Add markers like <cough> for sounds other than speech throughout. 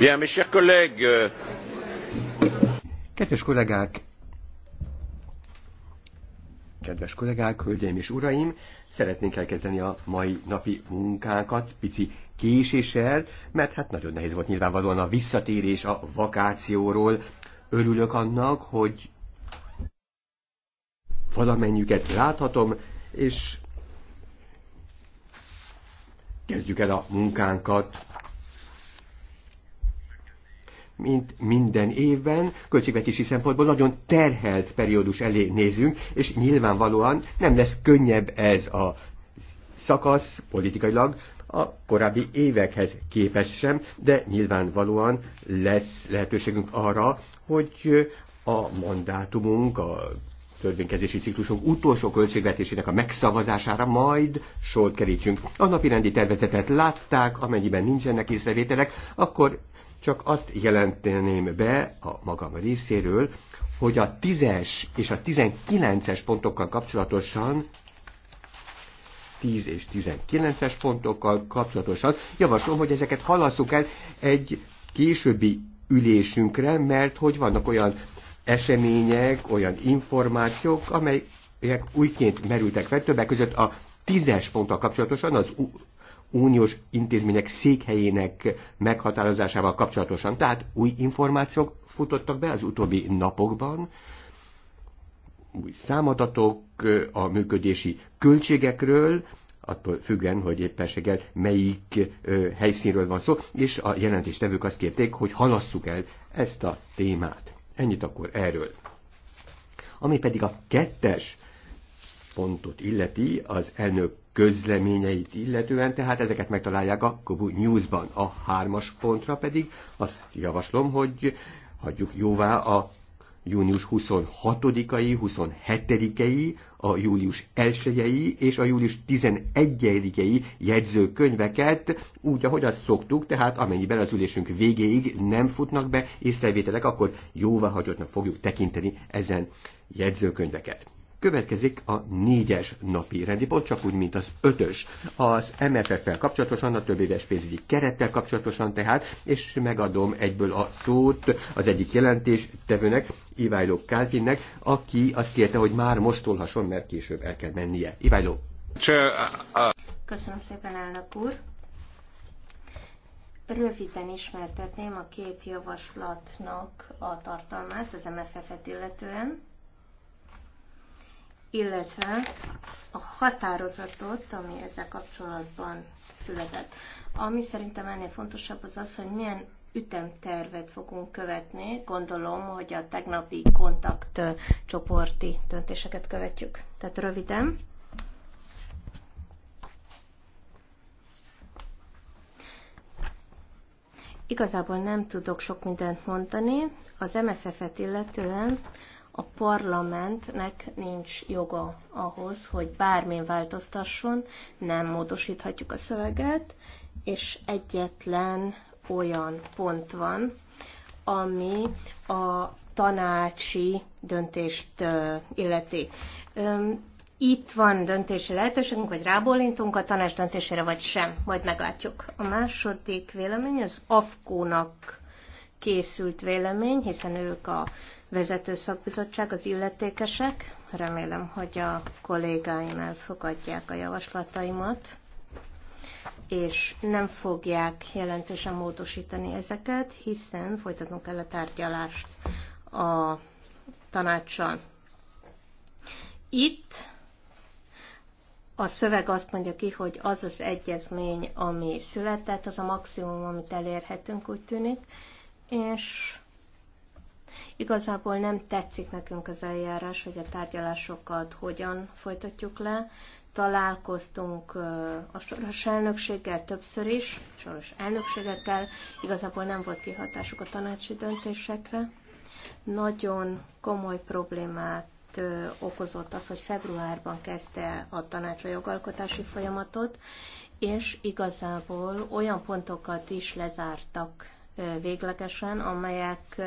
Euh, kedves kollégák, kedves kollégák, hölgyeim és uraim, szeretnénk elkezdeni a mai napi munkánkat pici késéssel, mert hát nagyon nehéz volt nyilvánvalóan a visszatérés a vakációról. Örülök annak, hogy valamennyüket láthatom, és kezdjük el a munkánkat mint minden évben költségvetési szempontból nagyon terhelt periódus elé nézünk, és nyilvánvalóan nem lesz könnyebb ez a szakasz politikailag a korábbi évekhez képest sem, de nyilvánvalóan lesz lehetőségünk arra, hogy a mandátumunk, a törvénykezési ciklusunk utolsó költségvetésének a megszavazására majd sort kerítsünk. A napi rendi tervezetet látták, amennyiben nincsenek észrevételek, akkor csak azt jelenteném be a magam részéről, hogy a 10-es és a 19-es pontokkal kapcsolatosan 10 és 19-es pontokkal kapcsolatosan javaslom, hogy ezeket halasszuk el egy későbbi ülésünkre, mert hogy vannak olyan események, olyan információk, amelyek újként merültek fel, többek között a 10-es ponttal kapcsolatosan az uniós intézmények székhelyének meghatározásával kapcsolatosan. Tehát új információk futottak be az utóbbi napokban, új számadatok a működési költségekről, attól függen, hogy éppenséggel melyik ö, helyszínről van szó, és a jelentéstevők azt kérték, hogy halasszuk el ezt a témát. Ennyit akkor erről. Ami pedig a kettes pontot illeti, az elnök közleményeit illetően, tehát ezeket megtalálják a Kobu News-ban. A hármas pontra pedig azt javaslom, hogy hagyjuk jóvá a június 26-ai, 27-ei, a július 1-ei és a július 11-ei jegyzőkönyveket, úgy, ahogy azt szoktuk, tehát amennyiben az ülésünk végéig nem futnak be észrevételek, akkor jóvá, hagyottnak fogjuk tekinteni ezen jegyzőkönyveket. Következik a négyes napi rendi pont, csak úgy, mint az ötös. Az MFF-fel kapcsolatosan, a éves pénzügyi kerettel kapcsolatosan tehát, és megadom egyből a szót az egyik jelentés tevőnek, Iványló Kálvinnek, aki azt kérte, hogy már most olhasson, mert később el kell mennie. Iváló. Uh, uh. Köszönöm szépen, elnök úr. Röviden ismertetném a két javaslatnak a tartalmát az MFF-et illetően illetve a határozatot, ami ezzel kapcsolatban született. Ami szerintem ennél fontosabb az az, hogy milyen ütemtervet fogunk követni. Gondolom, hogy a tegnapi kontakt csoporti döntéseket követjük. Tehát röviden. Igazából nem tudok sok mindent mondani. Az MFF-et illetően a parlamentnek nincs joga ahhoz, hogy bármilyen változtasson, nem módosíthatjuk a szöveget, és egyetlen olyan pont van, ami a tanácsi döntést illeti. Itt van döntési lehetőségünk, vagy rábólintunk a tanács döntésére, vagy sem. Majd meglátjuk. A második vélemény az AFKÓ-nak készült vélemény, hiszen ők a vezető szakbizottság, az illetékesek. Remélem, hogy a kollégáim elfogadják a javaslataimat, és nem fogják jelentősen módosítani ezeket, hiszen folytatunk el a tárgyalást a tanácssal. Itt a szöveg azt mondja ki, hogy az az egyezmény, ami született, az a maximum, amit elérhetünk, úgy tűnik, és Igazából nem tetszik nekünk az eljárás, hogy a tárgyalásokat hogyan folytatjuk le. Találkoztunk a soros elnökséggel többször is, soros elnökségekkel, igazából nem volt kihatásuk a tanácsi döntésekre. Nagyon komoly problémát okozott az, hogy februárban kezdte a tanács a jogalkotási folyamatot, és igazából olyan pontokat is lezártak véglegesen, amelyek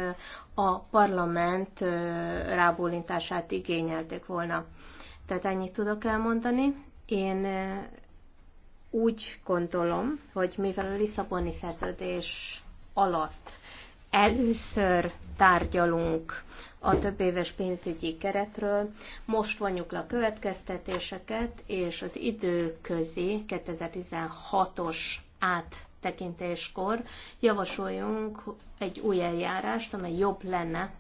a parlament rábólintását igényelték volna. Tehát ennyit tudok elmondani. Én úgy gondolom, hogy mivel a Lisszaboni szerződés alatt először tárgyalunk a több éves pénzügyi keretről. Most vonjuk le a következtetéseket, és az időközi 2016-os át tekintéskor javasoljunk egy új eljárást, amely jobb lenne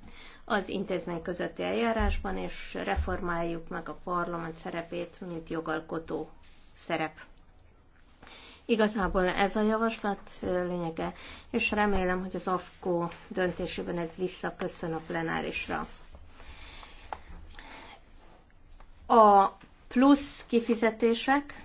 az intézmény közötti eljárásban, és reformáljuk meg a parlament szerepét, mint jogalkotó szerep. Igazából ez a javaslat lényege, és remélem, hogy az AFKO döntésében ez visszaköszön a plenárisra. A plusz kifizetések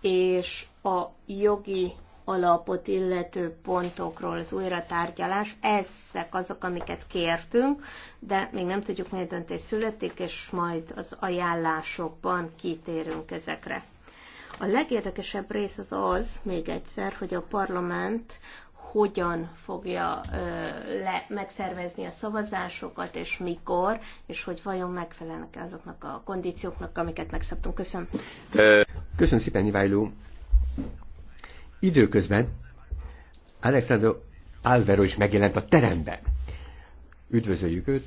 és a jogi alapot illető pontokról az újratárgyalás. Ezek azok, amiket kértünk, de még nem tudjuk, mely döntés születik, és majd az ajánlásokban kitérünk ezekre. A legérdekesebb rész az az, még egyszer, hogy a parlament hogyan fogja ö, le, megszervezni a szavazásokat, és mikor, és hogy vajon megfelelnek -e azoknak a kondícióknak, amiket megszabtunk. Köszönöm. Köszönöm szépen, Iványló Időközben Alexander Alvaro is megjelent a teremben. Üdvözöljük őt.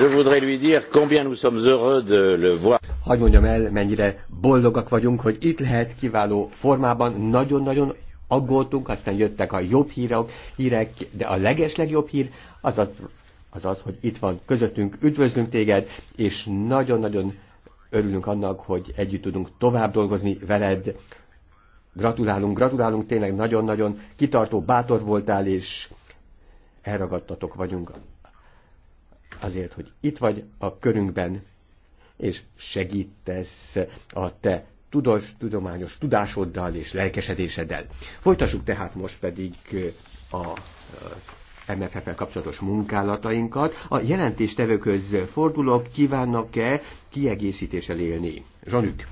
Je voudrais lui dire combien nous sommes heureux de le voir. Hagy mondjam el, mennyire boldogak vagyunk, hogy itt lehet kiváló formában, nagyon-nagyon aggódtunk, aztán jöttek a jobb hírek, hírek de a legeslegjobb hír az az, az az, hogy itt van közöttünk, üdvözlünk téged, és nagyon-nagyon Örülünk annak, hogy együtt tudunk tovább dolgozni veled. Gratulálunk, gratulálunk, tényleg nagyon-nagyon kitartó, bátor voltál, és elragadtatok vagyunk azért, hogy itt vagy a körünkben, és segítesz a te tudós, tudományos tudásoddal és lelkesedéseddel. Folytassuk tehát most pedig a, az MFF-el kapcsolatos munkálatainkat. A jelentéstevőköz fordulok, kívánnak-e kiegészítéssel élni? Zsanük.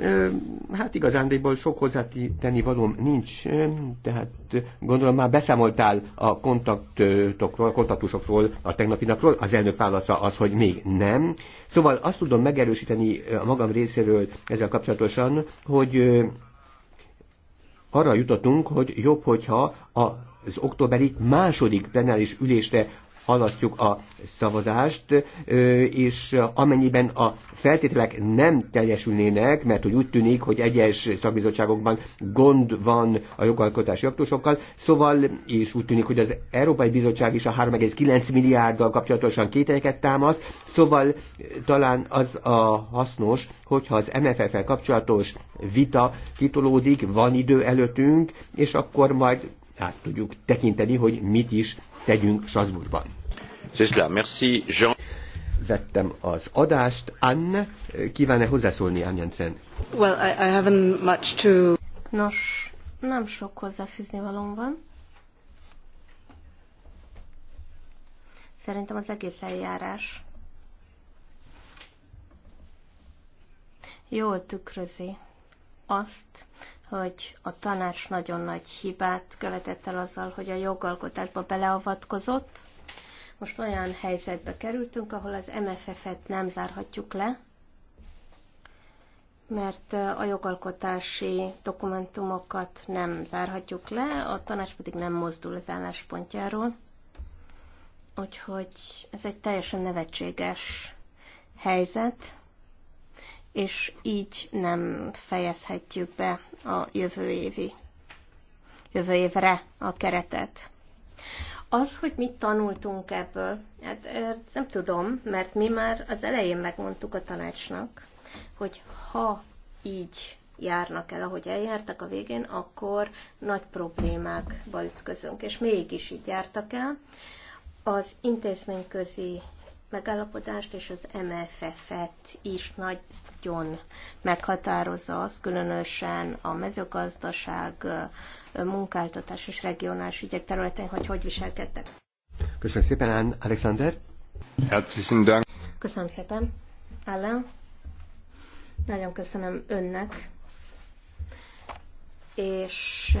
Euh, hát igazándiból sok hozzátenni valóm nincs, tehát gondolom már beszámoltál a kontaktokról, a kontaktusokról, a tegnapi napról, az elnök válasza az, hogy még nem. Szóval azt tudom megerősíteni a magam részéről ezzel kapcsolatosan, hogy arra jutottunk, hogy jobb, hogyha az októberi második plenáris ülésre halasztjuk a szavazást, és amennyiben a feltételek nem teljesülnének, mert hogy úgy tűnik, hogy egyes szakbizottságokban gond van a jogalkotási aktusokkal, szóval, és úgy tűnik, hogy az Európai Bizottság is a 3,9 milliárddal kapcsolatosan kételyeket támaszt, szóval talán az a hasznos, hogyha az MFF-el kapcsolatos vita kitolódik, van idő előttünk, és akkor majd át tudjuk tekinteni, hogy mit is tegyünk Strasbourgban. merci Jean. Vettem az adást. Anne, kíván-e hozzászólni, Anne Jensen? Well, I, I haven't much to... Nos, nem sok hozzáfűzni valóm van. Szerintem az egész eljárás jól tükrözi azt, hogy a tanács nagyon nagy hibát követett el azzal, hogy a jogalkotásba beleavatkozott. Most olyan helyzetbe kerültünk, ahol az MFF-et nem zárhatjuk le, mert a jogalkotási dokumentumokat nem zárhatjuk le, a tanács pedig nem mozdul az álláspontjáról. Úgyhogy ez egy teljesen nevetséges helyzet, és így nem fejezhetjük be a jövő évi, jövő évre a keretet. Az, hogy mit tanultunk ebből, hát nem tudom, mert mi már az elején megmondtuk a tanácsnak, hogy ha így járnak el, ahogy eljártak a végén, akkor nagy problémákba ütközünk. És mégis így jártak el. Az intézményközi megállapodást és az MFF-et is nagy nagyon meghatározza azt, különösen a mezőgazdaság, munkáltatás és regionális ügyek területén, hogy hogy viselkedtek. Köszönöm szépen, Alexander. Herzlichen Dank. Köszönöm szépen, Ellen. Nagyon köszönöm önnek, és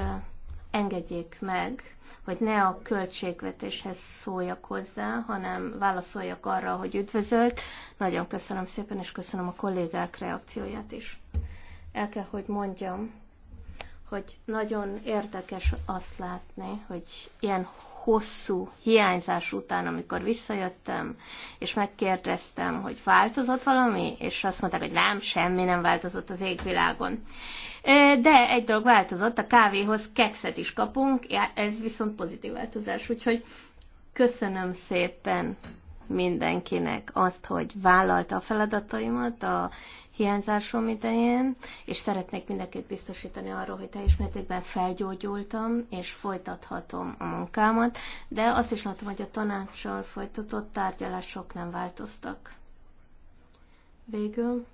engedjék meg, hogy ne a költségvetéshez szóljak hozzá, hanem válaszoljak arra, hogy üdvözölt. Nagyon köszönöm szépen, és köszönöm a kollégák reakcióját is. El kell, hogy mondjam, hogy nagyon érdekes azt látni, hogy ilyen hosszú hiányzás után, amikor visszajöttem, és megkérdeztem, hogy változott valami, és azt mondták, hogy nem, semmi nem változott az égvilágon. De egy dolog változott, a kávéhoz kekszet is kapunk, ez viszont pozitív változás, úgyhogy köszönöm szépen mindenkinek azt, hogy vállalta a feladataimat, a hiányzásom idején, és szeretnék mindenkit biztosítani arról, hogy teljes mértékben felgyógyultam, és folytathatom a munkámat, de azt is látom, hogy a tanácssal folytatott tárgyalások nem változtak. Végül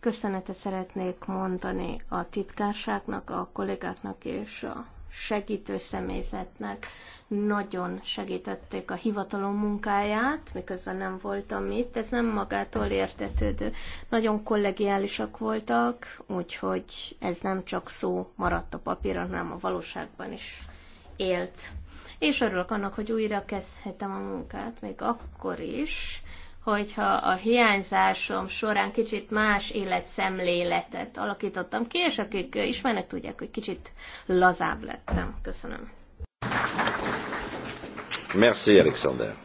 köszönetet szeretnék mondani a titkárságnak, a kollégáknak és a segítő személyzetnek nagyon segítették a hivatalom munkáját, miközben nem voltam itt, ez nem magától értetődő. Nagyon kollegiálisak voltak, úgyhogy ez nem csak szó maradt a papíron, hanem a valóságban is élt. És örülök annak, hogy újra kezdhetem a munkát, még akkor is, hogyha a hiányzásom során kicsit más életszemléletet alakítottam ki, és akik ismernek, tudják, hogy kicsit lazább lettem. Köszönöm. Merci, Alexander.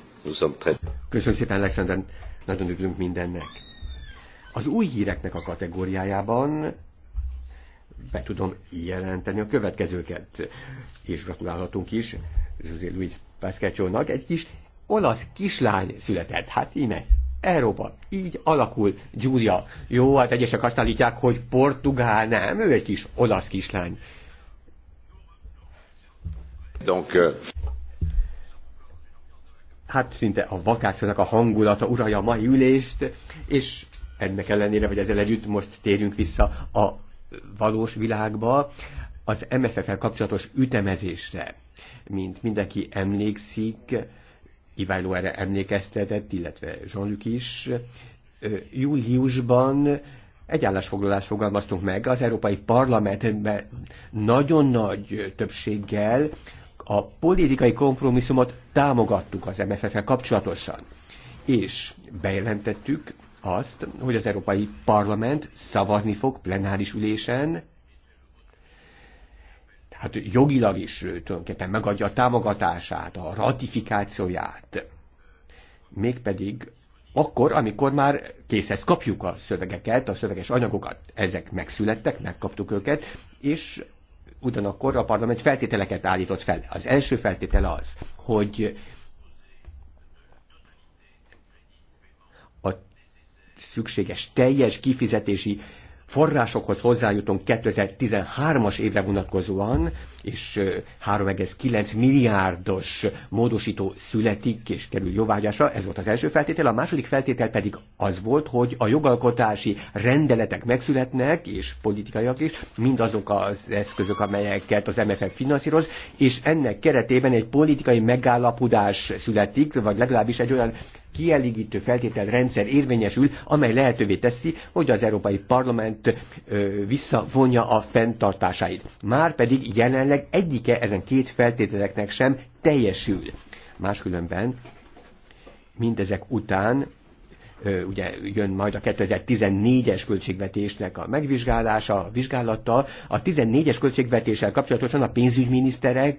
Köszönöm szépen, Alexander. Nagyon örülünk mindennek. Az új híreknek a kategóriájában be tudom jelenteni a következőket, és gratulálhatunk is José Luis Pascacciónak egy kis olasz kislány született. Hát íme, Európa. Így alakul Giulia. Jó, hát egyesek azt állítják, hogy portugál, nem, ő egy kis olasz kislány. Donc, euh, hát szinte a vakációnak a hangulata uralja a mai ülést, és ennek ellenére, vagy ezzel együtt most térünk vissza a valós világba, az MFF-el kapcsolatos ütemezésre. Mint mindenki emlékszik, Iváló erre emlékeztetett, illetve Jean-Luc is, júliusban egy állásfoglalást fogalmaztunk meg az Európai Parlamentben nagyon nagy többséggel a politikai kompromisszumot támogattuk az MFF-el kapcsolatosan. És bejelentettük azt, hogy az Európai Parlament szavazni fog plenáris ülésen hát jogilag is tulajdonképpen megadja a támogatását, a ratifikációját. Mégpedig akkor, amikor már készhez kapjuk a szövegeket, a szöveges anyagokat, ezek megszülettek, megkaptuk őket, és ugyanakkor a parlament feltételeket állított fel. Az első feltétel az, hogy a szükséges teljes kifizetési forrásokhoz hozzájutunk 2013-as évre vonatkozóan, és 3,9 milliárdos módosító születik és kerül jóvágyásra. Ez volt az első feltétel. A második feltétel pedig az volt, hogy a jogalkotási rendeletek megszületnek, és politikaiak is, mindazok az eszközök, amelyeket az MFF finanszíroz, és ennek keretében egy politikai megállapodás születik, vagy legalábbis egy olyan kielégítő feltételrendszer érvényesül, amely lehetővé teszi, hogy az Európai Parlament visszavonja a fenntartásait. pedig jelenleg egyike ezen két feltételeknek sem teljesül. Máskülönben mindezek után ugye jön majd a 2014-es költségvetésnek a megvizsgálása, a vizsgálata. A 14-es költségvetéssel kapcsolatosan a pénzügyminiszterek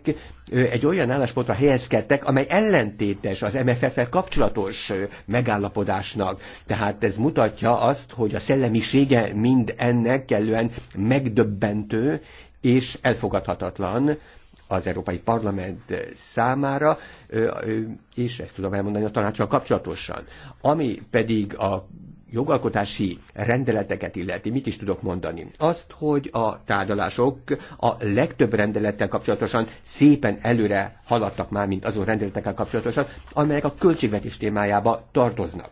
egy olyan álláspontra helyezkedtek, amely ellentétes az mff kapcsolatos megállapodásnak. Tehát ez mutatja azt, hogy a szellemisége mind ennek kellően megdöbbentő és elfogadhatatlan az Európai Parlament számára, és ezt tudom elmondani a tanácsal kapcsolatosan. Ami pedig a jogalkotási rendeleteket illeti, mit is tudok mondani? Azt, hogy a tárgyalások a legtöbb rendelettel kapcsolatosan szépen előre haladtak már, mint azon rendeletekkel kapcsolatosan, amelyek a költségvetés témájába tartoznak.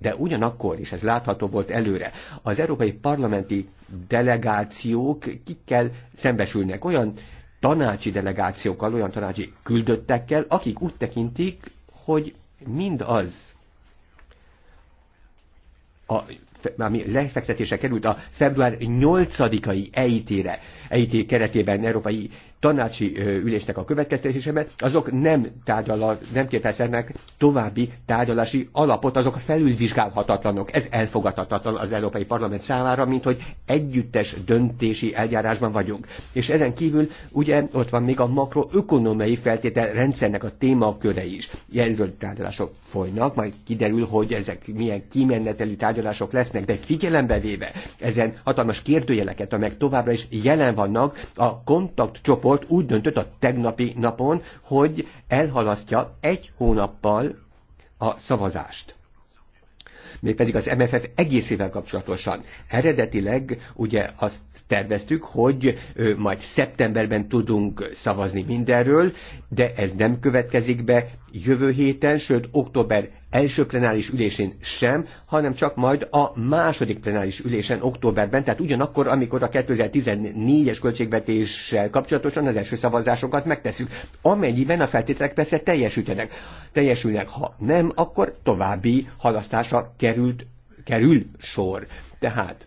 De ugyanakkor, is ez látható volt előre, az európai parlamenti delegációk kikkel szembesülnek olyan tanácsi delegációkkal, olyan tanácsi küldöttekkel, akik úgy tekintik, hogy mindaz, a, ami lefektetése került a február 8-ai EIT-re, EIT keretében, Európai tanácsi ülésnek a következtetésében, azok nem, nem képezhetnek további tárgyalási alapot, azok felülvizsgálhatatlanok. Ez elfogadhatatlan az Európai Parlament számára, mint hogy együttes döntési eljárásban vagyunk. És ezen kívül ugye ott van még a makroökonomiai feltétel rendszernek a témaköre is. Jelölt tárgyalások folynak, majd kiderül, hogy ezek milyen kimenetelű tárgyalások lesznek, de figyelembe véve ezen hatalmas kérdőjeleket, amelyek továbbra is jelen vannak, a kontaktcsoport csoport úgy döntött a tegnapi napon, hogy elhalasztja egy hónappal a szavazást mégpedig az MFF egészével kapcsolatosan. Eredetileg ugye azt terveztük, hogy majd szeptemberben tudunk szavazni mindenről, de ez nem következik be jövő héten, sőt október első plenáris ülésén sem, hanem csak majd a második plenáris ülésen októberben, tehát ugyanakkor, amikor a 2014-es költségvetéssel kapcsolatosan az első szavazásokat megteszünk, amennyiben a feltételek persze teljesülnek. Teljesülnek, ha nem, akkor további halasztása került, kerül sor. Tehát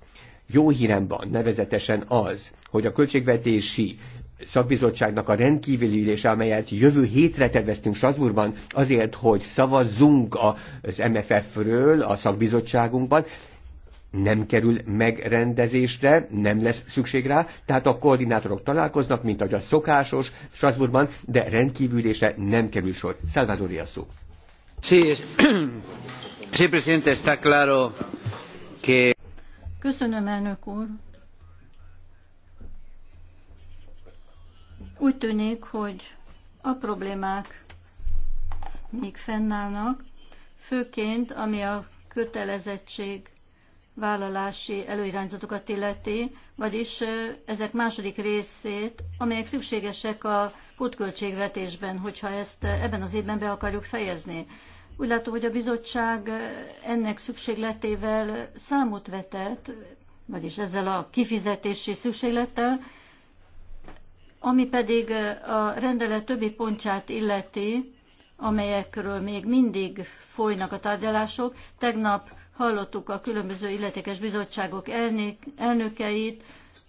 jó hírem van, nevezetesen az, hogy a költségvetési szakbizottságnak a rendkívüli ülése, amelyet jövő hétre terveztünk Strasbourgban, azért, hogy szavazzunk az MFF-ről a szakbizottságunkban, nem kerül megrendezésre, nem lesz szükség rá, tehát a koordinátorok találkoznak, mint ahogy a szokásos Strasbourgban, de rendkívülése nem kerül sor. Salvador Iasszú. Sí, <clears throat> sí, presidente, está claro que... Köszönöm, elnök úr. Úgy tűnik, hogy a problémák még fennállnak, főként ami a kötelezettség vállalási előirányzatokat illeti, vagyis ezek második részét, amelyek szükségesek a pótköltségvetésben, hogyha ezt ebben az évben be akarjuk fejezni. Úgy látom, hogy a bizottság eh, ennek szükségletével számot vetett, vagyis ezzel a kifizetési szükséglettel, ami pedig eh, a rendelet többi pontját illeti, amelyekről még mindig folynak a tárgyalások. Tegnap hallottuk a különböző illetékes bizottságok elnökeit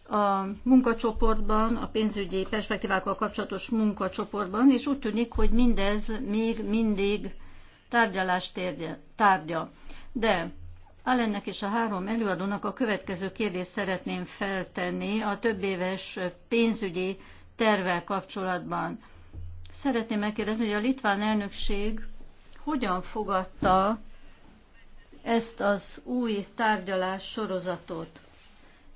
a munkacsoportban, a pénzügyi perspektívákkal kapcsolatos munkacsoportban, és úgy tűnik, hogy mindez még mindig tárgyalás tárgya. De Allennek és a három előadónak a következő kérdést szeretném feltenni a több éves pénzügyi tervvel kapcsolatban. Szeretném megkérdezni, hogy a litván elnökség hogyan fogadta ezt az új tárgyalás sorozatot?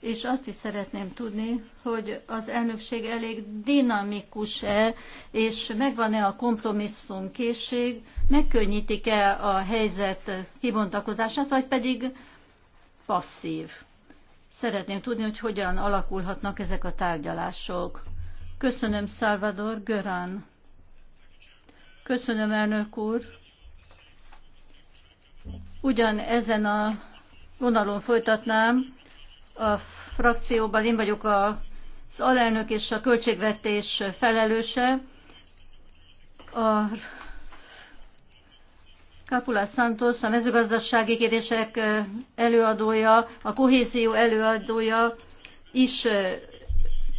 és azt is szeretném tudni, hogy az elnökség elég dinamikus-e, és megvan-e a kompromisszum készség, megkönnyítik-e a helyzet kibontakozását, vagy pedig passzív. Szeretném tudni, hogy hogyan alakulhatnak ezek a tárgyalások. Köszönöm, Salvador Görán. Köszönöm, elnök úr. Ugyan ezen a vonalon folytatnám, a frakcióban én vagyok az alelnök és a költségvetés felelőse. A Capula Santos, a mezőgazdasági kérdések előadója, a kohézió előadója is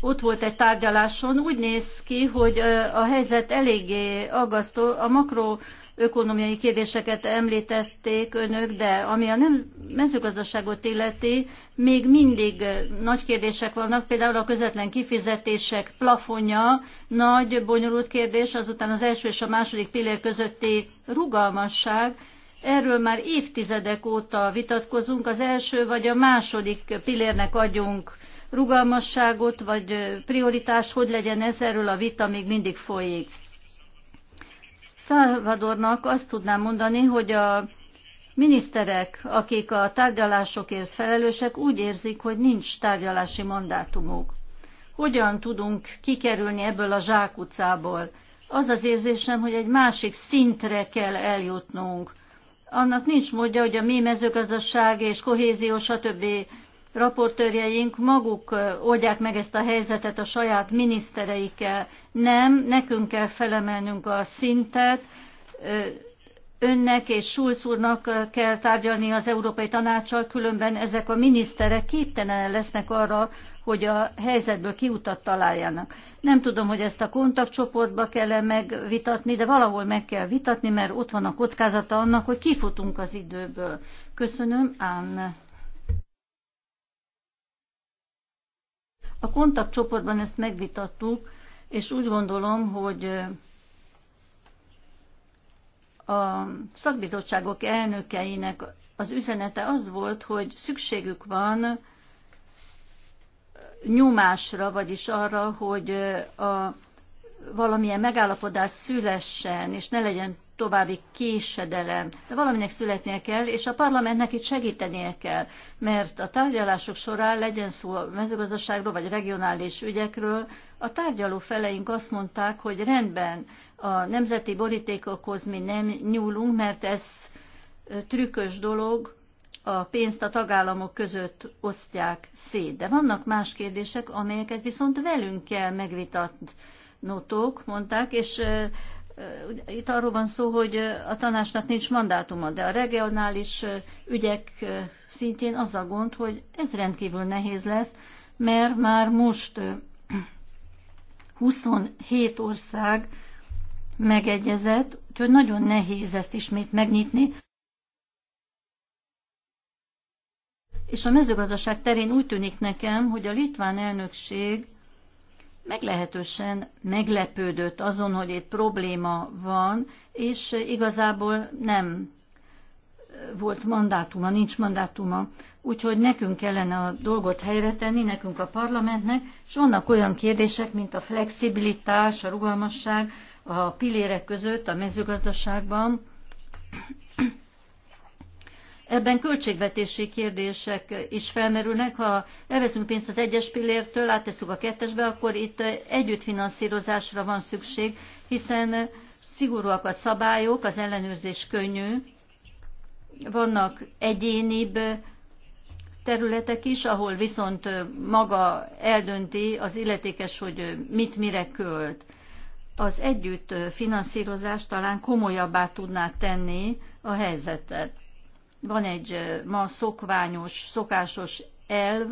ott volt egy tárgyaláson. Úgy néz ki, hogy a helyzet eléggé aggasztó. A makro ökonomiai kérdéseket említették önök, de ami a nem mezőgazdaságot illeti, még mindig nagy kérdések vannak, például a közvetlen kifizetések plafonja, nagy, bonyolult kérdés, azután az első és a második pillér közötti rugalmasság, Erről már évtizedek óta vitatkozunk, az első vagy a második pillérnek adjunk rugalmasságot, vagy prioritást, hogy legyen ez, erről a vita még mindig folyik. Salvadornak azt tudnám mondani, hogy a miniszterek, akik a tárgyalásokért felelősek, úgy érzik, hogy nincs tárgyalási mandátumuk. Hogyan tudunk kikerülni ebből a zsákutcából? Az az érzésem, hogy egy másik szintre kell eljutnunk. Annak nincs módja, hogy a mi mezőgazdaság és kohézió, stb raportőrjeink maguk oldják meg ezt a helyzetet a saját minisztereikkel. Nem, nekünk kell felemelnünk a szintet, önnek és Schulz úrnak kell tárgyalni az Európai Tanácssal, különben ezek a miniszterek képtelenek lesznek arra, hogy a helyzetből kiutat találjanak. Nem tudom, hogy ezt a kontaktcsoportba kell -e megvitatni, de valahol meg kell vitatni, mert ott van a kockázata annak, hogy kifutunk az időből. Köszönöm, Anne. A kontaktcsoportban ezt megvitattuk, és úgy gondolom, hogy a szakbizottságok elnökeinek az üzenete az volt, hogy szükségük van nyomásra, vagyis arra, hogy a valamilyen megállapodás szülessen, és ne legyen további késedelem. De valaminek születnie kell, és a parlamentnek itt segítenie kell, mert a tárgyalások során legyen szó a mezőgazdaságról vagy regionális ügyekről, a tárgyaló feleink azt mondták, hogy rendben, a nemzeti borítékokhoz mi nem nyúlunk, mert ez trükkös dolog, a pénzt a tagállamok között osztják szét. De vannak más kérdések, amelyeket viszont velünk kell megvitatnotok, mondták, és itt arról van szó, hogy a tanácsnak nincs mandátuma, de a regionális ügyek szintjén az a gond, hogy ez rendkívül nehéz lesz, mert már most 27 <clears throat> ország megegyezett, úgyhogy nagyon nehéz ezt ismét megnyitni. És a mezőgazdaság terén úgy tűnik nekem, hogy a litván elnökség meglehetősen meglepődött azon, hogy itt probléma van, és igazából nem volt mandátuma, nincs mandátuma, úgyhogy nekünk kellene a dolgot helyre tenni, nekünk a parlamentnek, és vannak olyan kérdések, mint a flexibilitás, a rugalmasság a pillérek között a mezőgazdaságban, Ebben költségvetési kérdések is felmerülnek. Ha elveszünk pénzt az egyes pillértől, áttesszük a kettesbe, akkor itt együttfinanszírozásra van szükség, hiszen szigorúak a szabályok, az ellenőrzés könnyű, vannak egyénibb területek is, ahol viszont maga eldönti az illetékes, hogy mit mire költ. Az együtt finanszírozást talán komolyabbá tudná tenni a helyzetet. Van egy ma szokványos, szokásos elv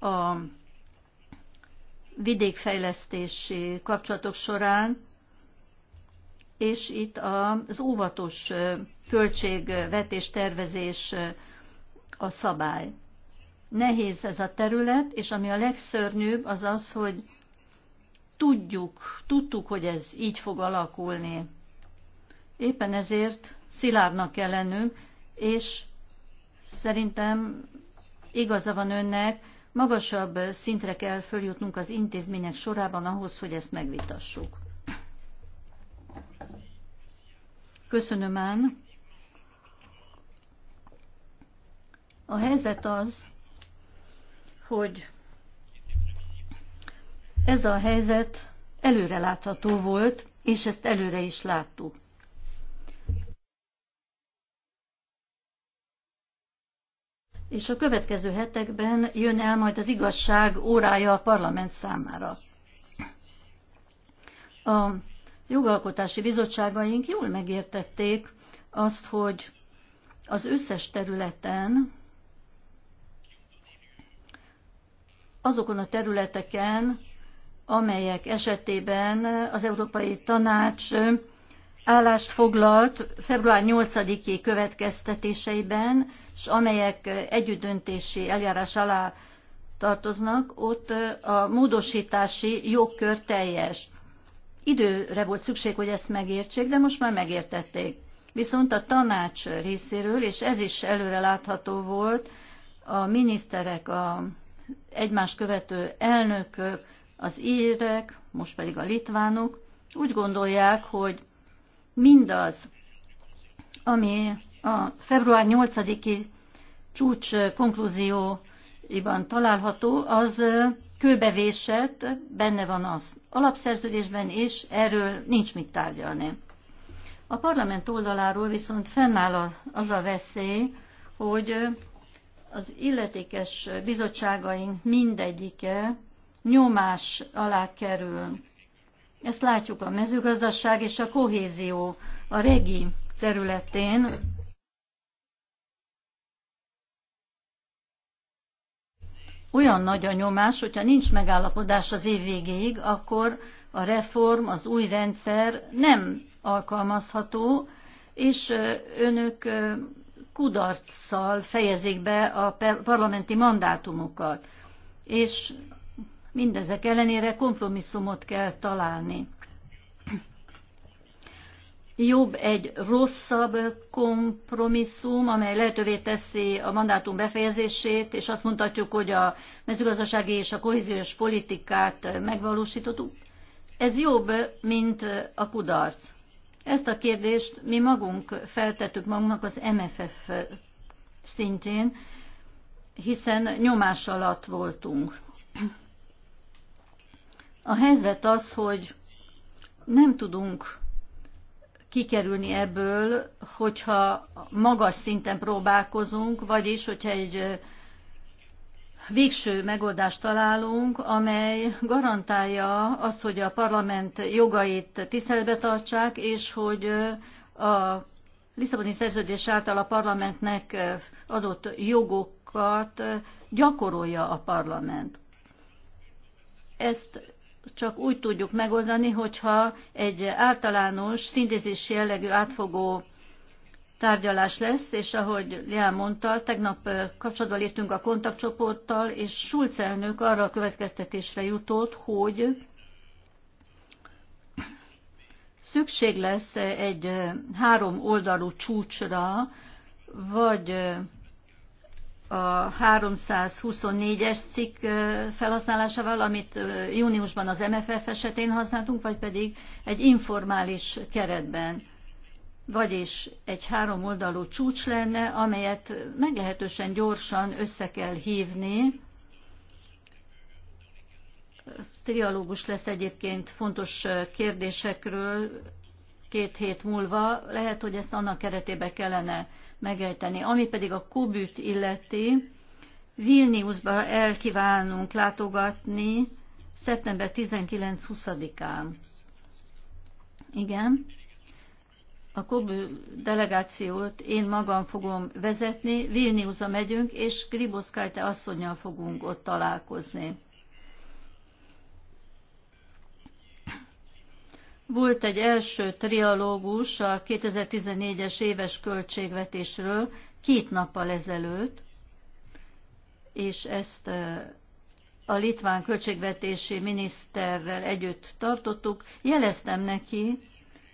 a vidékfejlesztési kapcsolatok során, és itt az óvatos költségvetés tervezés a szabály. Nehéz ez a terület, és ami a legszörnyűbb, az az, hogy tudjuk, tudtuk, hogy ez így fog alakulni. Éppen ezért szilárdnak kell lennünk, és szerintem igaza van önnek, magasabb szintre kell följutnunk az intézmények sorában ahhoz, hogy ezt megvitassuk. Köszönöm, Án. A helyzet az, hogy ez a helyzet előrelátható volt, és ezt előre is láttuk. és a következő hetekben jön el majd az igazság órája a parlament számára. A jogalkotási bizottságaink jól megértették azt, hogy az összes területen, azokon a területeken, amelyek esetében az Európai Tanács állást foglalt február 8-i következtetéseiben, és amelyek együttdöntési eljárás alá tartoznak, ott a módosítási jogkör teljes. Időre volt szükség, hogy ezt megértsék, de most már megértették. Viszont a tanács részéről, és ez is előre látható volt, a miniszterek, a egymás követő elnökök, az írek, most pedig a litvánok úgy gondolják, hogy mindaz, ami a február 8-i csúcs konklúzióiban található, az kőbevésett, benne van az alapszerződésben, és erről nincs mit tárgyalni. A parlament oldaláról viszont fennáll az a veszély, hogy az illetékes bizottságaink mindegyike nyomás alá kerül ezt látjuk a mezőgazdaság és a kohézió, a regi területén. Olyan nagy a nyomás, hogyha nincs megállapodás az év végéig, akkor a reform, az új rendszer nem alkalmazható, és önök kudarccal fejezik be a parlamenti mandátumukat. És Mindezek ellenére kompromisszumot kell találni. Jobb egy rosszabb kompromisszum, amely lehetővé teszi a mandátum befejezését, és azt mondhatjuk, hogy a mezőgazdasági és a kohéziós politikát megvalósítottuk. Ez jobb, mint a kudarc. Ezt a kérdést mi magunk feltettük magunknak az MFF szintjén, hiszen nyomás alatt voltunk. A helyzet az, hogy nem tudunk kikerülni ebből, hogyha magas szinten próbálkozunk, vagyis hogyha egy végső megoldást találunk, amely garantálja azt, hogy a parlament jogait tiszteletbe tartsák, és hogy a Lisszaboni szerződés által a parlamentnek adott jogokat gyakorolja a parlament. Ezt csak úgy tudjuk megoldani, hogyha egy általános, szintézés jellegű átfogó tárgyalás lesz, és ahogy Leán mondta, tegnap kapcsolatban léptünk a kontaktcsoporttal, és Schulz elnök arra a következtetésre jutott, hogy szükség lesz egy három oldalú csúcsra, vagy a 324-es cikk felhasználásával, amit júniusban az MFF esetén használtunk, vagy pedig egy informális keretben. Vagyis egy három oldalú csúcs lenne, amelyet meglehetősen gyorsan össze kell hívni. Trialógus lesz egyébként fontos kérdésekről két hét múlva. Lehet, hogy ezt annak keretébe kellene megejteni. Ami pedig a Kubüt illeti, Vilniusba elkívánunk látogatni szeptember 19-20-án. Igen. A Kobő delegációt én magam fogom vezetni, Vilniusba megyünk, és Griboszkájte asszonyjal fogunk ott találkozni. Volt egy első trialógus a 2014-es éves költségvetésről két nappal ezelőtt, és ezt a litván költségvetési miniszterrel együtt tartottuk. Jeleztem neki,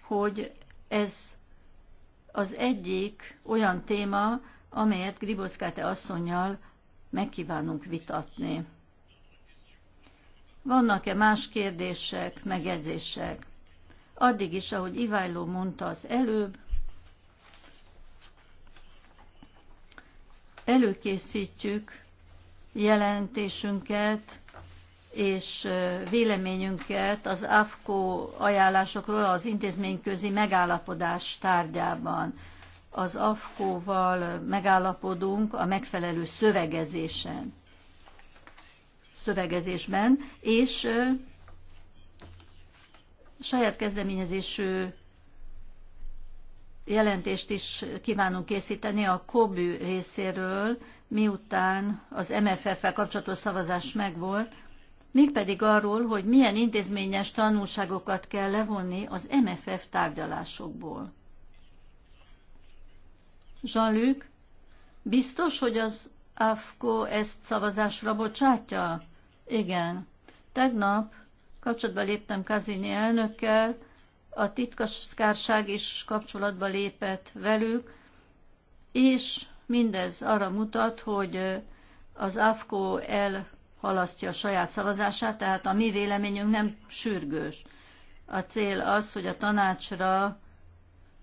hogy ez az egyik olyan téma, amelyet Gribockáte asszonynal megkívánunk vitatni. Vannak-e más kérdések, megjegyzések? addig is, ahogy Ivájló mondta az előbb, előkészítjük jelentésünket és véleményünket az AFKO ajánlásokról az intézményközi megállapodás tárgyában. Az AFKO-val megállapodunk a megfelelő szövegezésen, szövegezésben, és saját kezdeményezésű jelentést is kívánunk készíteni a KOBÜ részéről, miután az MFF-fel kapcsolatos szavazás megvolt, mégpedig arról, hogy milyen intézményes tanulságokat kell levonni az MFF tárgyalásokból. Jean-Luc, biztos, hogy az AFCO ezt szavazásra bocsátja? Igen. Tegnap kapcsolatba léptem Kazini elnökkel, a titkaskárság is kapcsolatba lépett velük, és mindez arra mutat, hogy az AFKO elhalasztja a saját szavazását, tehát a mi véleményünk nem sürgős. A cél az, hogy a tanácsra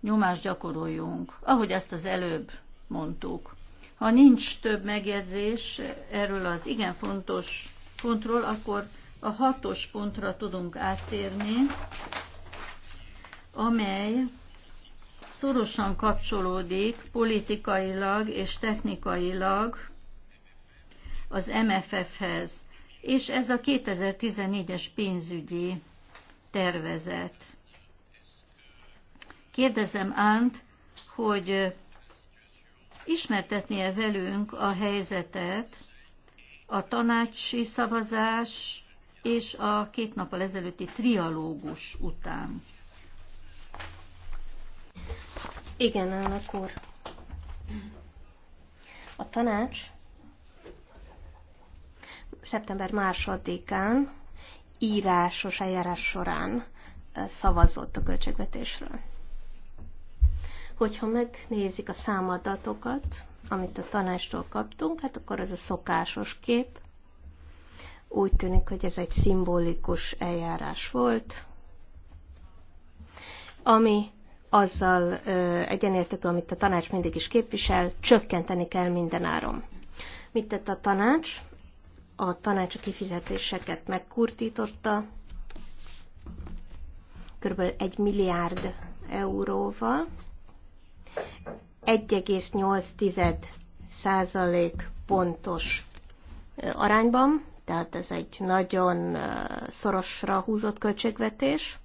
nyomást gyakoroljunk, ahogy ezt az előbb mondtuk. Ha nincs több megjegyzés erről az igen fontos pontról, akkor a hatos pontra tudunk áttérni, amely szorosan kapcsolódik politikailag és technikailag az MFF-hez, és ez a 2014-es pénzügyi tervezet. Kérdezem Ánt, hogy ismertetnie velünk a helyzetet, a tanácsi szavazás és a két nappal ezelőtti trialógus után. Igen, elnök úr. A tanács szeptember másodikán írásos eljárás során szavazott a költségvetésről. Hogyha megnézik a számadatokat, amit a tanástól kaptunk, hát akkor ez a szokásos kép, úgy tűnik, hogy ez egy szimbolikus eljárás volt, ami azzal ö, egyenértekű, amit a tanács mindig is képvisel, csökkenteni kell mindenáron. Mit tett a tanács? A tanács a kifizetéseket megkurtította, kb. 1 milliárd euróval, 1,8 százalék pontos arányban, tehát ez egy nagyon szorosra húzott költségvetés,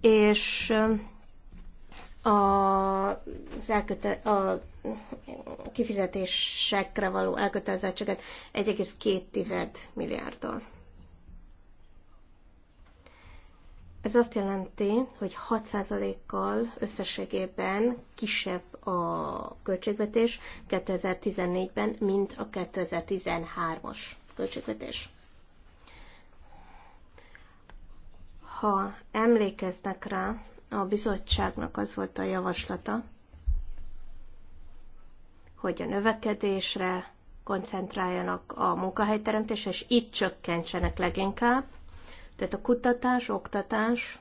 és a, az elköte, a kifizetésekre való elkötelezettséget 1,2 milliárddal. Ez azt jelenti, hogy 6%-kal összességében kisebb a költségvetés 2014-ben, mint a 2013-as költségvetés. Ha emlékeznek rá, a bizottságnak az volt a javaslata, hogy a növekedésre koncentráljanak a munkahelyteremtésre, és itt csökkentsenek leginkább. Tehát a kutatás, oktatás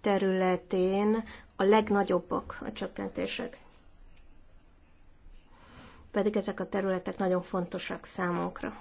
területén a legnagyobbak a csökkentések pedig ezek a területek nagyon fontosak számunkra.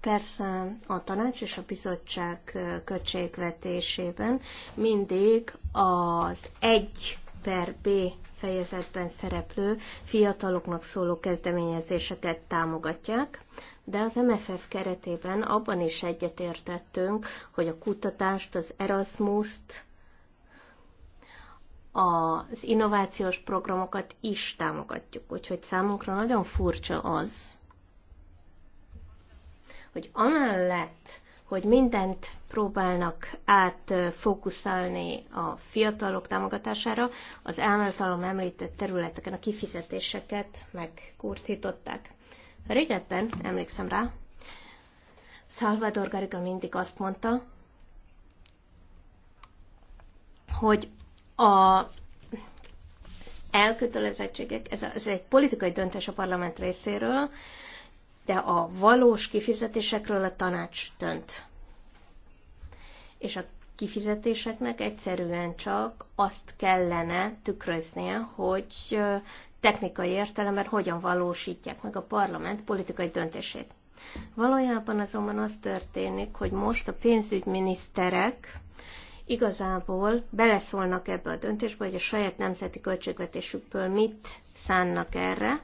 Persze a tanács és a bizottság költségvetésében mindig az egy per B fejezetben szereplő fiataloknak szóló kezdeményezéseket támogatják, de az MFF keretében abban is egyetértettünk, hogy a kutatást, az Erasmus-t az innovációs programokat is támogatjuk. Úgyhogy számunkra nagyon furcsa az, hogy amellett, hogy mindent próbálnak átfókuszálni a fiatalok támogatására, az általam említett területeken a kifizetéseket megkurtították. Régebben, emlékszem rá, Salvador Garriga mindig azt mondta, hogy a elkötelezettségek, ez, ez egy politikai döntés a parlament részéről, de a valós kifizetésekről a tanács dönt. És a kifizetéseknek egyszerűen csak azt kellene tükröznie, hogy technikai értelemben hogyan valósítják meg a parlament politikai döntését. Valójában azonban az történik, hogy most a pénzügyminiszterek igazából beleszólnak ebbe a döntésbe, hogy a saját nemzeti költségvetésükből mit szánnak erre.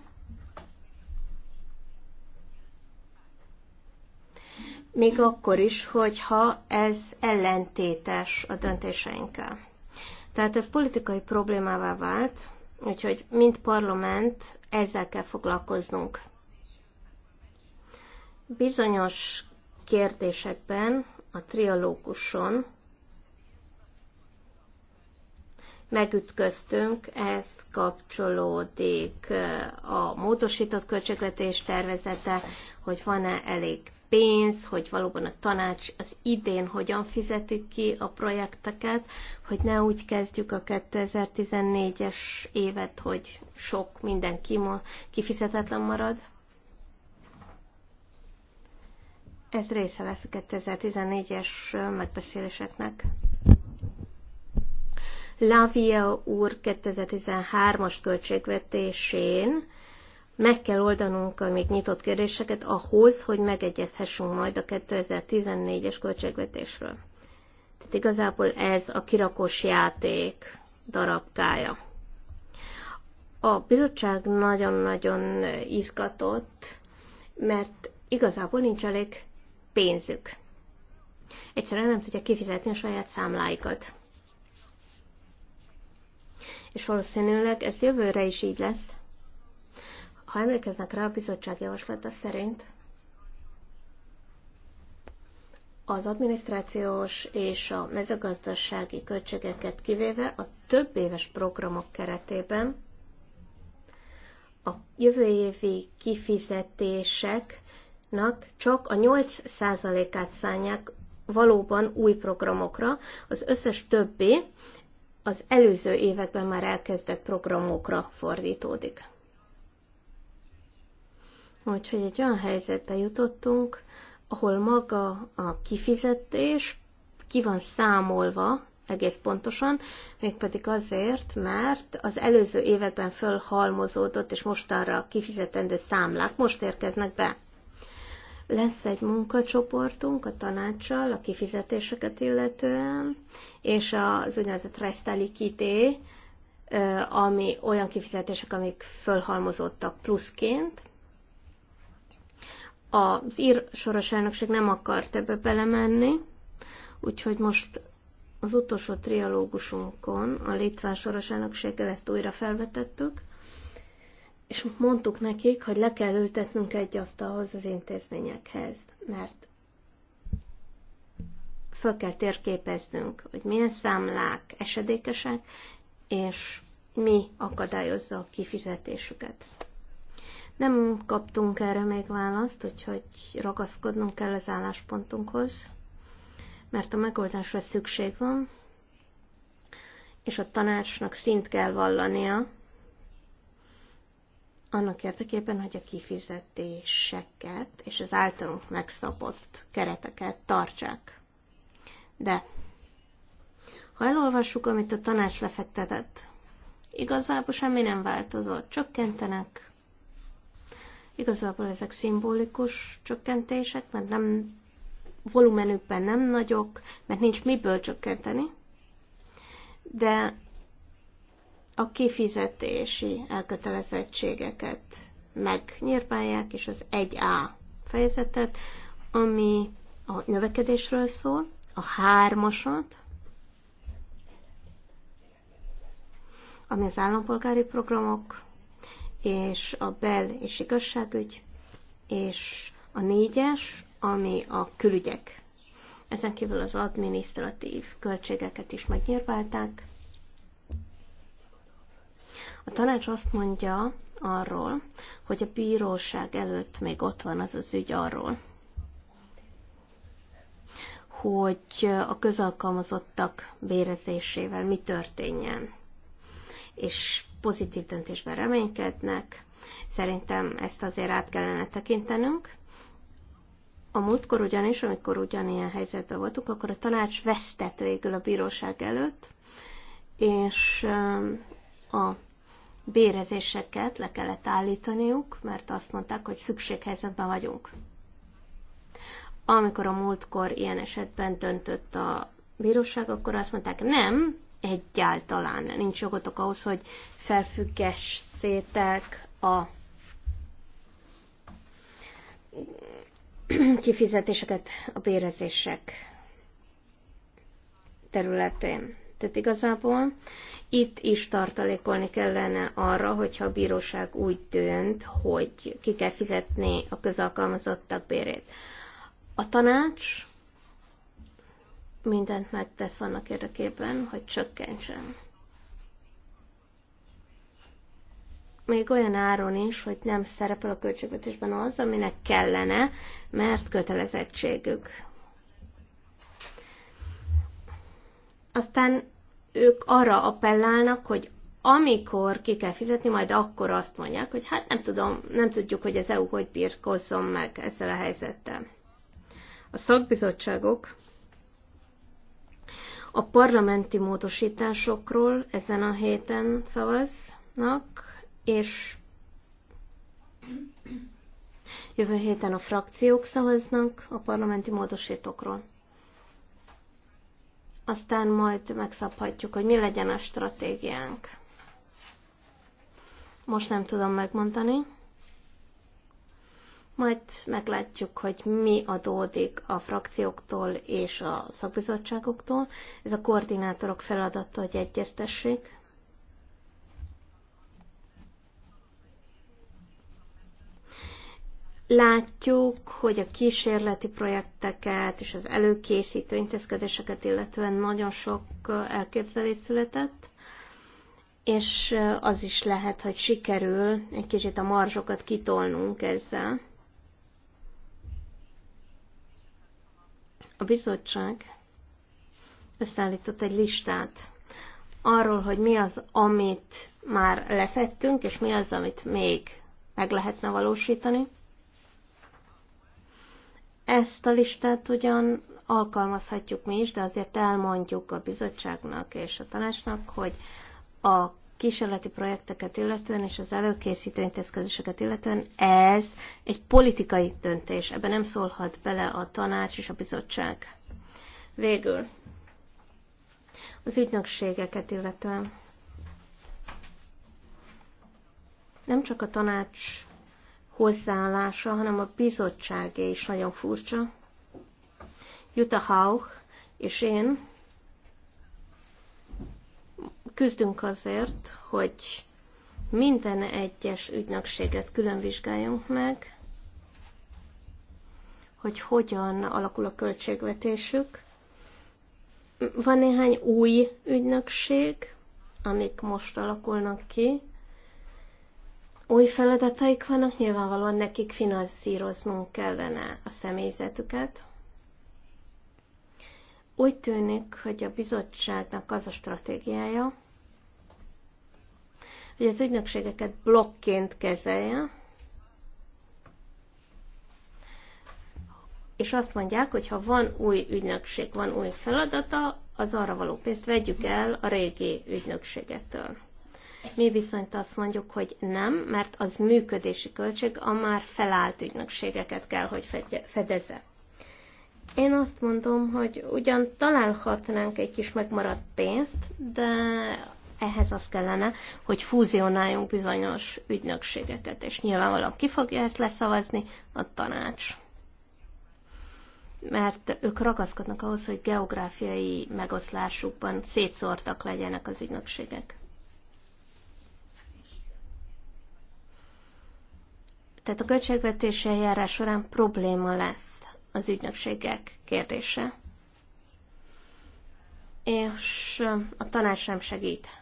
Még akkor is, hogyha ez ellentétes a döntéseinkkel. Tehát ez politikai problémává vált, úgyhogy mint parlament ezzel kell foglalkoznunk. Bizonyos kérdésekben a trialóguson megütköztünk, ez kapcsolódik a módosított költségvetés tervezete, hogy van-e elég pénz, hogy valóban a tanács az idén hogyan fizetik ki a projekteket, hogy ne úgy kezdjük a 2014-es évet, hogy sok minden kifizetetlen marad. Ez része lesz a 2014-es megbeszéléseknek. Lavia úr 2013-as költségvetésén meg kell oldanunk a még nyitott kérdéseket ahhoz, hogy megegyezhessünk majd a 2014-es költségvetésről. Tehát igazából ez a kirakós játék darabkája. A bizottság nagyon-nagyon izgatott, mert igazából nincs elég pénzük. Egyszerűen nem tudja kifizetni a saját számláikat és valószínűleg ez jövőre is így lesz. Ha emlékeznek rá, a bizottság javaslata szerint az adminisztrációs és a mezőgazdasági költségeket kivéve a több éves programok keretében a jövő évi kifizetéseknek csak a 8%-át szánják valóban új programokra, az összes többi az előző években már elkezdett programokra fordítódik. Úgyhogy egy olyan helyzetbe jutottunk, ahol maga a kifizetés ki van számolva egész pontosan, mégpedig azért, mert az előző években fölhalmozódott és mostanra kifizetendő számlák most érkeznek be. Lesz egy munkacsoportunk a tanácssal, a kifizetéseket illetően, és az úgynevezett kité, ami olyan kifizetések, amik fölhalmozottak pluszként. Az ír soros elnökség nem akart ebbe belemenni, úgyhogy most az utolsó trialógusunkon a litván soros elnökséggel ezt újra felvetettük, és mondtuk nekik, hogy le kell ültetnünk egy asztalhoz az intézményekhez, mert föl kell térképeznünk, hogy milyen számlák esedékesek, és mi akadályozza a kifizetésüket. Nem kaptunk erre még választ, úgyhogy ragaszkodnunk kell az álláspontunkhoz, mert a megoldásra szükség van, és a tanácsnak szint kell vallania, annak érdekében, hogy a kifizetéseket és az általunk megszabott kereteket tartsák. De ha elolvassuk, amit a tanács lefektetett, igazából semmi nem változott, csökkentenek. Igazából ezek szimbolikus csökkentések, mert nem volumenükben nem nagyok, mert nincs miből csökkenteni. De a kifizetési elkötelezettségeket megnyírpálják, és az 1A fejezetet, ami a növekedésről szól, a hármasat, ami az állampolgári programok, és a bel- és igazságügy, és a négyes, ami a külügyek. Ezen kívül az adminisztratív költségeket is megnyírválták, a tanács azt mondja arról, hogy a bíróság előtt még ott van az az ügy arról, hogy a közalkalmazottak bérezésével mi történjen. És pozitív döntésben reménykednek. Szerintem ezt azért át kellene tekintenünk. A múltkor ugyanis, amikor ugyanilyen helyzetben voltunk, akkor a tanács vesztett végül a bíróság előtt, és a bérezéseket le kellett állítaniuk, mert azt mondták, hogy szükséghelyzetben vagyunk. Amikor a múltkor ilyen esetben döntött a bíróság, akkor azt mondták, nem, egyáltalán nincs jogotok ahhoz, hogy felfüggesszétek a kifizetéseket a bérezések területén. Tehát igazából itt is tartalékolni kellene arra, hogyha a bíróság úgy dönt, hogy ki kell fizetni a közalkalmazottak bérét. A tanács mindent megtesz annak érdekében, hogy csökkentsen. Még olyan áron is, hogy nem szerepel a költségvetésben az, aminek kellene, mert kötelezettségük aztán ők arra appellálnak, hogy amikor ki kell fizetni, majd akkor azt mondják, hogy hát nem tudom, nem tudjuk, hogy az EU hogy birkozzon meg ezzel a helyzettel. A szakbizottságok a parlamenti módosításokról ezen a héten szavaznak, és jövő héten a frakciók szavaznak a parlamenti módosítókról aztán majd megszabhatjuk, hogy mi legyen a stratégiánk. Most nem tudom megmondani. Majd meglátjuk, hogy mi adódik a frakcióktól és a szakbizottságoktól. Ez a koordinátorok feladata, hogy egyeztessék. Látjuk, hogy a kísérleti projekteket és az előkészítő intézkedéseket illetően nagyon sok elképzelés született, és az is lehet, hogy sikerül egy kicsit a marzsokat kitolnunk ezzel. A bizottság összeállított egy listát arról, hogy mi az, amit már lefettünk, és mi az, amit még meg lehetne valósítani. Ezt a listát ugyan alkalmazhatjuk mi is, de azért elmondjuk a bizottságnak és a tanácsnak, hogy a kísérleti projekteket illetően és az előkészítő intézkedéseket illetően ez egy politikai döntés. Ebben nem szólhat bele a tanács és a bizottság. Végül az ügynökségeket illetően nem csak a tanács hozzáállása, hanem a bizottságé is nagyon furcsa. Jutta Hauch és én küzdünk azért, hogy minden egyes ügynökséget külön vizsgáljunk meg, hogy hogyan alakul a költségvetésük. Van néhány új ügynökség, amik most alakulnak ki, új feladataik vannak, nyilvánvalóan nekik finanszíroznunk kellene a személyzetüket. Úgy tűnik, hogy a bizottságnak az a stratégiája, hogy az ügynökségeket blokként kezelje, és azt mondják, hogy ha van új ügynökség, van új feladata, az arra való pénzt vegyük el a régi ügynökségetől. Mi viszont azt mondjuk, hogy nem, mert az működési költség a már felállt ügynökségeket kell, hogy fedeze. Én azt mondom, hogy ugyan találhatnánk egy kis megmaradt pénzt, de ehhez az kellene, hogy fúzionáljunk bizonyos ügynökségeket, és nyilvánvalóan ki fogja ezt leszavazni? A tanács. Mert ők ragaszkodnak ahhoz, hogy geográfiai megoszlásukban szétszórtak legyenek az ügynökségek. Tehát a költségvetési eljárás során probléma lesz az ügynökségek kérdése. És a tanács sem segít.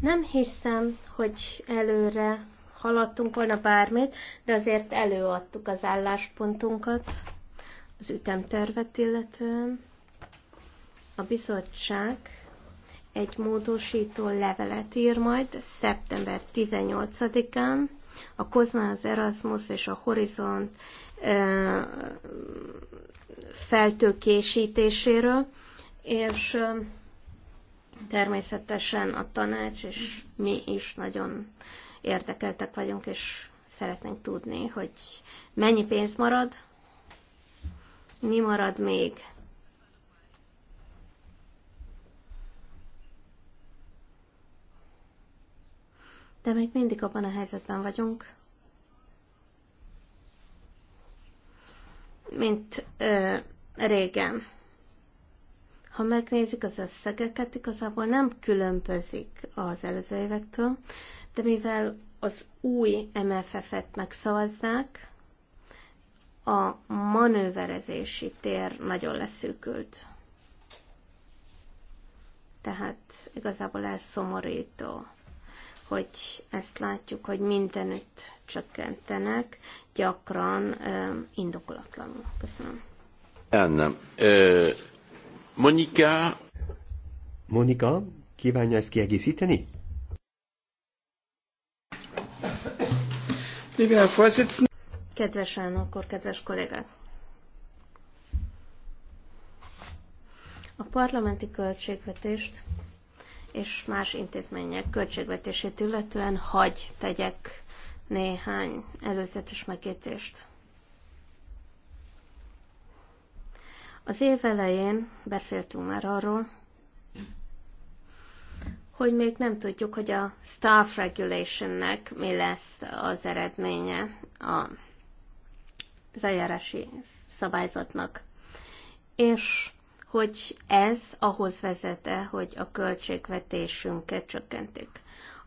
Nem hiszem, hogy előre haladtunk volna bármit, de azért előadtuk az álláspontunkat. Az ütemtervet illetően a bizottság egy módosító levelet ír majd szeptember 18-án a Kozmán az Erasmus és a Horizont ö, feltőkésítéséről, és ö, természetesen a tanács és mi is nagyon érdekeltek vagyunk, és szeretnénk tudni, hogy mennyi pénz marad, mi marad még? De még mindig abban a helyzetben vagyunk, mint ö, régen. Ha megnézik az összegeket, igazából nem különbözik az előző évektől, de mivel az új MFF-et megszavazzák, a manőverezési tér nagyon leszűkült. Tehát igazából ez szomorító, hogy ezt látjuk, hogy mindenütt csökkentenek, gyakran indokolatlanul. Köszönöm. Anna, Monika. Monika, kívánja ezt kiegészíteni? Liebe Herr Vorsitzende, Kedves akkor kedves kollégák! A parlamenti költségvetést és más intézmények költségvetését illetően hagy tegyek néhány előzetes megjegyzést. Az év elején beszéltünk már arról, hogy még nem tudjuk, hogy a staff regulationnek mi lesz az eredménye a az eljárási szabályzatnak. És hogy ez ahhoz vezete, hogy a költségvetésünket csökkentik.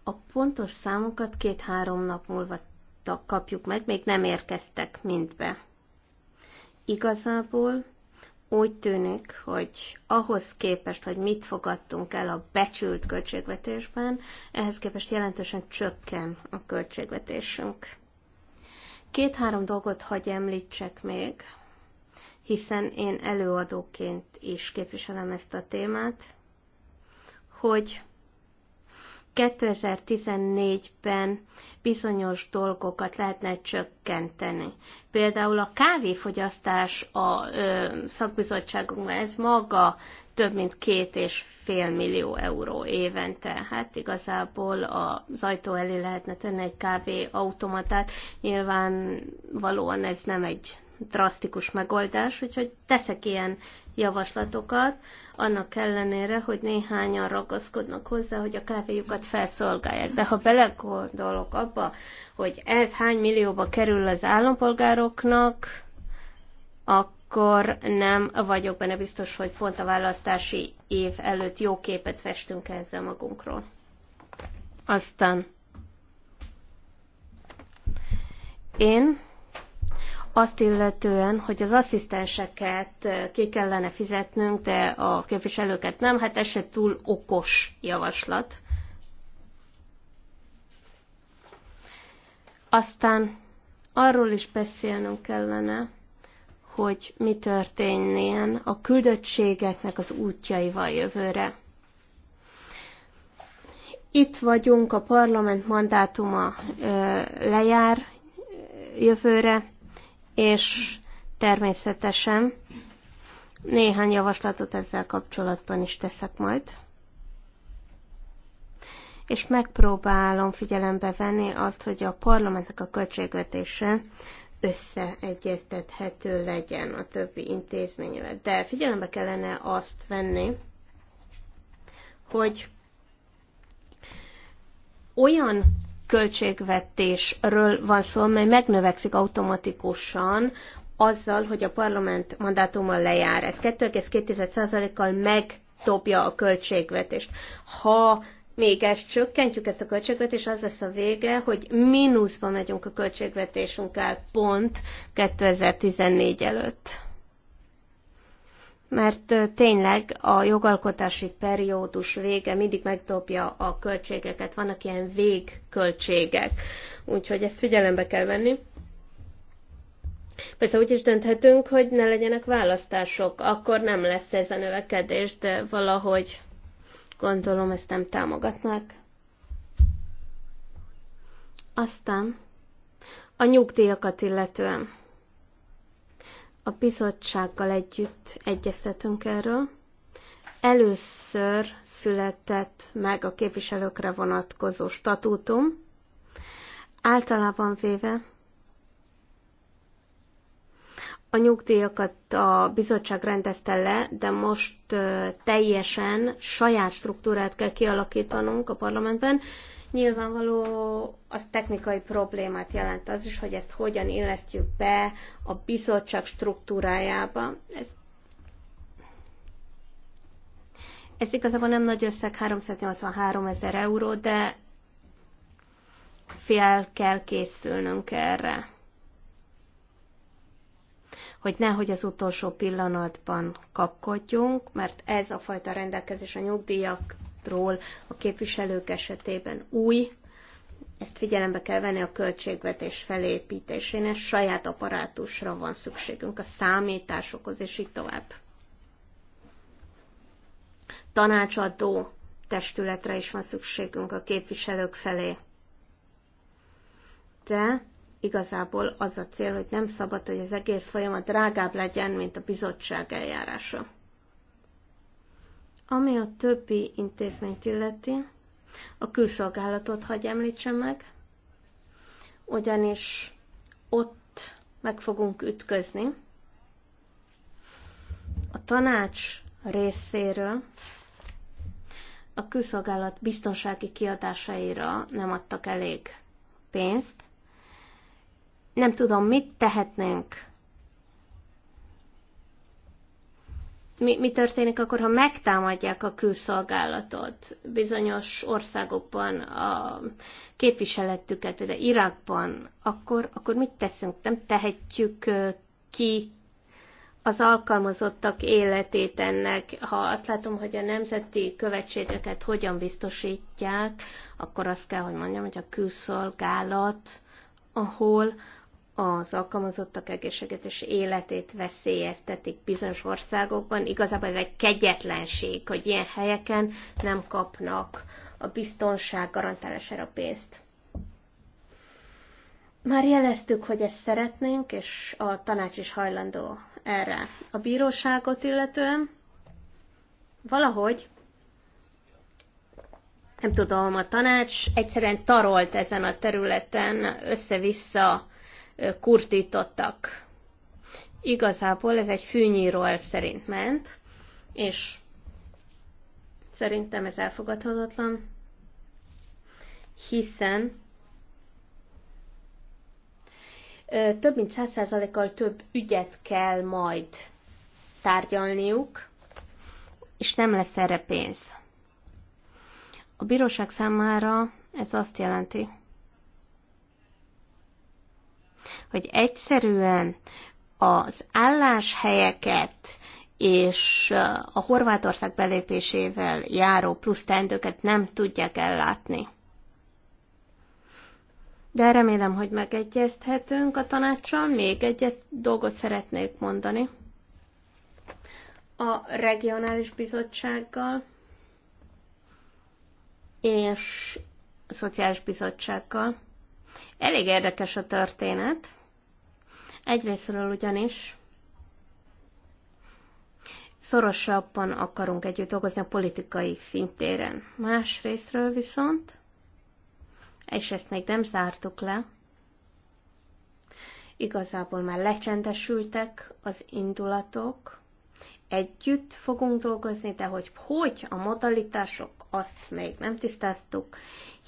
A pontos számokat két-három nap múlva kapjuk meg, még nem érkeztek mind be. Igazából úgy tűnik, hogy ahhoz képest, hogy mit fogadtunk el a becsült költségvetésben, ehhez képest jelentősen csökken a költségvetésünk. Két-három dolgot hagy említsek még, hiszen én előadóként is képviselem ezt a témát, hogy 2014-ben bizonyos dolgokat lehetne csökkenteni. Például a kávéfogyasztás a ö, szakbizottságunkban, ez maga több mint két és fél millió euró évente. Hát igazából az ajtó elé lehetne tenni egy kávé automatát. Nyilván valóan ez nem egy drasztikus megoldás, úgyhogy teszek ilyen javaslatokat, annak ellenére, hogy néhányan ragaszkodnak hozzá, hogy a kávéjukat felszolgálják. De ha belegondolok abba, hogy ez hány millióba kerül az állampolgároknak, akkor akkor nem vagyok benne biztos, hogy pont a választási év előtt jó képet festünk ezzel magunkról. Aztán én azt illetően, hogy az asszisztenseket ki kellene fizetnünk, de a képviselőket nem, hát ez se túl okos javaslat. Aztán arról is beszélnünk kellene, hogy mi történjen a küldöttségeknek az útjaival jövőre. Itt vagyunk, a parlament mandátuma lejár jövőre, és természetesen néhány javaslatot ezzel kapcsolatban is teszek majd. És megpróbálom figyelembe venni azt, hogy a parlamentnek a költségvetése összeegyeztethető legyen a többi intézményvel. De figyelembe kellene azt venni, hogy olyan költségvetésről van szó, mely megnövekszik automatikusan azzal, hogy a parlament mandátuma lejár. Ez 2,2%-kal megdobja a költségvetést. Ha még ezt csökkentjük, ezt a költségvetést, az lesz a vége, hogy mínuszba megyünk a költségvetésünkkel pont 2014 előtt. Mert tényleg a jogalkotási periódus vége mindig megdobja a költségeket, vannak ilyen végköltségek, úgyhogy ezt figyelembe kell venni. Persze úgy is dönthetünk, hogy ne legyenek választások, akkor nem lesz ez a növekedés, de valahogy Gondolom ezt nem támogatnák. Aztán a nyugdíjakat illetően. A bizottsággal együtt egyeztetünk erről. Először született meg a képviselőkre vonatkozó statútum. Általában véve a nyugdíjakat a bizottság rendezte le, de most teljesen saját struktúrát kell kialakítanunk a parlamentben. Nyilvánvaló az technikai problémát jelent az is, hogy ezt hogyan illesztjük be a bizottság struktúrájába. Ez, ez igazából nem nagy összeg, 383 ezer euró, de fél kell készülnünk erre hogy nehogy az utolsó pillanatban kapkodjunk, mert ez a fajta rendelkezés a nyugdíjakról a képviselők esetében új, ezt figyelembe kell venni a költségvetés felépítésén, és saját apparátusra van szükségünk, a számításokhoz, és így tovább. Tanácsadó testületre is van szükségünk a képviselők felé. De igazából az a cél, hogy nem szabad, hogy az egész folyamat drágább legyen, mint a bizottság eljárása. Ami a többi intézményt illeti, a külszolgálatot hagy említsem meg, ugyanis ott meg fogunk ütközni. A tanács részéről a külszolgálat biztonsági kiadásaira nem adtak elég pénzt, nem tudom, mit tehetnénk. Mi, mi történik akkor, ha megtámadják a külszolgálatot bizonyos országokban, a képviseletüket, például Irakban, akkor, akkor mit teszünk? Nem tehetjük ki az alkalmazottak életét ennek, ha azt látom, hogy a nemzeti követségeket hogyan biztosítják, akkor azt kell, hogy mondjam, hogy a külszolgálat, ahol az alkalmazottak egészséget és életét veszélyeztetik bizonyos országokban. Igazából ez egy kegyetlenség, hogy ilyen helyeken nem kapnak a biztonság garantálására pénzt. Már jeleztük, hogy ezt szeretnénk, és a tanács is hajlandó erre. A bíróságot illetően valahogy, nem tudom, a tanács egyszerűen tarolt ezen a területen össze-vissza kurtítottak. Igazából ez egy fűnyíró elv szerint ment, és szerintem ez elfogadhatatlan, hiszen több mint 100%-kal több ügyet kell majd tárgyalniuk, és nem lesz erre pénz. A bíróság számára ez azt jelenti, hogy egyszerűen az álláshelyeket és uh, a Horvátország belépésével járó plusz teendőket nem tudják ellátni. De remélem, hogy megegyezhetünk a tanácssal. Még egy dolgot szeretnék mondani. A regionális bizottsággal és a szociális bizottsággal. Elég érdekes a történet. Egyrésztről ugyanis szorosabban akarunk együtt dolgozni a politikai szintéren. Másrésztről viszont, és ezt még nem zártuk le, igazából már lecsendesültek az indulatok, együtt fogunk dolgozni, de hogy hogy a modalitások, azt még nem tisztáztuk,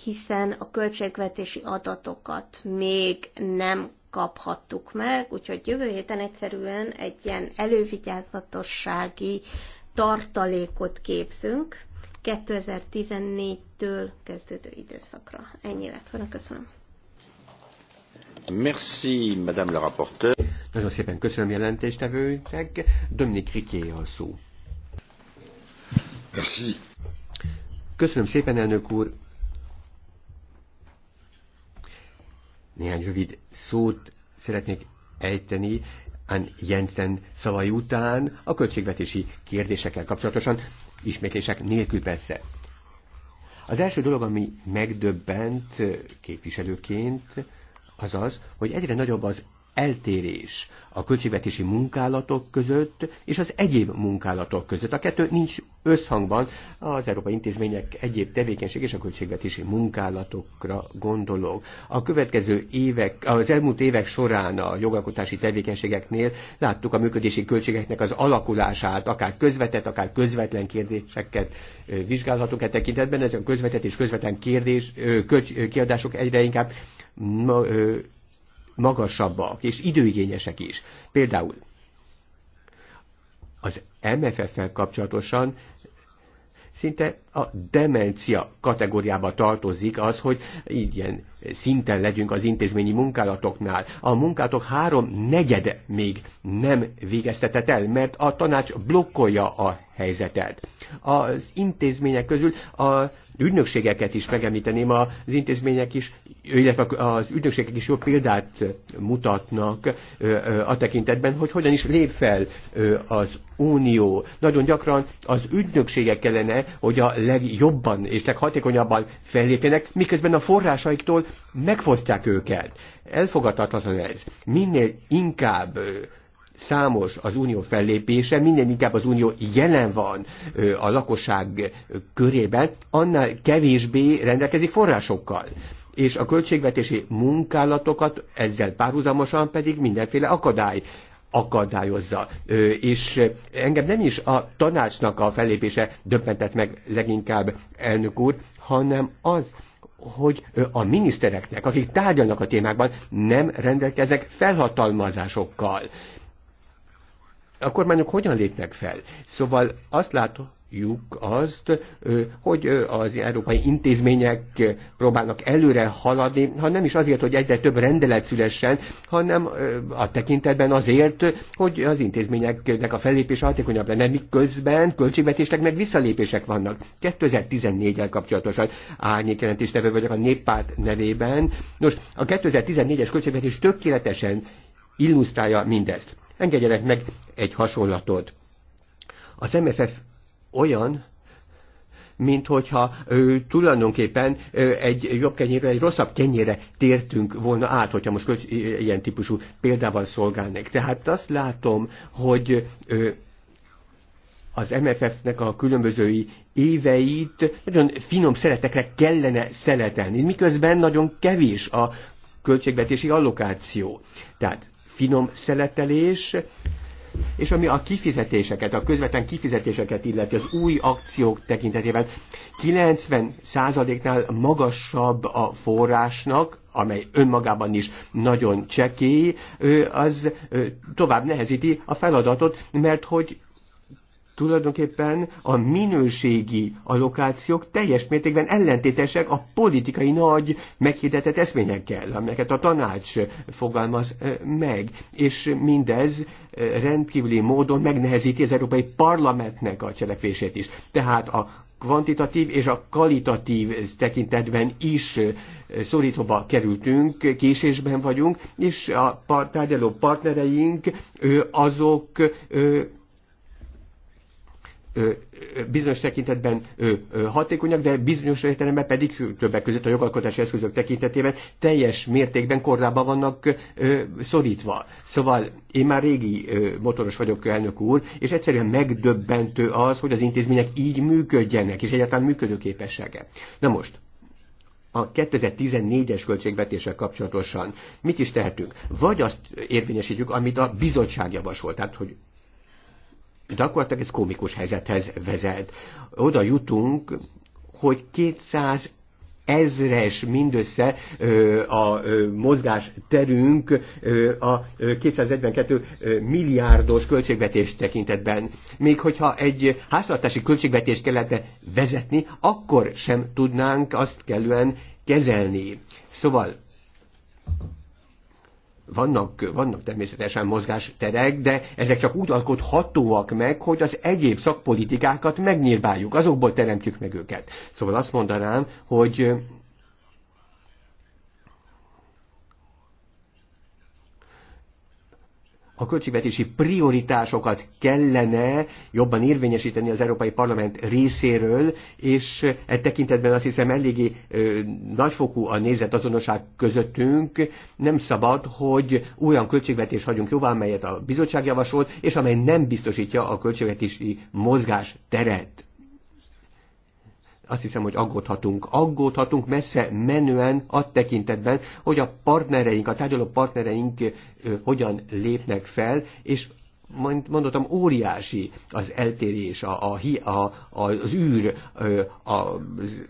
hiszen a költségvetési adatokat még nem kaphattuk meg, úgyhogy jövő héten egyszerűen egy ilyen elővigyázatossági tartalékot képzünk 2014-től kezdődő időszakra. Ennyi lett volna, köszönöm. Merci, Madame la Rapporteur. Nagyon szépen köszönöm jelentéstevőnek. Dominik Riké a szó. Merci. Köszönöm szépen, elnök úr. Néhány rövid szót szeretnék ejteni Ann Jensen szavai után a költségvetési kérdésekkel kapcsolatosan, ismétlések nélkül persze. Az első dolog, ami megdöbbent képviselőként, az az, hogy egyre nagyobb az eltérés a költségvetési munkálatok között és az egyéb munkálatok között. A kettő nincs összhangban az európai intézmények egyéb tevékenység és a költségvetési munkálatokra gondolok. A következő évek, az elmúlt évek során a jogalkotási tevékenységeknél láttuk a működési költségeknek az alakulását, akár közvetett, akár közvetlen kérdéseket vizsgálhatunk e tekintetben. Ez a közvetett és közvetlen kérdés, kiadások egyre inkább magasabbak és időigényesek is. Például az MFF-fel kapcsolatosan szinte a demencia kategóriába tartozik az, hogy ilyen szinten legyünk az intézményi munkálatoknál. A munkátok három negyede még nem végeztetett el, mert a tanács blokkolja a helyzetet az intézmények közül a ügynökségeket is megemlíteném, az intézmények is, illetve az ügynökségek is jó példát mutatnak a tekintetben, hogy hogyan is lép fel az unió. Nagyon gyakran az ügynökségek kellene, hogy a legjobban és leghatékonyabban fellépjenek, miközben a forrásaiktól megfosztják őket. Elfogadhatatlan ez. Minél inkább számos az unió fellépése, minden inkább az unió jelen van a lakosság körében, annál kevésbé rendelkezik forrásokkal és a költségvetési munkálatokat ezzel párhuzamosan pedig mindenféle akadály akadályozza. És engem nem is a tanácsnak a fellépése döbbentett meg leginkább elnök úr, hanem az, hogy a minisztereknek, akik tárgyalnak a témákban, nem rendelkeznek felhatalmazásokkal a kormányok hogyan lépnek fel. Szóval azt látom, látjuk azt, hogy az európai intézmények próbálnak előre haladni, ha nem is azért, hogy egyre több rendelet szülessen, hanem a tekintetben azért, hogy az intézményeknek a fellépés hatékonyabb lenne, miközben költségvetések meg visszalépések vannak. 2014-el kapcsolatosan árnyékjelentéstevő vagyok a néppárt nevében. Nos, a 2014-es költségvetés tökéletesen illusztrálja mindezt. Engedjenek meg egy hasonlatot. Az MFF olyan, mint hogyha ö, tulajdonképpen ö, egy jobb kenyérre, egy rosszabb kenyére tértünk volna át, hogyha most köz, ilyen típusú példával szolgálnék. Tehát azt látom, hogy ö, az MFF-nek a különbözői éveit nagyon finom szeretekre kellene szeletelni, miközben nagyon kevés a költségvetési allokáció. Tehát finom szeletelés, és ami a kifizetéseket, a közvetlen kifizetéseket illeti az új akciók tekintetében 90%-nál magasabb a forrásnak, amely önmagában is nagyon csekély, az tovább nehezíti a feladatot, mert hogy tulajdonképpen a minőségi allokációk teljes mértékben ellentétesek a politikai nagy meghirdetett eszményekkel, amelyeket a tanács fogalmaz meg, és mindez rendkívüli módon megnehezíti az Európai Parlamentnek a cselekvését is. Tehát a kvantitatív és a kvalitatív tekintetben is szorítóba kerültünk, késésben vagyunk, és a tárgyaló partnereink azok bizonyos tekintetben hatékonyak, de bizonyos értelemben pedig többek között a jogalkotási eszközök tekintetében teljes mértékben korlába vannak szorítva. Szóval én már régi motoros vagyok, elnök úr, és egyszerűen megdöbbentő az, hogy az intézmények így működjenek, és egyáltalán működőképessége. Na most, a 2014-es költségvetéssel kapcsolatosan mit is tehetünk? Vagy azt érvényesítjük, amit a bizottság javasolt, tehát hogy gyakorlatilag ez komikus helyzethez vezet. Oda jutunk, hogy 200 ezres mindössze ö, a ö, mozgás terünk ö, a 242 milliárdos költségvetés tekintetben. Még hogyha egy háztartási költségvetést kellene vezetni, akkor sem tudnánk azt kellően kezelni. Szóval vannak, vannak természetesen mozgásterek, de ezek csak úgy alkothatóak meg, hogy az egyéb szakpolitikákat megnyírbáljuk, azokból teremtjük meg őket. Szóval azt mondanám, hogy a költségvetési prioritásokat kellene jobban érvényesíteni az Európai Parlament részéről, és e tekintetben azt hiszem eléggé nagyfokú a nézetazonosság közöttünk. Nem szabad, hogy olyan költségvetés hagyunk jóvá, amelyet a bizottság javasolt, és amely nem biztosítja a költségvetési mozgás teret azt hiszem, hogy aggódhatunk. Aggódhatunk messze menően a tekintetben, hogy a partnereink, a tárgyaló partnereink hogyan lépnek fel, és mondottam, óriási az eltérés, a, a, a, az űr, a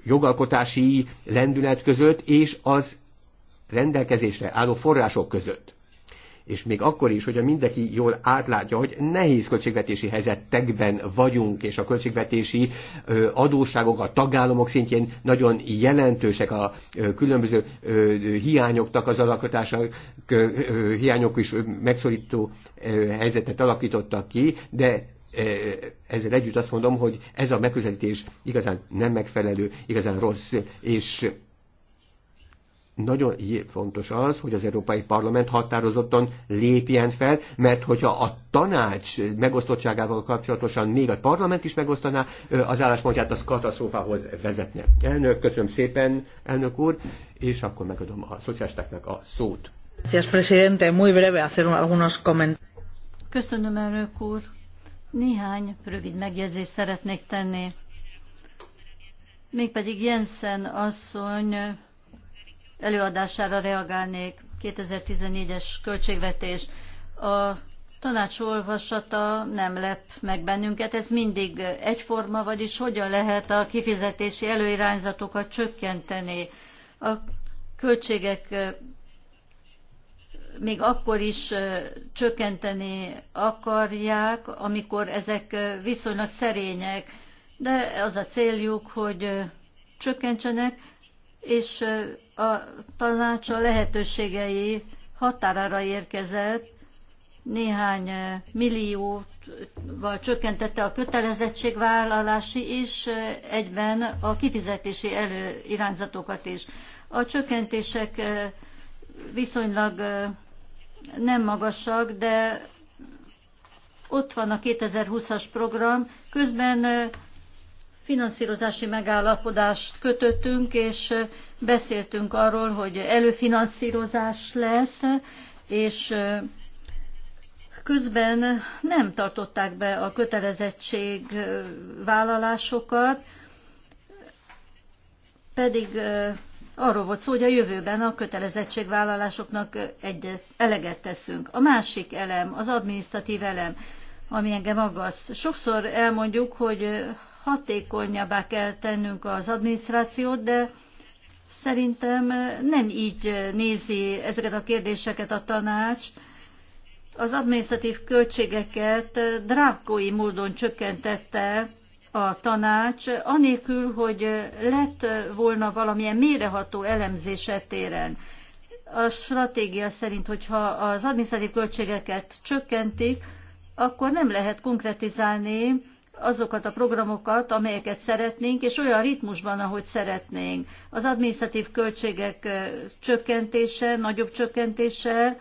jogalkotási lendület között, és az rendelkezésre álló források között és még akkor is, hogyha mindenki jól átlátja, hogy nehéz költségvetési helyzetekben vagyunk, és a költségvetési adósságok a tagállamok szintjén nagyon jelentősek a különböző hiányoknak az alakotások, hiányok is megszorító helyzetet alakítottak ki, de ezzel együtt azt mondom, hogy ez a megközelítés igazán nem megfelelő, igazán rossz, és nagyon fontos az, hogy az Európai Parlament határozottan lépjen fel, mert hogyha a tanács megosztottságával kapcsolatosan még a parlament is megosztaná az álláspontját, az katasztrófához vezetne. Elnök, köszönöm szépen, elnök úr, és akkor megadom a szociálistáknak a szót. Köszönöm, elnök úr. Néhány rövid megjegyzést szeretnék tenni. Mégpedig Jensen asszony előadására reagálnék. 2014-es költségvetés. A tanács olvasata nem lep meg bennünket, ez mindig egyforma, vagyis hogyan lehet a kifizetési előirányzatokat csökkenteni. A költségek még akkor is csökkenteni akarják, amikor ezek viszonylag szerények, de az a céljuk, hogy csökkentsenek, és a tanács a lehetőségei határára érkezett, néhány eh, millióval csökkentette a kötelezettségvállalási és eh, egyben a kifizetési előirányzatokat is. A csökkentések eh, viszonylag nem magasak, de ott van a 2020-as program, közben finanszírozási megállapodást kötöttünk, és beszéltünk arról, hogy előfinanszírozás lesz, és közben nem tartották be a kötelezettség vállalásokat, pedig arról volt szó, hogy a jövőben a kötelezettségvállalásoknak egyet, eleget teszünk. A másik elem, az adminisztratív elem, ami engem aggaszt. Sokszor elmondjuk, hogy hatékonyabbá kell tennünk az adminisztrációt, de szerintem nem így nézi ezeket a kérdéseket a tanács. Az adminisztratív költségeket drákói módon csökkentette a tanács, anélkül, hogy lett volna valamilyen méreható elemzése téren. A stratégia szerint, hogyha az adminisztratív költségeket csökkentik, akkor nem lehet konkretizálni azokat a programokat, amelyeket szeretnénk, és olyan ritmusban, ahogy szeretnénk. Az adminisztratív költségek csökkentése, nagyobb csökkentése,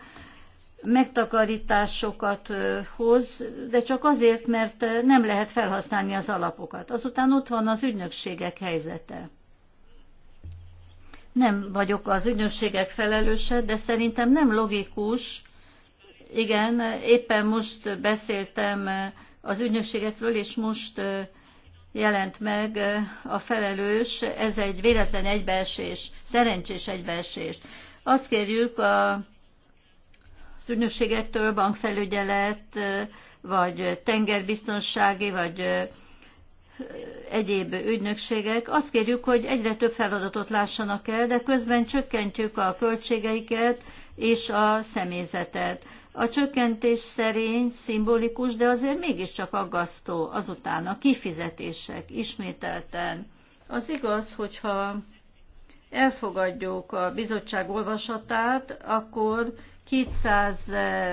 megtakarításokat hoz, de csak azért, mert nem lehet felhasználni az alapokat. Azután ott van az ügynökségek helyzete. Nem vagyok az ügynökségek felelőse, de szerintem nem logikus. Igen, éppen most beszéltem az ügynökségekről, és most jelent meg a felelős, ez egy véletlen egybeesés, szerencsés egybeesés. Azt kérjük a, az ügynökségektől, bankfelügyelet, vagy tengerbiztonsági, vagy egyéb ügynökségek. Azt kérjük, hogy egyre több feladatot lássanak el, de közben csökkentjük a költségeiket és a személyzetet. A csökkentés szerény, szimbolikus, de azért mégiscsak aggasztó azután a kifizetések ismételten. Az igaz, hogyha elfogadjuk a bizottság olvasatát, akkor 200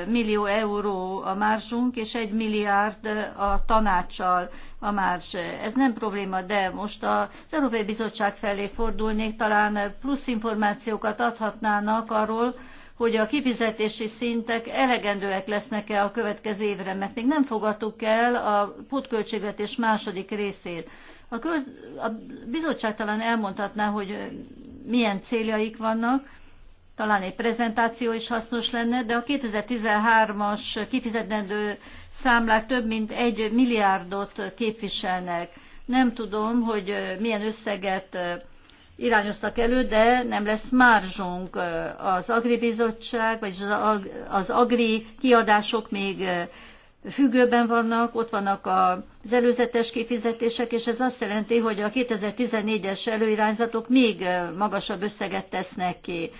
millió euró a mársunk, és 1 milliárd a tanácssal a márzs. Ez nem probléma, de most az Európai Bizottság felé fordulnék, talán plusz információkat adhatnának arról, hogy a kifizetési szintek elegendőek lesznek-e a következő évre, mert még nem fogadtuk el a pótköltségvetés második részét. A, költ, a bizottság talán elmondhatná, hogy milyen céljaik vannak, talán egy prezentáció is hasznos lenne, de a 2013-as kifizetendő számlák több mint egy milliárdot képviselnek. Nem tudom, hogy milyen összeget irányoztak elő, de nem lesz márzsunk. Az Agribizottság, vagy az agri kiadások még függőben vannak, ott vannak az előzetes kifizetések, és ez azt jelenti, hogy a 2014-es előirányzatok még magasabb összeget tesznek ki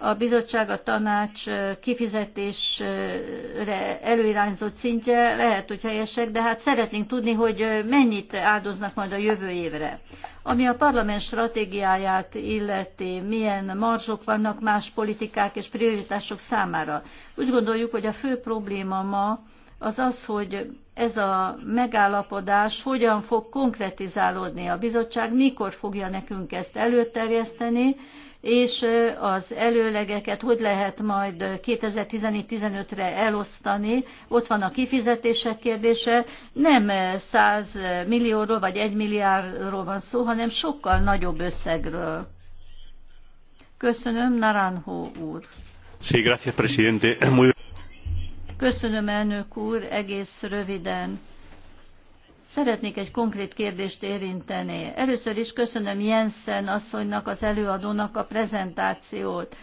a bizottság, a tanács kifizetésre előirányzott szintje lehet, hogy helyesek, de hát szeretnénk tudni, hogy mennyit áldoznak majd a jövő évre. Ami a parlament stratégiáját illeti, milyen marzsok vannak más politikák és prioritások számára. Úgy gondoljuk, hogy a fő probléma ma az az, hogy ez a megállapodás hogyan fog konkretizálódni a bizottság, mikor fogja nekünk ezt előterjeszteni, és az előlegeket hogy lehet majd 2014-15-re elosztani. Ott van a kifizetések kérdése. Nem 100 millióról vagy 1 milliárdról van szó, hanem sokkal nagyobb összegről. Köszönöm, Naranjo úr. Sí, gracias, presidente. Muy... Köszönöm, elnök úr, egész röviden. Szeretnék egy konkrét kérdést érinteni. Először is köszönöm Jensen asszonynak, az előadónak a prezentációt.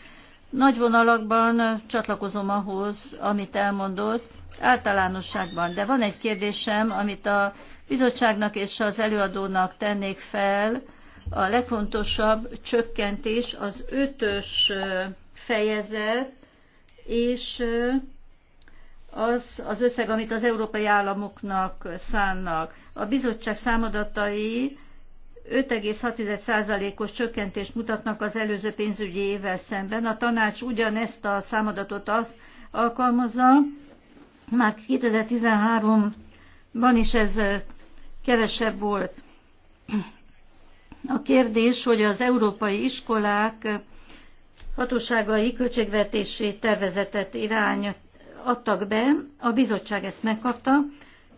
Nagy vonalakban csatlakozom ahhoz, amit elmondott, általánosságban. De van egy kérdésem, amit a bizottságnak és az előadónak tennék fel. A legfontosabb csökkentés az ötös fejezet, és az az összeg, amit az európai államoknak szánnak. A bizottság számadatai 5,6%-os csökkentést mutatnak az előző pénzügyi évvel szemben. A tanács ugyanezt a számadatot azt alkalmazza. Már 2013-ban is ez kevesebb volt. A kérdés, hogy az európai iskolák hatóságai költségvetési tervezetet irányt adtak be, a bizottság ezt megkapta,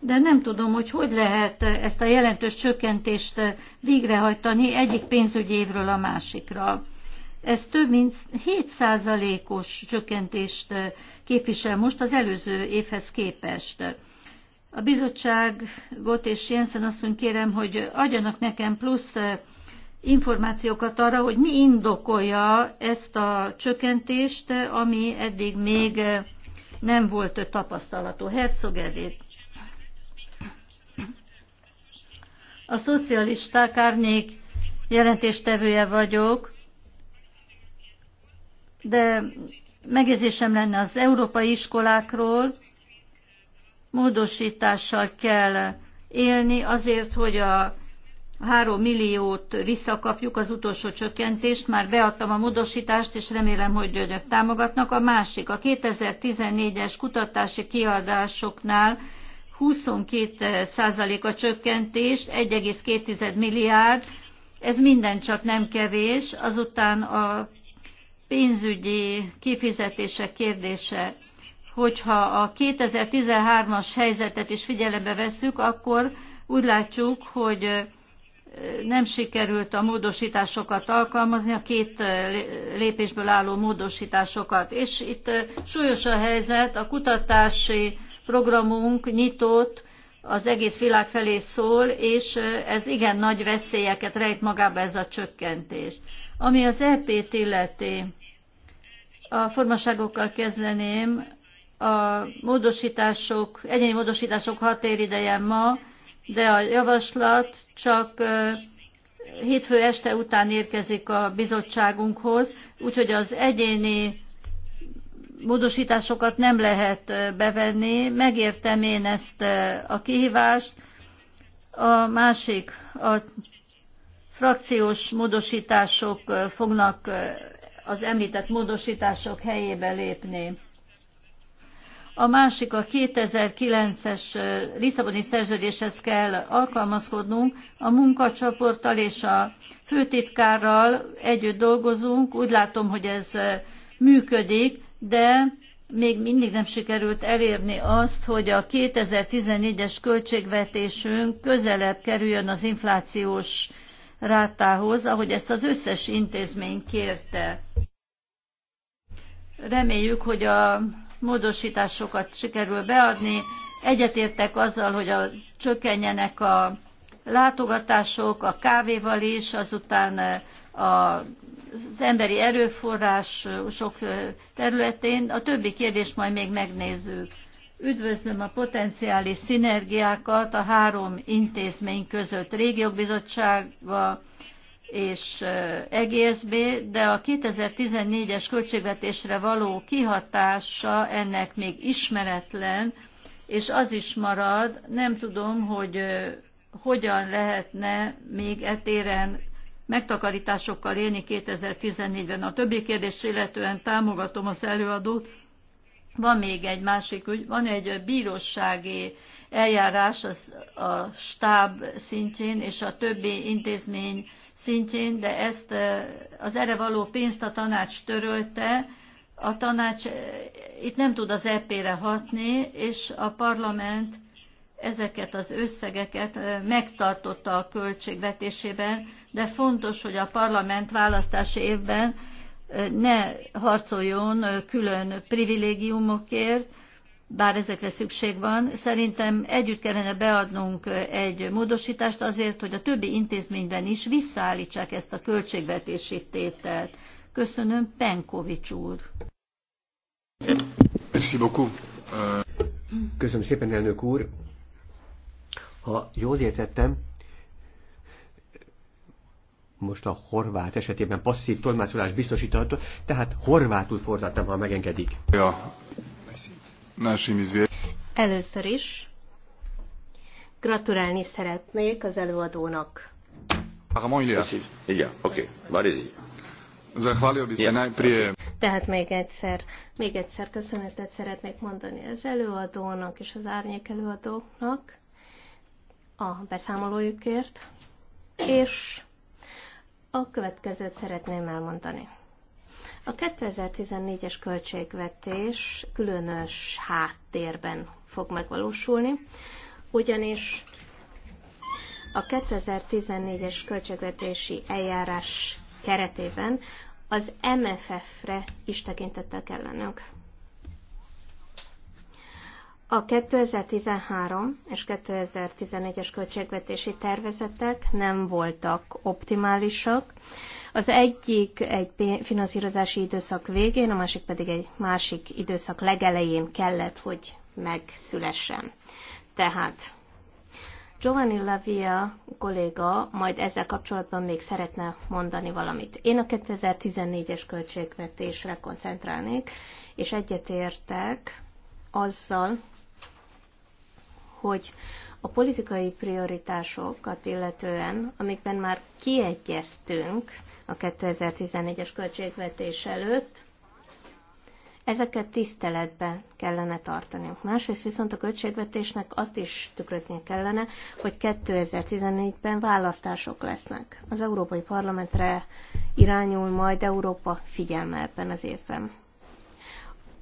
de nem tudom, hogy hogy lehet ezt a jelentős csökkentést végrehajtani egyik pénzügyi évről a másikra. Ez több mint 7%-os csökkentést képvisel most az előző évhez képest. A bizottságot és Jensen asszony kérem, hogy adjanak nekem plusz információkat arra, hogy mi indokolja ezt a csökkentést, ami eddig még nem volt tapasztalatú. Herzog Edith. A szocialisták árnyék jelentéstevője vagyok, de megjegyzésem lenne az európai iskolákról, módosítással kell élni azért, hogy a 3 milliót visszakapjuk, az utolsó csökkentést, már beadtam a módosítást, és remélem, hogy önök támogatnak. A másik, a 2014-es kutatási kiadásoknál 22 a csökkentést, 1,2 milliárd, ez minden csak nem kevés, azután a pénzügyi kifizetések kérdése. Hogyha a 2013-as helyzetet is figyelembe vesszük, akkor úgy látjuk, hogy nem sikerült a módosításokat alkalmazni, a két eh, lépésből álló módosításokat. És itt eh, súlyos a helyzet, a kutatási programunk nyitott, az egész világ felé szól, és eh, ez igen nagy veszélyeket rejt magába ez a csökkentés. Ami az EP-t illeti, a formaságokkal kezdeném, a módosítások, egyéni módosítások határideje ma, de a javaslat csak hétfő este után érkezik a bizottságunkhoz, úgyhogy az egyéni módosításokat nem lehet bevenni. Megértem én ezt a kihívást. A másik, a frakciós módosítások fognak az említett módosítások helyébe lépni a másik a 2009-es Lisszaboni szerződéshez kell alkalmazkodnunk, a munkacsoporttal és a főtitkárral együtt dolgozunk, úgy látom, hogy ez működik, de még mindig nem sikerült elérni azt, hogy a 2014-es költségvetésünk közelebb kerüljön az inflációs rátához, ahogy ezt az összes intézmény kérte. Reméljük, hogy a módosításokat sikerül beadni. Egyetértek azzal, hogy a, csökkenjenek a látogatások, a kávéval is, azután eh, a az emberi erőforrás sok eh, területén. A többi kérdést majd még megnézzük. Üdvözlöm a potenciális szinergiákat a három intézmény között, régiók bizottsága, és EGSB, de a 2014-es költségvetésre való kihatása ennek még ismeretlen, és az is marad, nem tudom, hogy hogyan lehetne még etéren megtakarításokkal élni 2014-ben. A többi kérdés illetően támogatom az előadót. Van még egy másik ügy, van egy bírósági eljárás az, a stáb szintjén, és a többi intézmény szintjén, de ezt eh, az erre való pénzt a tanács törölte, a tanács eh, itt nem tud az EP-re hatni, és a parlament ezeket az összegeket eh, megtartotta a költségvetésében, de fontos, hogy a parlament választási évben ne harcoljon külön privilégiumokért, bár ezekre szükség van, szerintem együtt kellene beadnunk egy módosítást azért, hogy a többi intézményben is visszaállítsák ezt a költségvetési tételt. Köszönöm, Penkovics úr. Merci beaucoup. Köszönöm szépen, elnök úr. Ha jól értettem, most a horvát esetében passzív tolmácsolás biztosította, tehát horvátul fordítottam, ha megengedik. Ja, Először is gratulálni szeretnék az előadónak. Tehát még egyszer, még egyszer köszönetet szeretnék mondani az előadónak és az árnyék előadóknak a beszámolójukért, és a következőt szeretném elmondani. A 2014-es költségvetés különös háttérben fog megvalósulni, ugyanis a 2014-es költségvetési eljárás keretében az MFF-re is tekintettel kell lennünk. A 2013 és 2014-es költségvetési tervezetek nem voltak optimálisak, az egyik egy finanszírozási időszak végén, a másik pedig egy másik időszak legelején kellett, hogy megszülessen. Tehát Giovanni Lavia kolléga majd ezzel kapcsolatban még szeretne mondani valamit. Én a 2014-es költségvetésre koncentrálnék, és egyetértek azzal, hogy a politikai prioritásokat illetően, amikben már kiegyeztünk a 2014-es költségvetés előtt, ezeket tiszteletbe kellene tartanunk. Másrészt viszont a költségvetésnek azt is tükröznie kellene, hogy 2014-ben választások lesznek. Az Európai Parlamentre irányul majd Európa figyelme ebben az évben.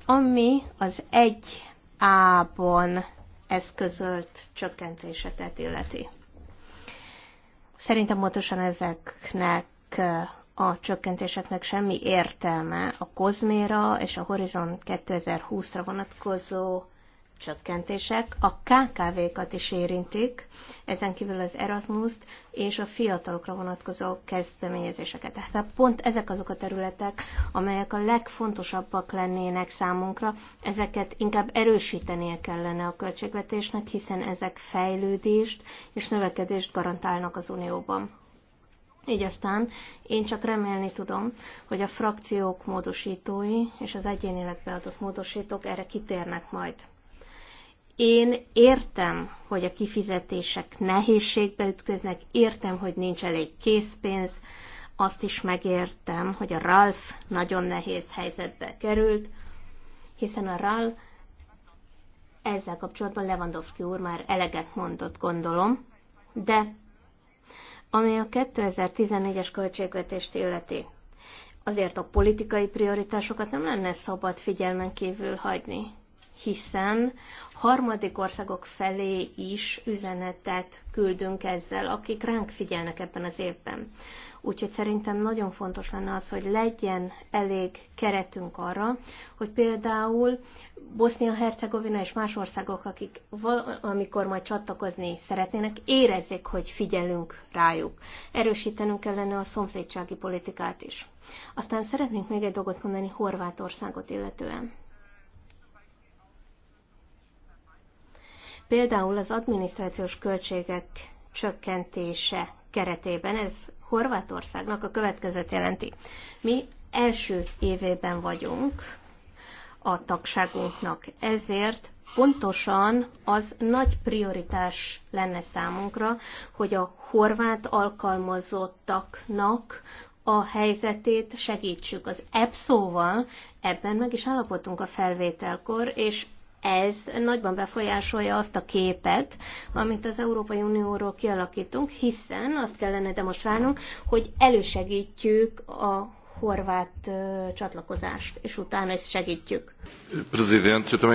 Ami az egy a ban eszközölt csökkentéseket illeti. Szerintem pontosan ezeknek eh, a csökkentéseknek semmi értelme a Kozméra és a Horizon 2020-ra vonatkozó csökkentések a KKV-kat is érintik, ezen kívül az erasmus és a fiatalokra vonatkozó kezdeményezéseket. Tehát pont ezek azok a területek, amelyek a legfontosabbak lennének számunkra, ezeket inkább erősítenie kellene a költségvetésnek, hiszen ezek fejlődést és növekedést garantálnak az Unióban. Így aztán én csak remélni tudom, hogy a frakciók módosítói és az egyénileg beadott módosítók erre kitérnek majd. Én értem, hogy a kifizetések nehézségbe ütköznek, értem, hogy nincs elég készpénz, azt is megértem, hogy a Ralf nagyon nehéz helyzetbe került, hiszen a Ralf ezzel kapcsolatban Lewandowski úr már eleget mondott, gondolom, de ami a 2014-es költségvetést illeti, azért a politikai prioritásokat nem lenne szabad figyelmen kívül hagyni hiszen harmadik országok felé is üzenetet küldünk ezzel, akik ránk figyelnek ebben az évben. Úgyhogy szerintem nagyon fontos lenne az, hogy legyen elég keretünk arra, hogy például Bosznia-Hercegovina és más országok, akik amikor majd csatlakozni szeretnének, érezzék, hogy figyelünk rájuk. Erősítenünk kellene a szomszédsági politikát is. Aztán szeretnénk még egy dolgot mondani Horvátországot illetően. Például az adminisztrációs költségek csökkentése keretében, ez Horvátországnak a következőt jelenti. Mi első évében vagyunk a tagságunknak, ezért pontosan az nagy prioritás lenne számunkra, hogy a horvát alkalmazottaknak a helyzetét segítsük. Az EPSZO-val ebben meg is állapodtunk a felvételkor, és ez nagyban befolyásolja azt a képet, amit az Európai Unióról kialakítunk, hiszen azt kellene demonstrálnunk, hogy elősegítjük a horvát csatlakozást, és utána ezt segítjük. Eh,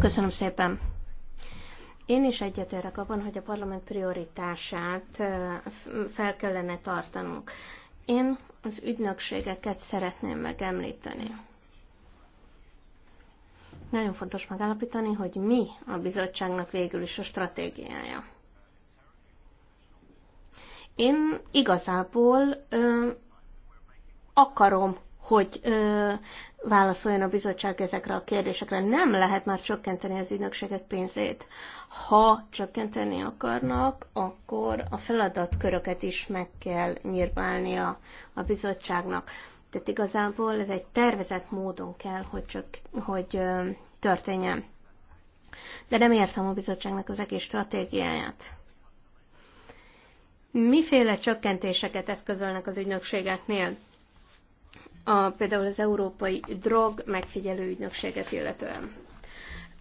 Köszönöm szépen. Én is egyetértek abban, hogy a parlament prioritását fel kellene tartanunk. Én az ügynökségeket szeretném megemlíteni nagyon fontos megállapítani, hogy mi a bizottságnak végül is a stratégiája. Én igazából ö, akarom, hogy ö, válaszoljon a bizottság ezekre a kérdésekre. Nem lehet már csökkenteni az ügynökségek pénzét. Ha csökkenteni akarnak, akkor a feladatköröket is meg kell nyírválnia a bizottságnak tehát igazából ez egy tervezett módon kell, hogy, csak, hogy történjen. De nem értem a bizottságnak az egész stratégiáját. Miféle csökkentéseket eszközölnek az ügynökségeknél? A, például az Európai Drog Megfigyelő Ügynökséget illetően.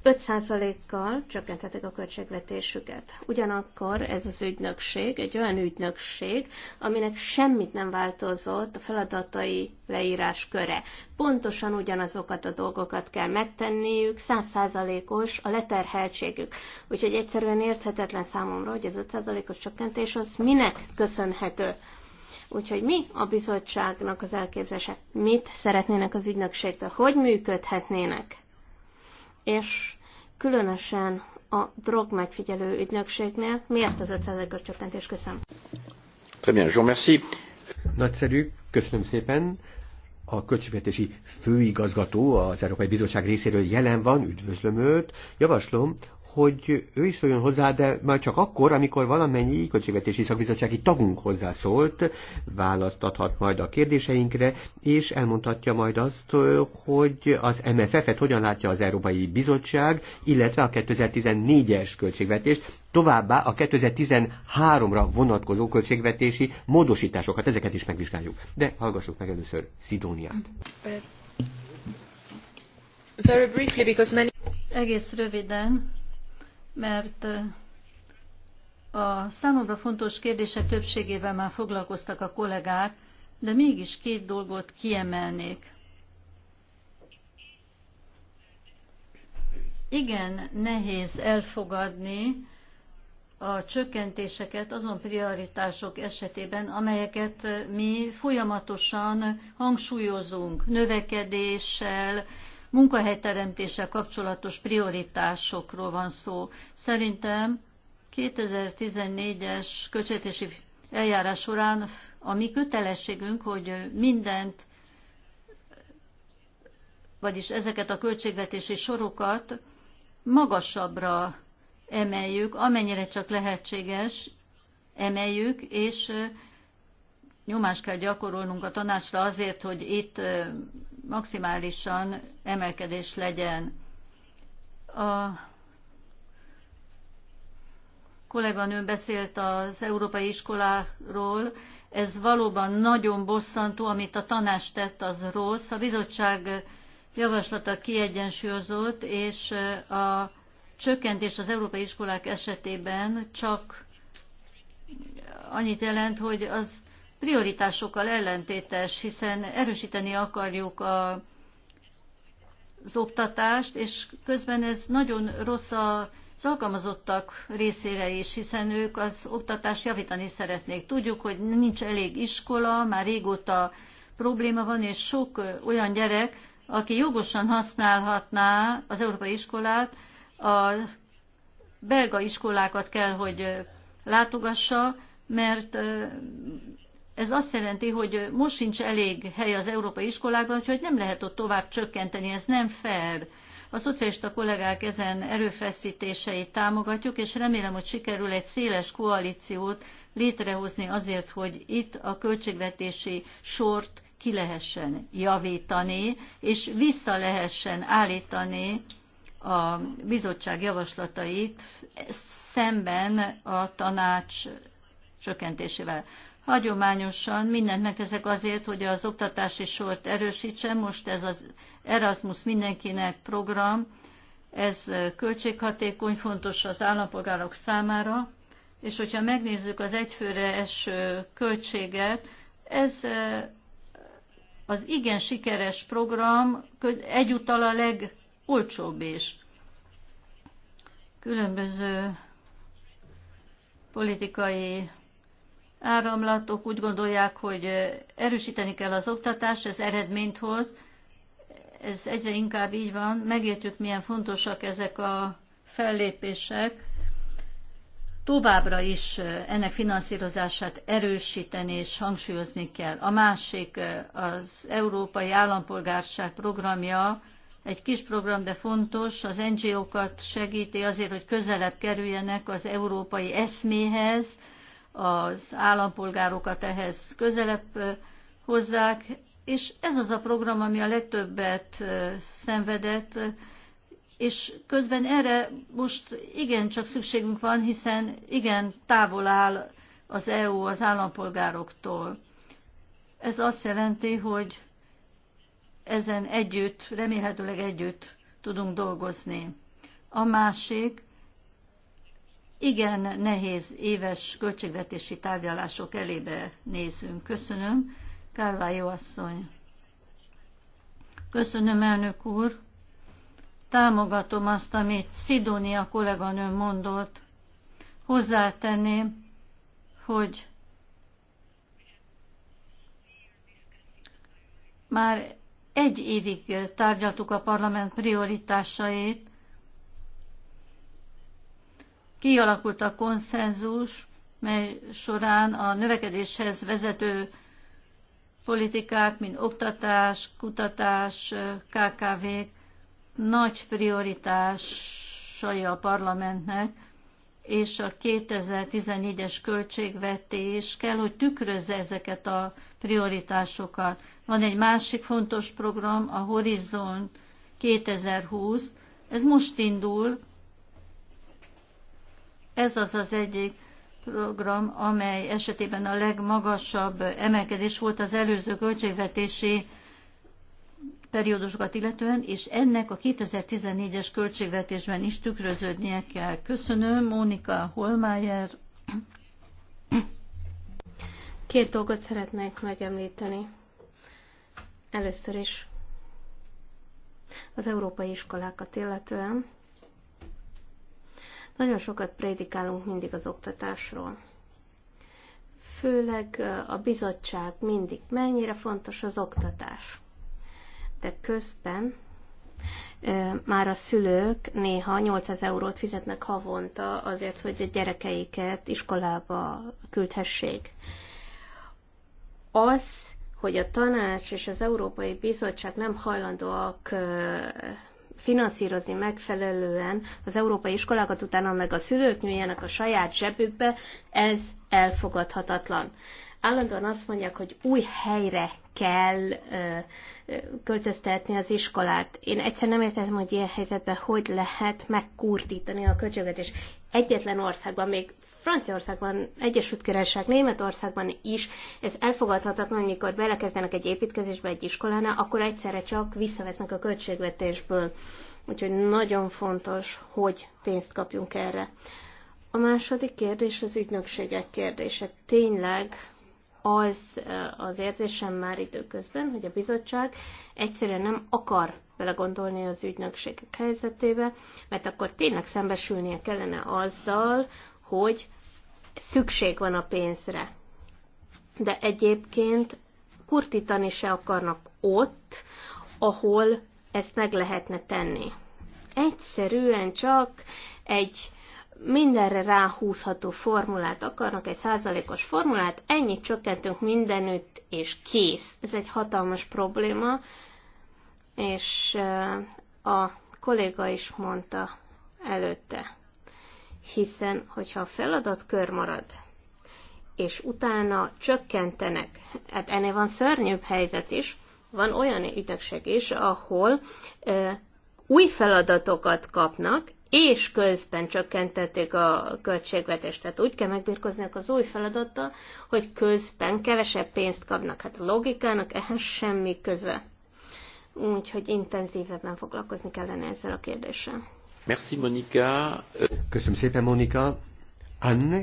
5%-kal csökkentették a költségvetésüket. Ugyanakkor ez az ügynökség egy olyan ügynökség, aminek semmit nem változott a feladatai leírás köre. Pontosan ugyanazokat a dolgokat kell megtenniük, 100%-os a leterheltségük. Úgyhogy egyszerűen érthetetlen számomra, hogy az 5%-os csökkentés az minek köszönhető. Úgyhogy mi a bizottságnak az elképzelése? Mit szeretnének az ügynökségtől? Hogy működhetnének? és különösen a drog megfigyelő ügynökségnél miért az 5%-os csökkentés? Köszönöm. Très bien, je merci. Nagyszerű, köszönöm szépen. A költségvetési főigazgató az Európai Bizottság részéről jelen van, üdvözlöm őt. Javaslom, hogy ő is szóljon hozzá, de már csak akkor, amikor valamennyi költségvetési szakbizottsági tagunk hozzászólt, választathat majd a kérdéseinkre, és elmondhatja majd azt, hogy az MFF-et hogyan látja az Európai Bizottság, illetve a 2014-es költségvetést, továbbá a 2013-ra vonatkozó költségvetési módosításokat, ezeket is megvizsgáljuk. De hallgassuk meg először Szidóniát. Very briefly, because many... Egész röviden, mert a számomra fontos kérdések többségével már foglalkoztak a kollégák, de mégis két dolgot kiemelnék. Igen, nehéz elfogadni a csökkentéseket azon prioritások esetében, amelyeket mi folyamatosan hangsúlyozunk növekedéssel, munkahelyteremtéssel kapcsolatos prioritásokról van szó. Szerintem 2014-es költségvetési eljárás során a mi kötelességünk, hogy mindent, vagyis ezeket a költségvetési sorokat magasabbra emeljük, amennyire csak lehetséges, emeljük, és nyomást kell gyakorolnunk a tanácsra azért, hogy itt maximálisan emelkedés legyen. A kolléganő beszélt az európai iskoláról, ez valóban nagyon bosszantó, amit a tanács tett, az rossz. A bizottság javaslata kiegyensúlyozott, és a csökkentés az európai iskolák esetében csak annyit jelent, hogy az prioritásokkal ellentétes, hiszen erősíteni akarjuk a az oktatást, és közben ez nagyon rossz a az alkalmazottak részére is, hiszen ők az oktatást javítani szeretnék. Tudjuk, hogy nincs elég iskola, már régóta probléma van, és sok olyan gyerek, aki jogosan használhatná az európai iskolát, a belga iskolákat kell, hogy látogassa, mert ez azt jelenti, hogy most sincs elég hely az európai iskolákban, úgyhogy nem lehet ott tovább csökkenteni, ez nem fair. A szocialista kollégák ezen erőfeszítéseit támogatjuk, és remélem, hogy sikerül egy széles koalíciót létrehozni azért, hogy itt a költségvetési sort ki lehessen javítani, és vissza lehessen állítani a bizottság javaslatait szemben a tanács csökkentésével hagyományosan mindent megteszek azért, hogy az oktatási sort erősítsem. Most ez az Erasmus mindenkinek program, ez költséghatékony, fontos az állampolgárok számára, és hogyha megnézzük az egyfőre eső költséget, ez eh, az igen sikeres program egyúttal a legolcsóbb is. Különböző politikai áramlatok úgy gondolják, hogy erősíteni kell az oktatást, ez eredményt hoz. Ez egyre inkább így van. Megértjük, milyen fontosak ezek a fellépések. Továbbra is ennek finanszírozását erősíteni és hangsúlyozni kell. A másik az Európai Állampolgárság programja, egy kis program, de fontos, az NGO-kat segíti azért, hogy közelebb kerüljenek az európai eszméhez, az állampolgárokat ehhez közelebb hozzák, és ez az a program, ami a legtöbbet szenvedett, és közben erre most igen csak szükségünk van, hiszen igen távol áll az EU az állampolgároktól. Ez azt jelenti, hogy ezen együtt, remélhetőleg együtt tudunk dolgozni. A másik, igen nehéz éves költségvetési tárgyalások elébe nézünk. Köszönöm. Kárvályó asszony. Köszönöm, elnök úr. Támogatom azt, amit Szidónia kolléganőm mondott. Hozzátenném, hogy már egy évig tárgyaltuk a parlament prioritásait, kialakult a konszenzus, mely során a növekedéshez vezető politikák, mint oktatás, kutatás, kkv nagy prioritásai a parlamentnek, és a 2014-es költségvetés kell, hogy tükrözze ezeket a prioritásokat. Van egy másik fontos program, a Horizon 2020. Ez most indul, ez az az egyik program, amely esetében a legmagasabb emelkedés volt az előző költségvetési periódusokat illetően, és ennek a 2014-es költségvetésben is tükröződnie kell. Köszönöm, Mónika Holmájer. Két dolgot szeretnék megemlíteni. Először is az európai iskolákat illetően nagyon sokat prédikálunk mindig az oktatásról. Főleg a bizottság mindig, mennyire fontos az oktatás. De közben már a szülők néha 800 eurót fizetnek havonta azért, hogy a gyerekeiket iskolába küldhessék. Az, hogy a tanács és az Európai Bizottság nem hajlandóak finanszírozni megfelelően az európai iskolákat, utána meg a szülők nyúljanak a saját zsebükbe, ez elfogadhatatlan. Állandóan azt mondják, hogy új helyre kell ö, ö, költöztetni az iskolát. Én egyszer nem értettem, hogy ilyen helyzetben hogy lehet megkurtítani a költségvetést. Egyetlen országban még Franciaországban, Egyesült Királyság, Németországban is ez elfogadhatatlan, amikor belekezdenek egy építkezésbe egy iskolánál, akkor egyszerre csak visszavesznek a költségvetésből. Úgyhogy nagyon fontos, hogy pénzt kapjunk erre. A második kérdés az ügynökségek kérdése. Tényleg az eh, az érzésem már időközben, hogy a bizottság egyszerűen nem akar belegondolni az ügynökségek helyzetébe, mert akkor tényleg szembesülnie kellene azzal, hogy szükség van a pénzre. De egyébként kurtítani se akarnak ott, ahol ezt meg lehetne tenni. Egyszerűen csak egy mindenre ráhúzható formulát akarnak, egy százalékos formulát, ennyit csökkentünk mindenütt, és kész. Ez egy hatalmas probléma, és a kolléga is mondta előtte hiszen hogyha a feladatkör marad, és utána csökkentenek, hát ennél van szörnyűbb helyzet is, van olyan ütegség is, ahol ö, új feladatokat kapnak, és közben csökkentették a költségvetést. Tehát úgy kell megbírkozniak az új feladattal, hogy közben kevesebb pénzt kapnak. Hát a logikának ehhez semmi köze. Úgyhogy intenzívebben foglalkozni kellene ezzel a kérdéssel. Merci, Monika. Köszönöm szépen, Monika. Anne,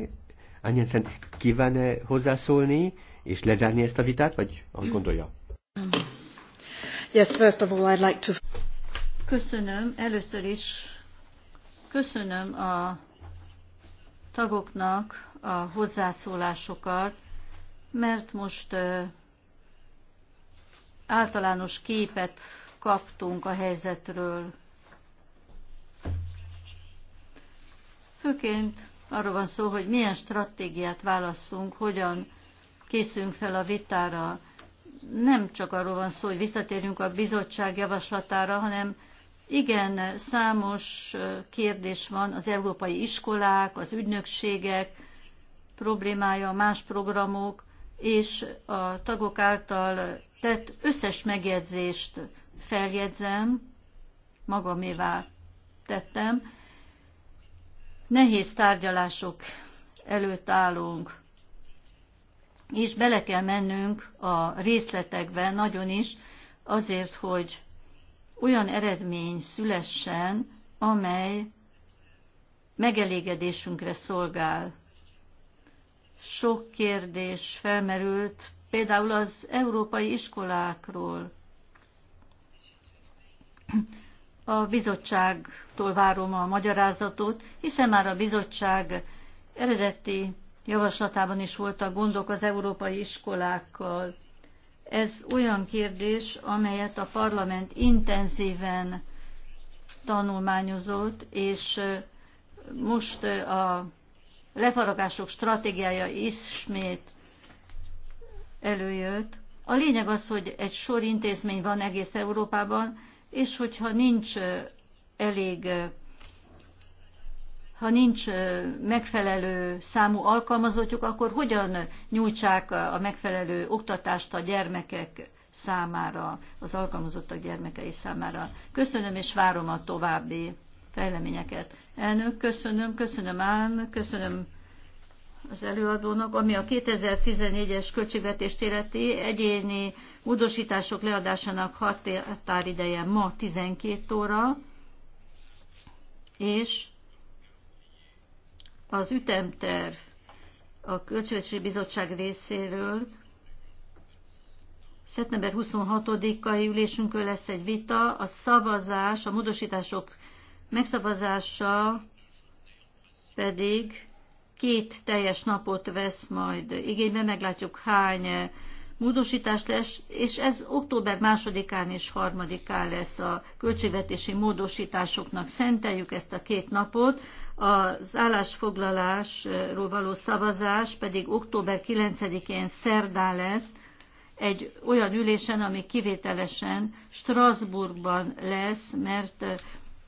Anjensen kíván-e hozzászólni és lezárni ezt a vitát, vagy azt gondolja? Yes, first of all, I'd like to... Köszönöm. Először is köszönöm a tagoknak a hozzászólásokat, mert most általános képet kaptunk a helyzetről. Főként arról van szó, hogy milyen stratégiát válasszunk, hogyan készülünk fel a vitára. Nem csak arról van szó, hogy visszatérjünk a bizottság javaslatára, hanem igen, számos kérdés van az európai iskolák, az ügynökségek problémája, más programok, és a tagok által tett összes megjegyzést feljegyzem, magamévá tettem, nehéz tárgyalások előtt állunk, és bele kell mennünk a részletekbe nagyon is, azért, hogy olyan eredmény szülessen, amely megelégedésünkre szolgál. Sok kérdés felmerült, például az európai iskolákról. A bizottságtól várom a magyarázatot, hiszen már a bizottság eredeti javaslatában is voltak gondok az európai iskolákkal. Ez olyan kérdés, amelyet a parlament intenzíven tanulmányozott, és most a lefaragások stratégiája ismét előjött. A lényeg az, hogy egy sor intézmény van egész Európában, és hogyha nincs elég ha nincs megfelelő számú alkalmazottjuk, akkor hogyan nyújtsák a megfelelő oktatást a gyermekek számára, az alkalmazottak gyermekei számára. Köszönöm, és várom a további fejleményeket. Elnök, köszönöm, köszönöm ám, köszönöm az előadónak, ami a 2014-es költségvetést illeti egyéni módosítások leadásának határideje ma 12 óra, és az ütemterv a Költségvetési Bizottság részéről szeptember 26-ai ülésünkön lesz egy vita, a szavazás, a módosítások megszavazása pedig két teljes napot vesz majd igénybe, meglátjuk hány eh, módosítást lesz, és ez október másodikán és harmadikán lesz a költségvetési módosításoknak. Szenteljük ezt a két napot, az állásfoglalásról való szavazás pedig október 9-én szerdán lesz, egy olyan ülésen, ami kivételesen Strasbourgban lesz, mert eh,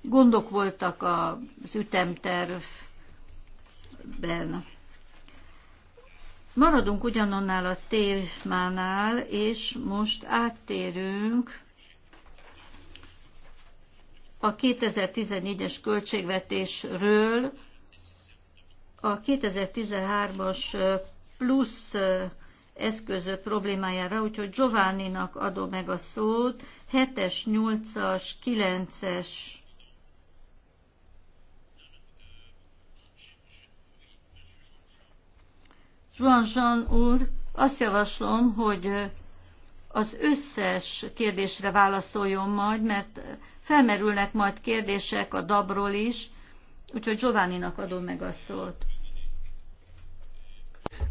gondok voltak az ütemterv ben. Maradunk ugyanannál a témánál, és most áttérünk a 2014-es költségvetésről a 2013-as plusz eszközök problémájára, úgyhogy Giovanninak adom meg a szót, 7-es, 8-as, 9-es Zsuanzsan úr, azt javaslom, hogy az összes kérdésre válaszoljon majd, mert felmerülnek majd kérdések a dabról is, úgyhogy Giovanninak adom meg a szót.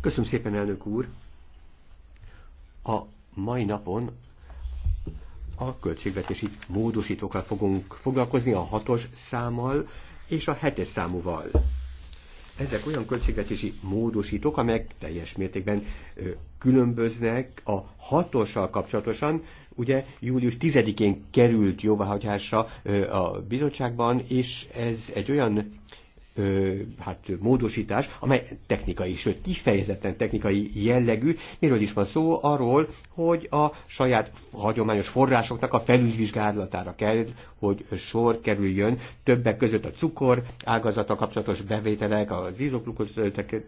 Köszönöm szépen, elnök úr! A mai napon a költségvetési módosítókkal fogunk foglalkozni, a hatos számmal és a hetes számúval. Ezek olyan költségvetési módosítók, amelyek teljes mértékben különböznek a hatossal kapcsolatosan, ugye július 10-én került jóváhagyásra a bizottságban, és ez egy olyan ö, hát módosítás, amely technikai, sőt kifejezetten technikai jellegű. Miről is van szó? Arról, hogy a saját hagyományos forrásoknak a felülvizsgálatára kell, hogy sor kerüljön többek között a cukor ágazata kapcsolatos bevételek, az izoglukos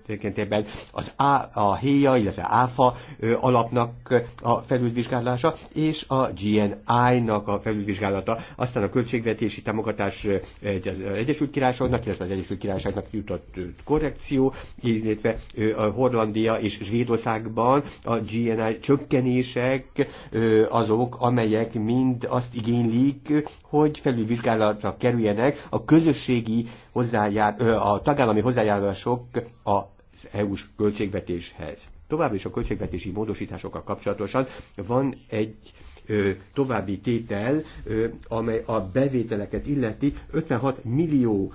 tekintetében, az á, a héja, illetve áfa ö, alapnak a felülvizsgálása, és a GNI-nak a felülvizsgálata, aztán a költségvetési támogatás egy, az Egyesült Királyságnak, illetve az Egyesült Egyesült Királyságnak jutott korrekció, illetve a Hollandia és Svédországban a GNI csökkenések azok, amelyek mind azt igénylik, hogy felülvizsgálatra kerüljenek a közösségi hozzájár, a tagállami hozzájárulások a EU-s költségvetéshez. Továbbá is a költségvetési módosításokkal kapcsolatosan van egy további tétel, amely a bevételeket illeti, 56 millió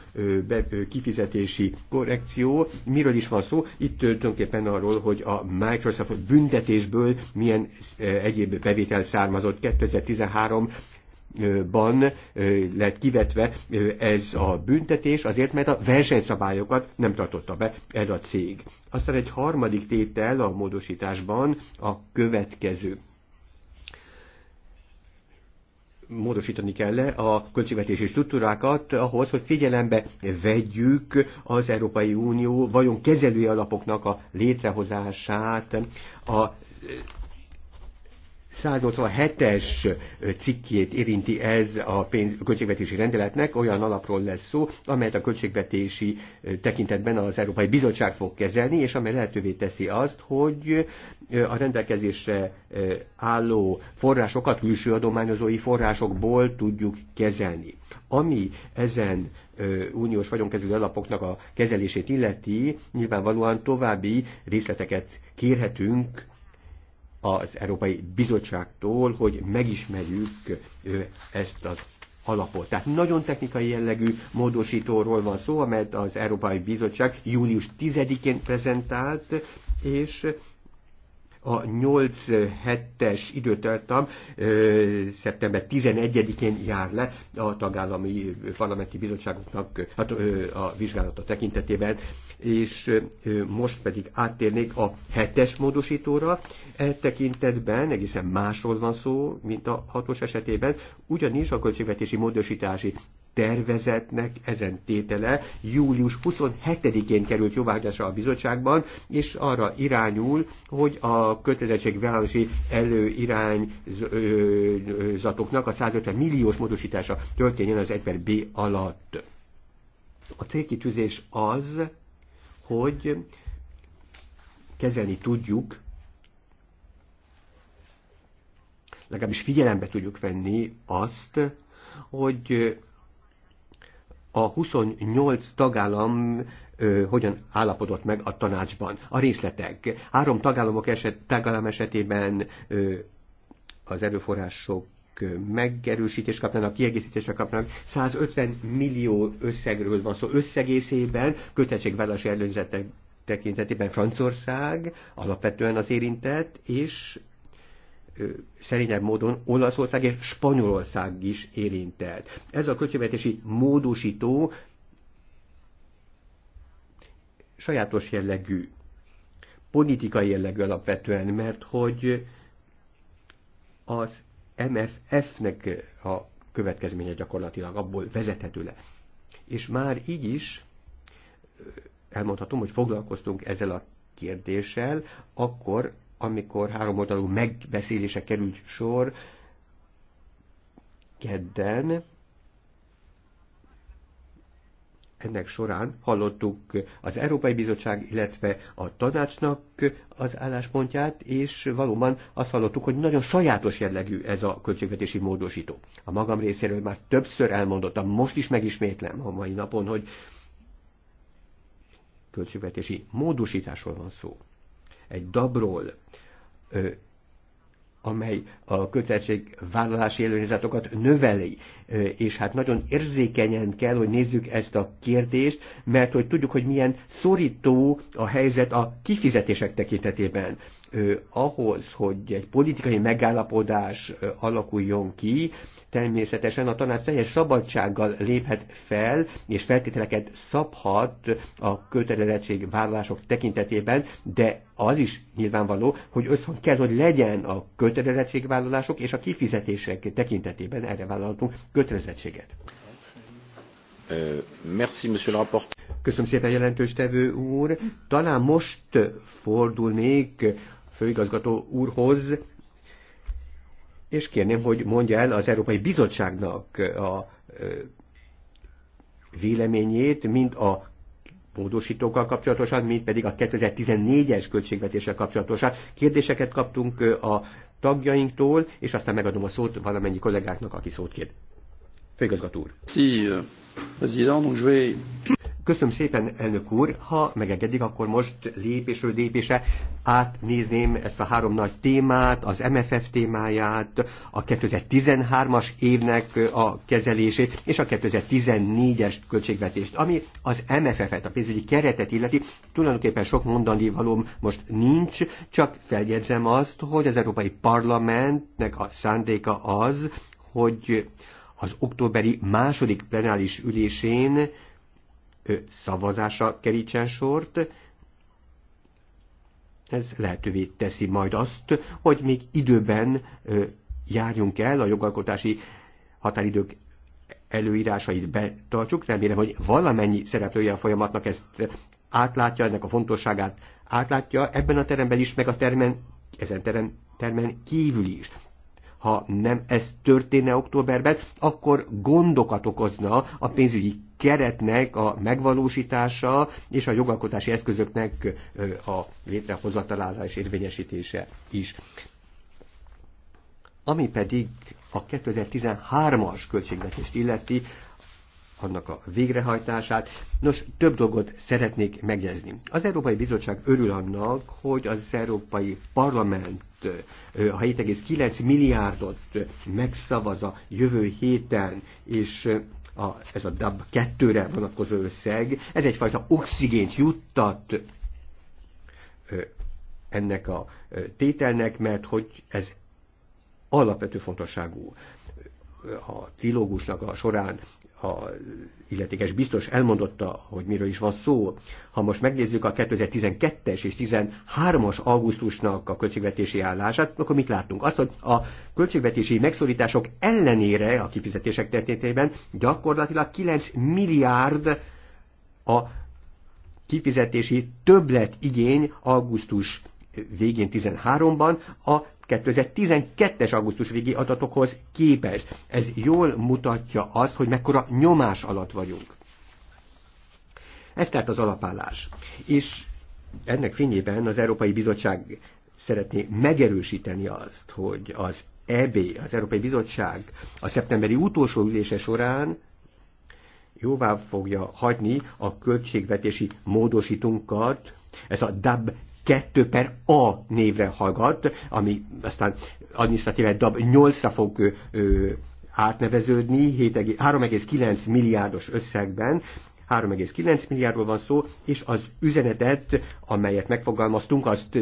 kifizetési korrekció. Miről is van szó? Itt tulajdonképpen arról, hogy a Microsoft büntetésből milyen egyéb bevétel származott 2013 ban lett kivetve ez a büntetés, azért mert a versenyszabályokat nem tartotta be ez a cég. Aztán egy harmadik tétel a módosításban a következő módosítani kell a költségvetési struktúrákat ahhoz, hogy figyelembe vegyük az Európai Unió vajon kezelői alapoknak a létrehozását a 187-es cikkét érinti ez a pénz, a költségvetési rendeletnek, olyan alapról lesz szó, amelyet a költségvetési tekintetben az Európai Bizottság fog kezelni, és amely lehetővé teszi azt, hogy a rendelkezésre álló forrásokat külső adományozói forrásokból tudjuk kezelni. Ami ezen uniós vagyonkezelő alapoknak a kezelését illeti, nyilvánvalóan további részleteket kérhetünk az Európai Bizottságtól, hogy megismerjük ezt az alapot. Tehát nagyon technikai jellegű módosítóról van szó, amelyet az Európai Bizottság július 10-én prezentált, és a 8 hetes időtartam szeptember 11-én jár le a tagállami parlamenti bizottságoknak hát, a vizsgálata tekintetében, és most pedig áttérnék a hetes módosítóra. E tekintetben egészen másról van szó, mint a hatos esetében, ugyanis a költségvetési módosítási tervezetnek ezen tétele július 27-én került jóvágyásra a bizottságban, és arra irányul, hogy a kötelezettségvállalási előirányzatoknak a 150 milliós módosítása történjen az 1 B alatt. A célkitűzés az, hogy kezelni tudjuk, legalábbis figyelembe tudjuk venni azt, hogy a 28 tagállam ö, hogyan állapodott meg a tanácsban. A részletek. Három tagállamok eset, tagállam esetében ö, az erőforrások megerősítés kapnának, kiegészítésre kapnának. 150 millió összegről van szó összegészében, kötelezettségvállalási előzetek tekintetében Franciaország alapvetően az érintett, és szerényebb módon Olaszország és Spanyolország is érintett. Ez a költségvetési módosító sajátos jellegű, politikai jellegű alapvetően, mert hogy az MFF-nek a következménye gyakorlatilag abból vezethető le. És már így is elmondhatom, hogy foglalkoztunk ezzel a kérdéssel, akkor, amikor háromoldalú megbeszélése került sor kedden, ennek során hallottuk az Európai Bizottság, illetve a tanácsnak az álláspontját, és valóban azt hallottuk, hogy nagyon sajátos jellegű ez a költségvetési módosító. A magam részéről már többször elmondottam, most is megismétlem a mai napon, hogy költségvetési módosításról van szó egy dabról, amely a vállalási előnyezatokat növeli, és hát nagyon érzékenyen kell, hogy nézzük ezt a kérdést, mert hogy tudjuk, hogy milyen szorító a helyzet a kifizetések tekintetében ahhoz, hogy egy politikai megállapodás alakuljon ki, természetesen a tanács teljes szabadsággal léphet fel, és feltételeket szabhat a vállalások tekintetében, de az is nyilvánvaló, hogy összhang kell, hogy legyen a kötelezettségvállalások és a kifizetések tekintetében erre vállaltunk kötelezettséget. Merci, monsieur le rapport. Köszönöm szépen, jelentős tevő úr. Talán most fordulnék főigazgató úrhoz, és kérném, hogy mondja el az Európai Bizottságnak a véleményét, mind a módosítókkal kapcsolatosan, mint pedig a 2014-es költségvetéssel kapcsolatosan. Kérdéseket kaptunk a tagjainktól, és aztán megadom a szót valamennyi kollégáknak, aki szót kér. Főigazgató úr. Sí, euh, président, donc je vais... Köszönöm szépen, elnök úr. Ha megegedik, akkor most lépésről lépése átnézném ezt a három nagy témát, az MFF témáját, a 2013-as évnek a kezelését és a 2014-es költségvetést. Ami az MFF-et, a pénzügyi keretet illeti, tulajdonképpen sok mondani valóm most nincs, csak feljegyzem azt, hogy az Európai Parlamentnek a szándéka az, hogy az októberi második plenáris ülésén szavazása kerítsen sort. Ez lehetővé teszi majd azt, hogy még időben járjunk el a jogalkotási határidők előírásait betartsuk. Remélem, hogy valamennyi szereplője a folyamatnak ezt átlátja, ennek a fontosságát átlátja ebben a teremben is, meg a termen, ezen terem, termen kívül is. Ha nem ez történne októberben, akkor gondokat okozna a pénzügyi keretnek a megvalósítása és a jogalkotási eszközöknek a létrehozatalára és érvényesítése is. Ami pedig a 2013-as költségvetést illeti, annak a végrehajtását. Nos, több dolgot szeretnék megjegyezni. Az Európai Bizottság örül annak, hogy az Európai Parlament a 7,9 milliárdot megszavaz a jövő héten, és a, ez a DAB 2-re vonatkozó összeg, ez egyfajta oxigént juttat ennek a tételnek, mert hogy ez alapvető fontosságú a trilógusnak a során a illetékes biztos elmondotta, hogy miről is van szó. Ha most megnézzük a 2012-es és 13-as augusztusnak a költségvetési állását, akkor mit látunk? Azt, hogy a költségvetési megszorítások ellenére a kifizetések tekintetében gyakorlatilag 9 milliárd a kifizetési többlet igény augusztus végén 13-ban a 2012-es augusztus végi adatokhoz képest. Ez jól mutatja azt, hogy mekkora nyomás alatt vagyunk. Ez tehát az alapállás. És ennek fényében az Európai Bizottság szeretné megerősíteni azt, hogy az EB, az Európai Bizottság a szeptemberi utolsó ülése során jóvá fogja hagyni a költségvetési módosítunkat, ez a DAB 2 per A névre hallgat, ami aztán administratíve DAB 8-ra fog ö, átneveződni 3,9 milliárdos összegben, 3,9 milliárdról van szó, és az üzenetet, amelyet megfogalmaztunk, azt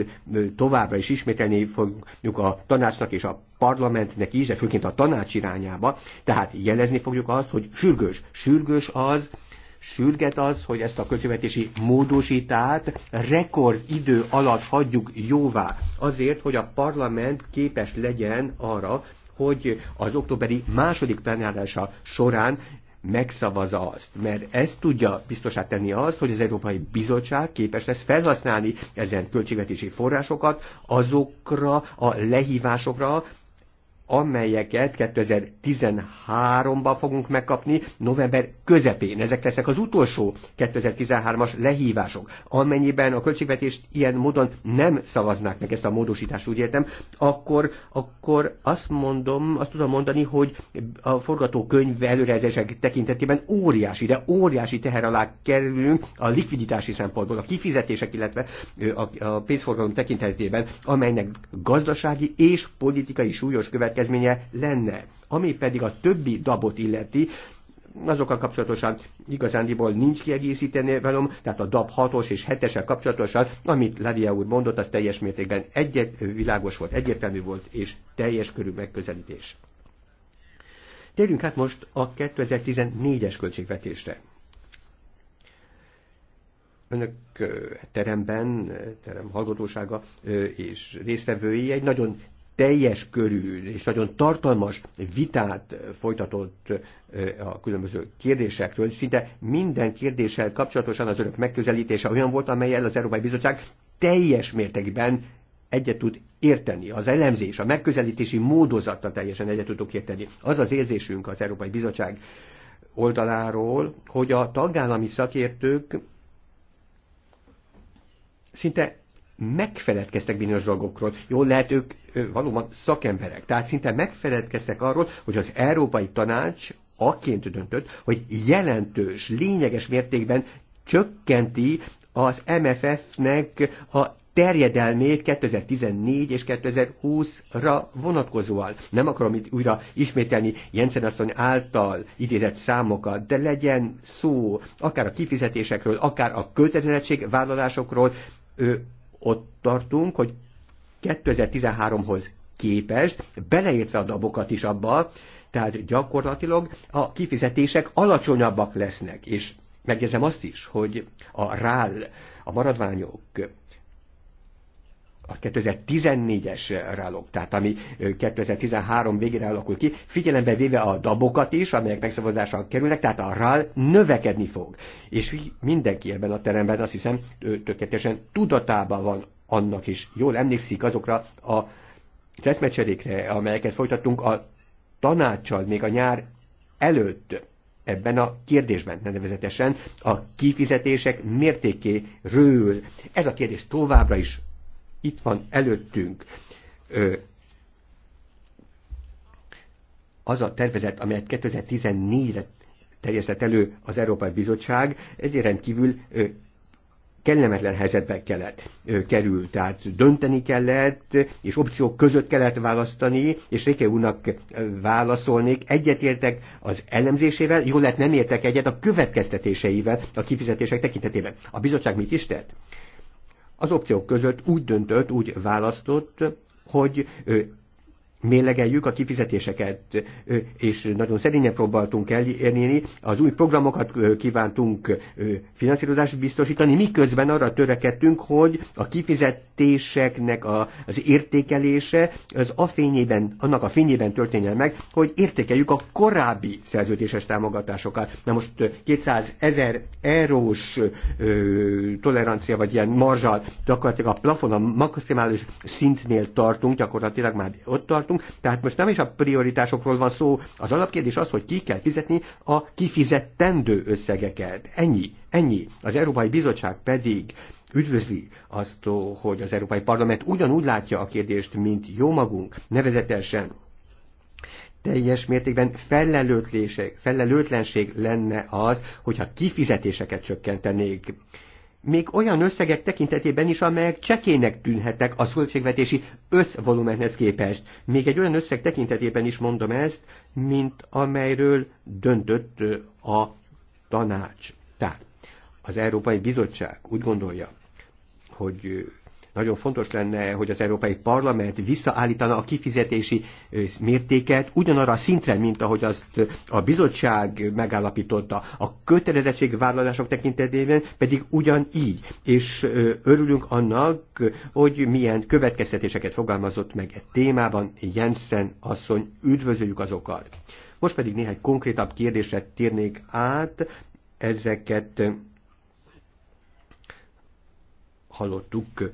továbbra is ismételni fogjuk a tanácsnak és a parlamentnek is, de főként a tanács irányába. Tehát jelezni fogjuk azt, hogy sürgős. Sürgős az, sürget az, hogy ezt a költségvetési módosítát rekordidő alatt hagyjuk jóvá, azért, hogy a parlament képes legyen arra, hogy az októberi második plenárása során megszavazza azt, mert ez tudja biztosát tenni azt, hogy az Európai Bizottság képes lesz felhasználni ezen költségvetési forrásokat azokra a lehívásokra, amelyeket 2013-ban fogunk megkapni, november közepén. Ezek lesznek az utolsó 2013-as lehívások. Amennyiben a költségvetést ilyen módon nem szavaznák meg ezt a módosítást, úgy értem, akkor, akkor azt mondom, azt tudom mondani, hogy a forgatókönyv előrejelzések tekintetében óriási, de óriási teher alá kerülünk a likviditási szempontból, a kifizetések, illetve a pénzforgalom tekintetében, amelynek gazdasági és politikai súlyos következménye következménye lenne. Ami pedig a többi dabot illeti, azokkal kapcsolatosan igazándiból nincs kiegészíteni velem, tehát a DAB 6-os és 7 kapcsolatosan, amit Lavia úr mondott, az teljes mértékben egyet világos volt, egyértelmű volt, és teljes körű megközelítés. Térjünk hát most a 2014-es költségvetésre. Önök teremben, terem hallgatósága és résztvevői egy nagyon teljes körű és nagyon tartalmas vitát folytatott a különböző kérdésekről. Szinte minden kérdéssel kapcsolatosan az önök megközelítése olyan volt, amelyel az Európai Bizottság teljes mértékben egyet tud érteni. Az elemzés, a megközelítési módozattal teljesen egyet tudok érteni. Az az érzésünk az Európai Bizottság oldaláról, hogy a tagállami szakértők szinte megfeledkeztek bizonyos dolgokról. Jól lehet, ők valóban szakemberek. Tehát szinte megfeledkeztek arról, hogy az Európai Tanács aként döntött, hogy jelentős, lényeges mértékben csökkenti az MFF-nek a terjedelmét 2014 és 2020-ra vonatkozóan. Nem akarom itt újra ismételni Jensen asszony által idézett számokat, de legyen szó akár a kifizetésekről, akár a kötelezettségvállalásokról, ott tartunk, hogy 2013-hoz képest, beleértve a dabokat is abba, tehát gyakorlatilag a kifizetések alacsonyabbak lesznek, és megjegyzem azt is, hogy a rál, a maradványok a 2014-es rálog, tehát ami 2013 végére alakul ki, figyelembe véve a dabokat is, amelyek megszavazással kerülnek, tehát a rál növekedni fog. És mindenki ebben a teremben azt hiszem tökéletesen tudatában van annak is. Jól emlékszik azokra a eszmecserékre, amelyeket folytattunk a tanácsal még a nyár előtt ebben a kérdésben, nevezetesen a kifizetések mértékéről. Ez a kérdés továbbra is itt van előttünk az a tervezet, amelyet 2014-re terjesztett elő az Európai Bizottság, egyre rendkívül kellemetlen helyzetbe kellett ö, kerül, tehát dönteni kellett, és opciók között kellett választani, és Réke úrnak válaszolnék, egyetértek az elemzésével, jól lehet nem értek egyet a következtetéseivel a kifizetések tekintetében. A bizottság mit is tett? Az opciók között úgy döntött, úgy választott, hogy mélegeljük a kifizetéseket, és nagyon szerényen próbáltunk elérni, az új programokat kívántunk finanszírozást biztosítani, miközben arra törekedtünk, hogy a kifizetéseknek az értékelése az a fényében, annak a fényében történjen meg, hogy értékeljük a korábbi szerződéses támogatásokat. Na most 200 ezer eurós tolerancia, vagy ilyen marzsal, gyakorlatilag a plafon a maximális szintnél tartunk, gyakorlatilag már ott tartunk, tartunk, tehát most nem is a prioritásokról van szó, az alapkérdés az, hogy ki kell fizetni a kifizettendő összegeket. Ennyi, ennyi. Az Európai Bizottság pedig üdvözli azt, hogy az Európai Parlament ugyanúgy látja a kérdést, mint jó magunk, nevezetesen teljes mértékben fellelőtlenség lenne az, hogyha kifizetéseket csökkentenék még olyan összegek tekintetében is, amelyek csekének tűnhetnek a költségvetési összvolumenhez képest. Még egy olyan összeg tekintetében is mondom ezt, mint amelyről döntött a tanács. Tehát az Európai Bizottság úgy gondolja, hogy nagyon fontos lenne, hogy az Európai Parlament visszaállítana a kifizetési mértéket ugyanarra a szintre, mint ahogy azt a bizottság megállapította. A kötelezettségvállalások tekintetében pedig ugyanígy. És örülünk annak, hogy milyen következtetéseket fogalmazott meg egy témában Jensen asszony. Üdvözöljük azokat! Most pedig néhány konkrétabb kérdésre térnék át, ezeket hallottuk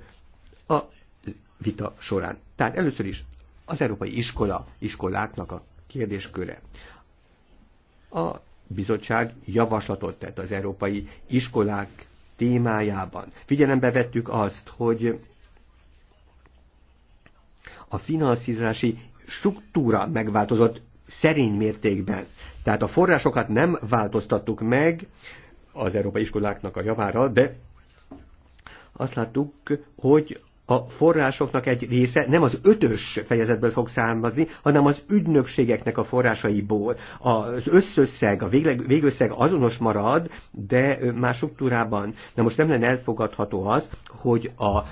vita során. Tehát először is az európai iskola, iskoláknak a kérdésköre. A bizottság javaslatot tett az európai iskolák témájában. Figyelembe vettük azt, hogy a finanszírozási struktúra megváltozott szerény mértékben. Tehát a forrásokat nem változtattuk meg az európai iskoláknak a javára, de azt láttuk, hogy a forrásoknak egy része nem az ötös fejezetből fog származni, hanem az ügynökségeknek a forrásaiból. Az összösszeg, a végleg, végösszeg azonos marad, de más struktúrában. Na most nem lenne elfogadható az, hogy a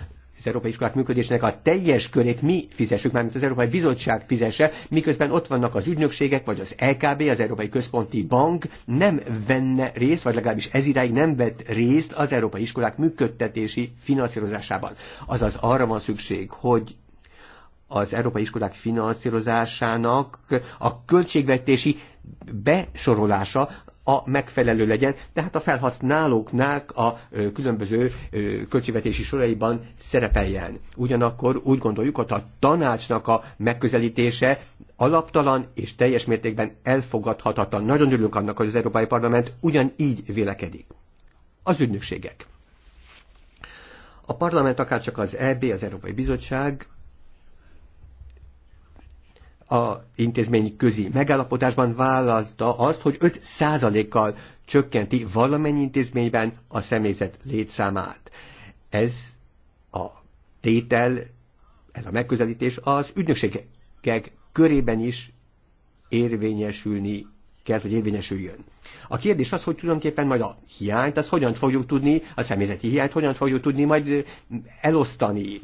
az európai iskolák működésének a teljes körét mi fizessük, mármint az Európai Bizottság fizesse, miközben ott vannak az ügynökségek, vagy az LKB, az Európai Központi Bank nem venne részt, vagy legalábbis ez idáig nem vett részt az európai iskolák működtetési finanszírozásában. Azaz arra van szükség, hogy az európai iskolák finanszírozásának a költségvetési besorolása a megfelelő legyen, tehát a felhasználóknál a különböző költségvetési soraiban szerepeljen. Ugyanakkor úgy gondoljuk, hogy a tanácsnak a megközelítése alaptalan és teljes mértékben elfogadhatatlan. Nagyon örülünk annak, hogy az Európai Parlament ugyanígy vélekedik. Az ügynökségek. A parlament, akárcsak az EB, az Európai Bizottság a intézmény közi megállapodásban vállalta azt, hogy 5%-kal csökkenti valamennyi intézményben a személyzet létszámát. Ez a tétel, ez a megközelítés az ügynökségek körében is érvényesülni kell, hogy érvényesüljön. A kérdés az, hogy tulajdonképpen majd a hiányt, az hogyan fogjuk tudni, a személyzeti hiányt hogyan fogjuk tudni majd elosztani.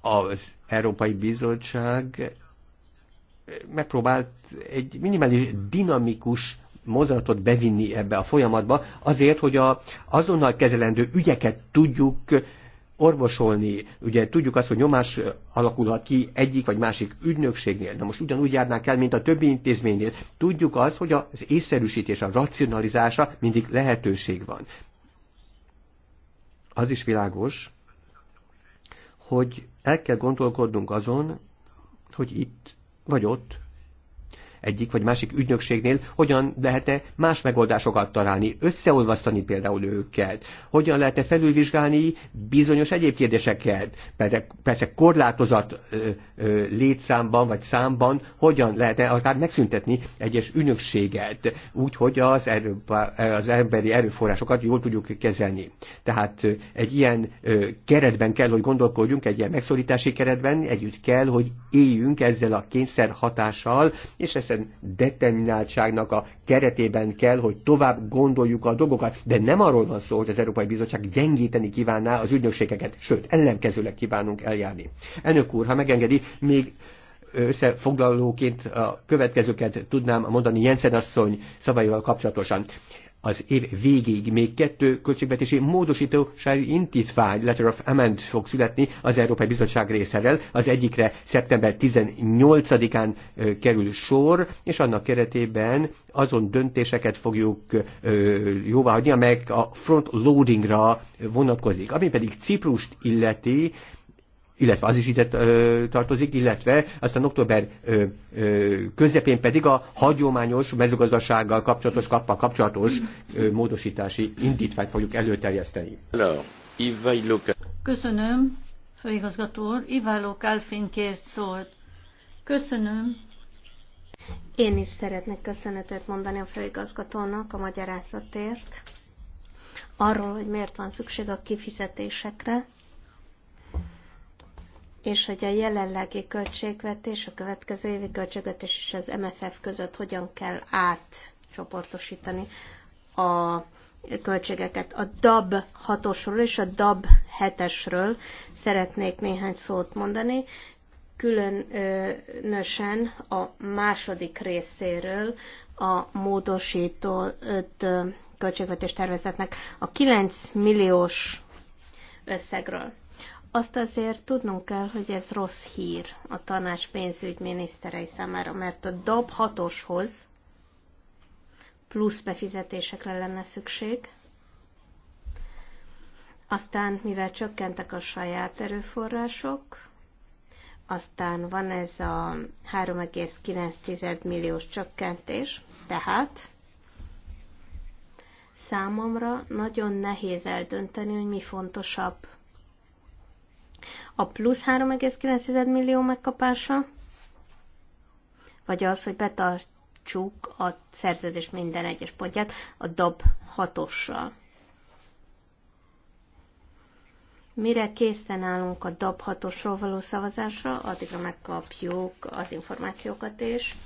Az Európai Bizottság megpróbált egy minimális dinamikus mozdulatot bevinni ebbe a folyamatba, azért, hogy a azonnal kezelendő ügyeket tudjuk orvosolni. Ugye tudjuk azt, hogy nyomás alakulhat ki egyik vagy másik ügynökségnél. Na most ugyanúgy járnánk el, mint a többi intézménynél. Tudjuk azt, hogy az észszerűsítés, a racionalizása mindig lehetőség van. Az is világos, hogy el kell gondolkodnunk azon, hogy itt vagy ott, egyik vagy másik ügynökségnél, hogyan lehet-e más megoldásokat találni, összeolvasztani például őket, hogyan lehet-e felülvizsgálni bizonyos egyéb kérdéseket, persze korlátozat létszámban vagy számban, hogyan lehet-e akár megszüntetni egyes ügynökséget, úgy, hogy az, erő, az emberi erőforrásokat jól tudjuk kezelni. Tehát egy ilyen keretben kell, hogy gondolkodjunk, egy ilyen megszorítási keretben együtt kell, hogy éljünk ezzel a kényszer hatással, és ezt ezen determináltságnak a keretében kell, hogy tovább gondoljuk a dolgokat, de nem arról van szó, hogy az Európai Bizottság gyengíteni kívánná az ügynökségeket, sőt, ellenkezőleg kívánunk eljárni. Elnök úr, ha megengedi, még összefoglalóként a következőket tudnám mondani Jensen asszony szavaival kapcsolatosan az év végéig még kettő költségvetési módosítósági intézvány, letter of amend fog születni az Európai Bizottság részéről. Az egyikre szeptember 18-án kerül sor, és annak keretében azon döntéseket fogjuk jóváhagyni, amelyek a front loadingra vonatkozik. Ami pedig Ciprust illeti, illetve az is ide tartozik, illetve aztán október közepén pedig a hagyományos mezőgazdasággal kapcsolatos, kappal kapcsolatos módosítási indítványt fogjuk előterjeszteni. Köszönöm, főigazgató úr. Iváló Kálfin kért szólt. Köszönöm. Én is szeretnék köszönetet mondani a főigazgatónak a magyarázatért, arról, hogy miért van szükség a kifizetésekre, és hogy a jelenlegi költségvetés, a következő évi költségvetés és az MFF között hogyan kell átcsoportosítani a költségeket. A DAB 6-osról és a DAB 7-esről szeretnék néhány szót mondani, különösen a második részéről a módosított költségvetés tervezetnek a 9 milliós összegről. Azt azért tudnunk kell, hogy ez rossz hír a tanács pénzügyminiszterei számára, mert a DAB hatoshoz plusz befizetésekre lenne szükség. Aztán, mivel csökkentek a saját erőforrások, aztán van ez a 3,9 milliós csökkentés, tehát számomra nagyon nehéz eldönteni, hogy mi fontosabb a plusz 3,9 millió megkapása, vagy az, hogy betartsuk a szerződés minden egyes pontját a DAB 6-ossal. Mire készen állunk a DAB 6-osról való szavazásra, addigra megkapjuk az információkat is,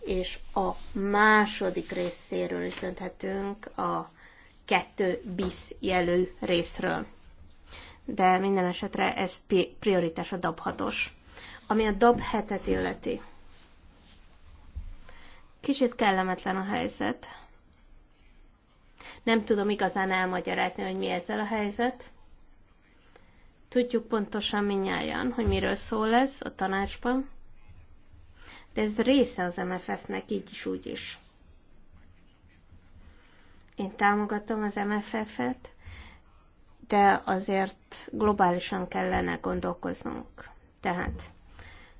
és a második részéről is dönthetünk a kettő bis jelű részről de minden esetre ez prioritás a DAB 6-os. Ami a DAB 7-et illeti. Kicsit kellemetlen a helyzet. Nem tudom igazán elmagyarázni, hogy mi ezzel a helyzet. Tudjuk pontosan minnyáján, hogy miről szól ez a tanácsban, de ez része az MFF-nek, így is, úgy is. Én támogatom az MFF-et, de azért globálisan kellene gondolkoznunk. Tehát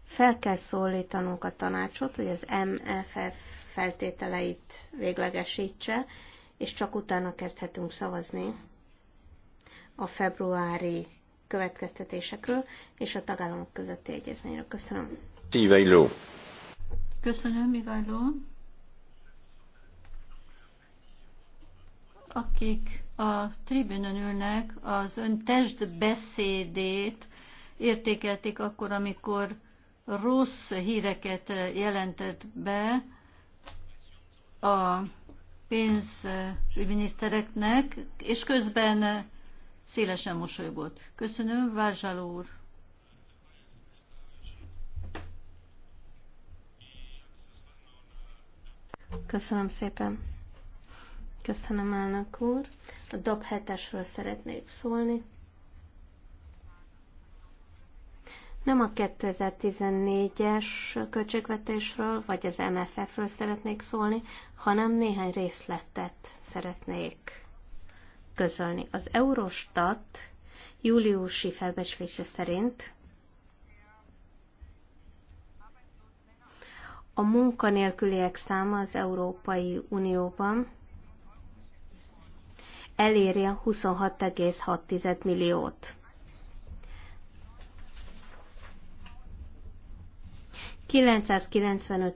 fel kell szólítanunk a tanácsot, hogy az MFF feltételeit véglegesítse, és csak utána kezdhetünk szavazni a februári következtetésekről és a tagállamok közötti egyezményről. Köszönöm. Tíveiló. Köszönöm, Ivailó. Akik a tribünön ülnek, az ön testbeszédét értékelték akkor, amikor rossz híreket jelentett be a pénzügyminisztereknek, és közben szélesen mosolygott. Köszönöm, Vázsaló úr. Köszönöm szépen. Köszönöm, elnök úr. A DAB 7 szeretnék szólni. Nem a 2014-es költségvetésről, vagy az MFF-ről szeretnék szólni, hanem néhány részletet szeretnék közölni. Az Eurostat júliusi felbesvése szerint a munkanélküliek száma az Európai Unióban eléri a 26,6 milliót.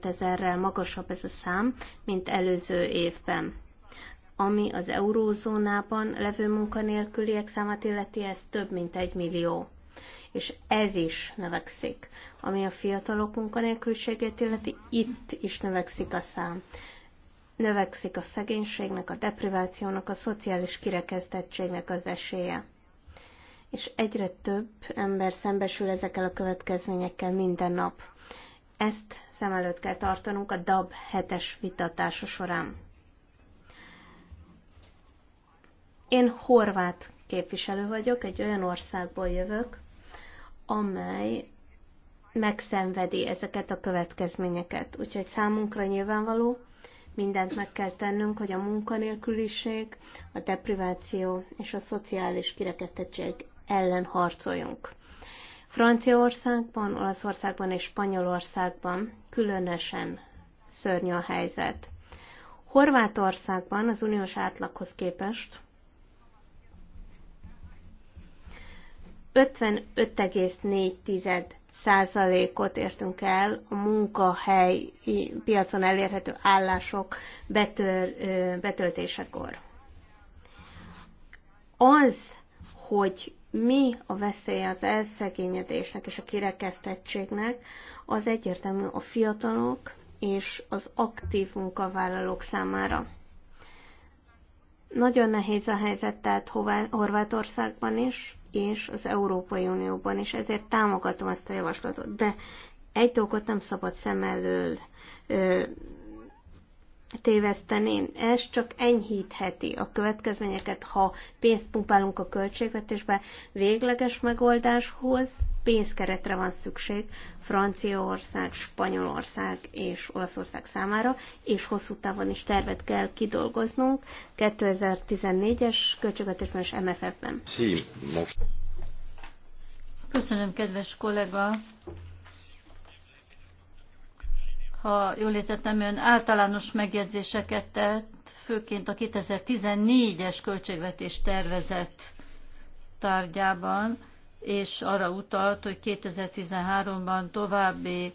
ezerrel magasabb ez a szám, mint előző évben. Ami az eurózónában levő munkanélküliek számát illeti, ez több mint egy millió és ez is növekszik. Ami a fiatalok munkanélküliségét illeti, itt is növekszik a szám növekszik a szegénységnek, a deprivációnak, a szociális kirekesztettségnek az esélye. És egyre több ember szembesül ezekkel a következményekkel minden nap. Ezt szem előtt kell tartanunk a DAB 7-es vitatása során. Én horvát képviselő vagyok, egy olyan országból jövök, amely megszenvedi ezeket a következményeket. Úgyhogy számunkra nyilvánvaló, mindent meg kell tennünk, hogy a munkanélküliség, a depriváció és a szociális kirekesztettség ellen harcoljunk. Franciaországban, Olaszországban és Spanyolországban különösen szörnyű a helyzet. Horvátországban az uniós átlaghoz képest 55,4 százalékot értünk el a munkahely piacon elérhető állások betör, betöltésekor. Az, hogy mi a veszélye az elszegényedésnek és a kirekesztettségnek, az egyértelmű a fiatalok és az aktív munkavállalók számára. Nagyon nehéz a helyzet, tehát Horvátországban is, és az Európai Unióban is, ezért támogatom ezt a javaslatot. De egy dolgot nem szabad szem elől ö, téveszteni. Ez csak enyhítheti a következményeket, ha pénzt pumpálunk a költségvetésbe végleges megoldáshoz pénzkeretre van szükség Franciaország, Spanyolország és Olaszország számára, és hosszú távon is tervet kell kidolgoznunk 2014-es költségvetésben és MFF-ben. Köszönöm, kedves kollega! Ha jól értettem, ön általános megjegyzéseket tett, főként a 2014-es költségvetés tervezett tárgyában és arra utalt, hogy 2013-ban további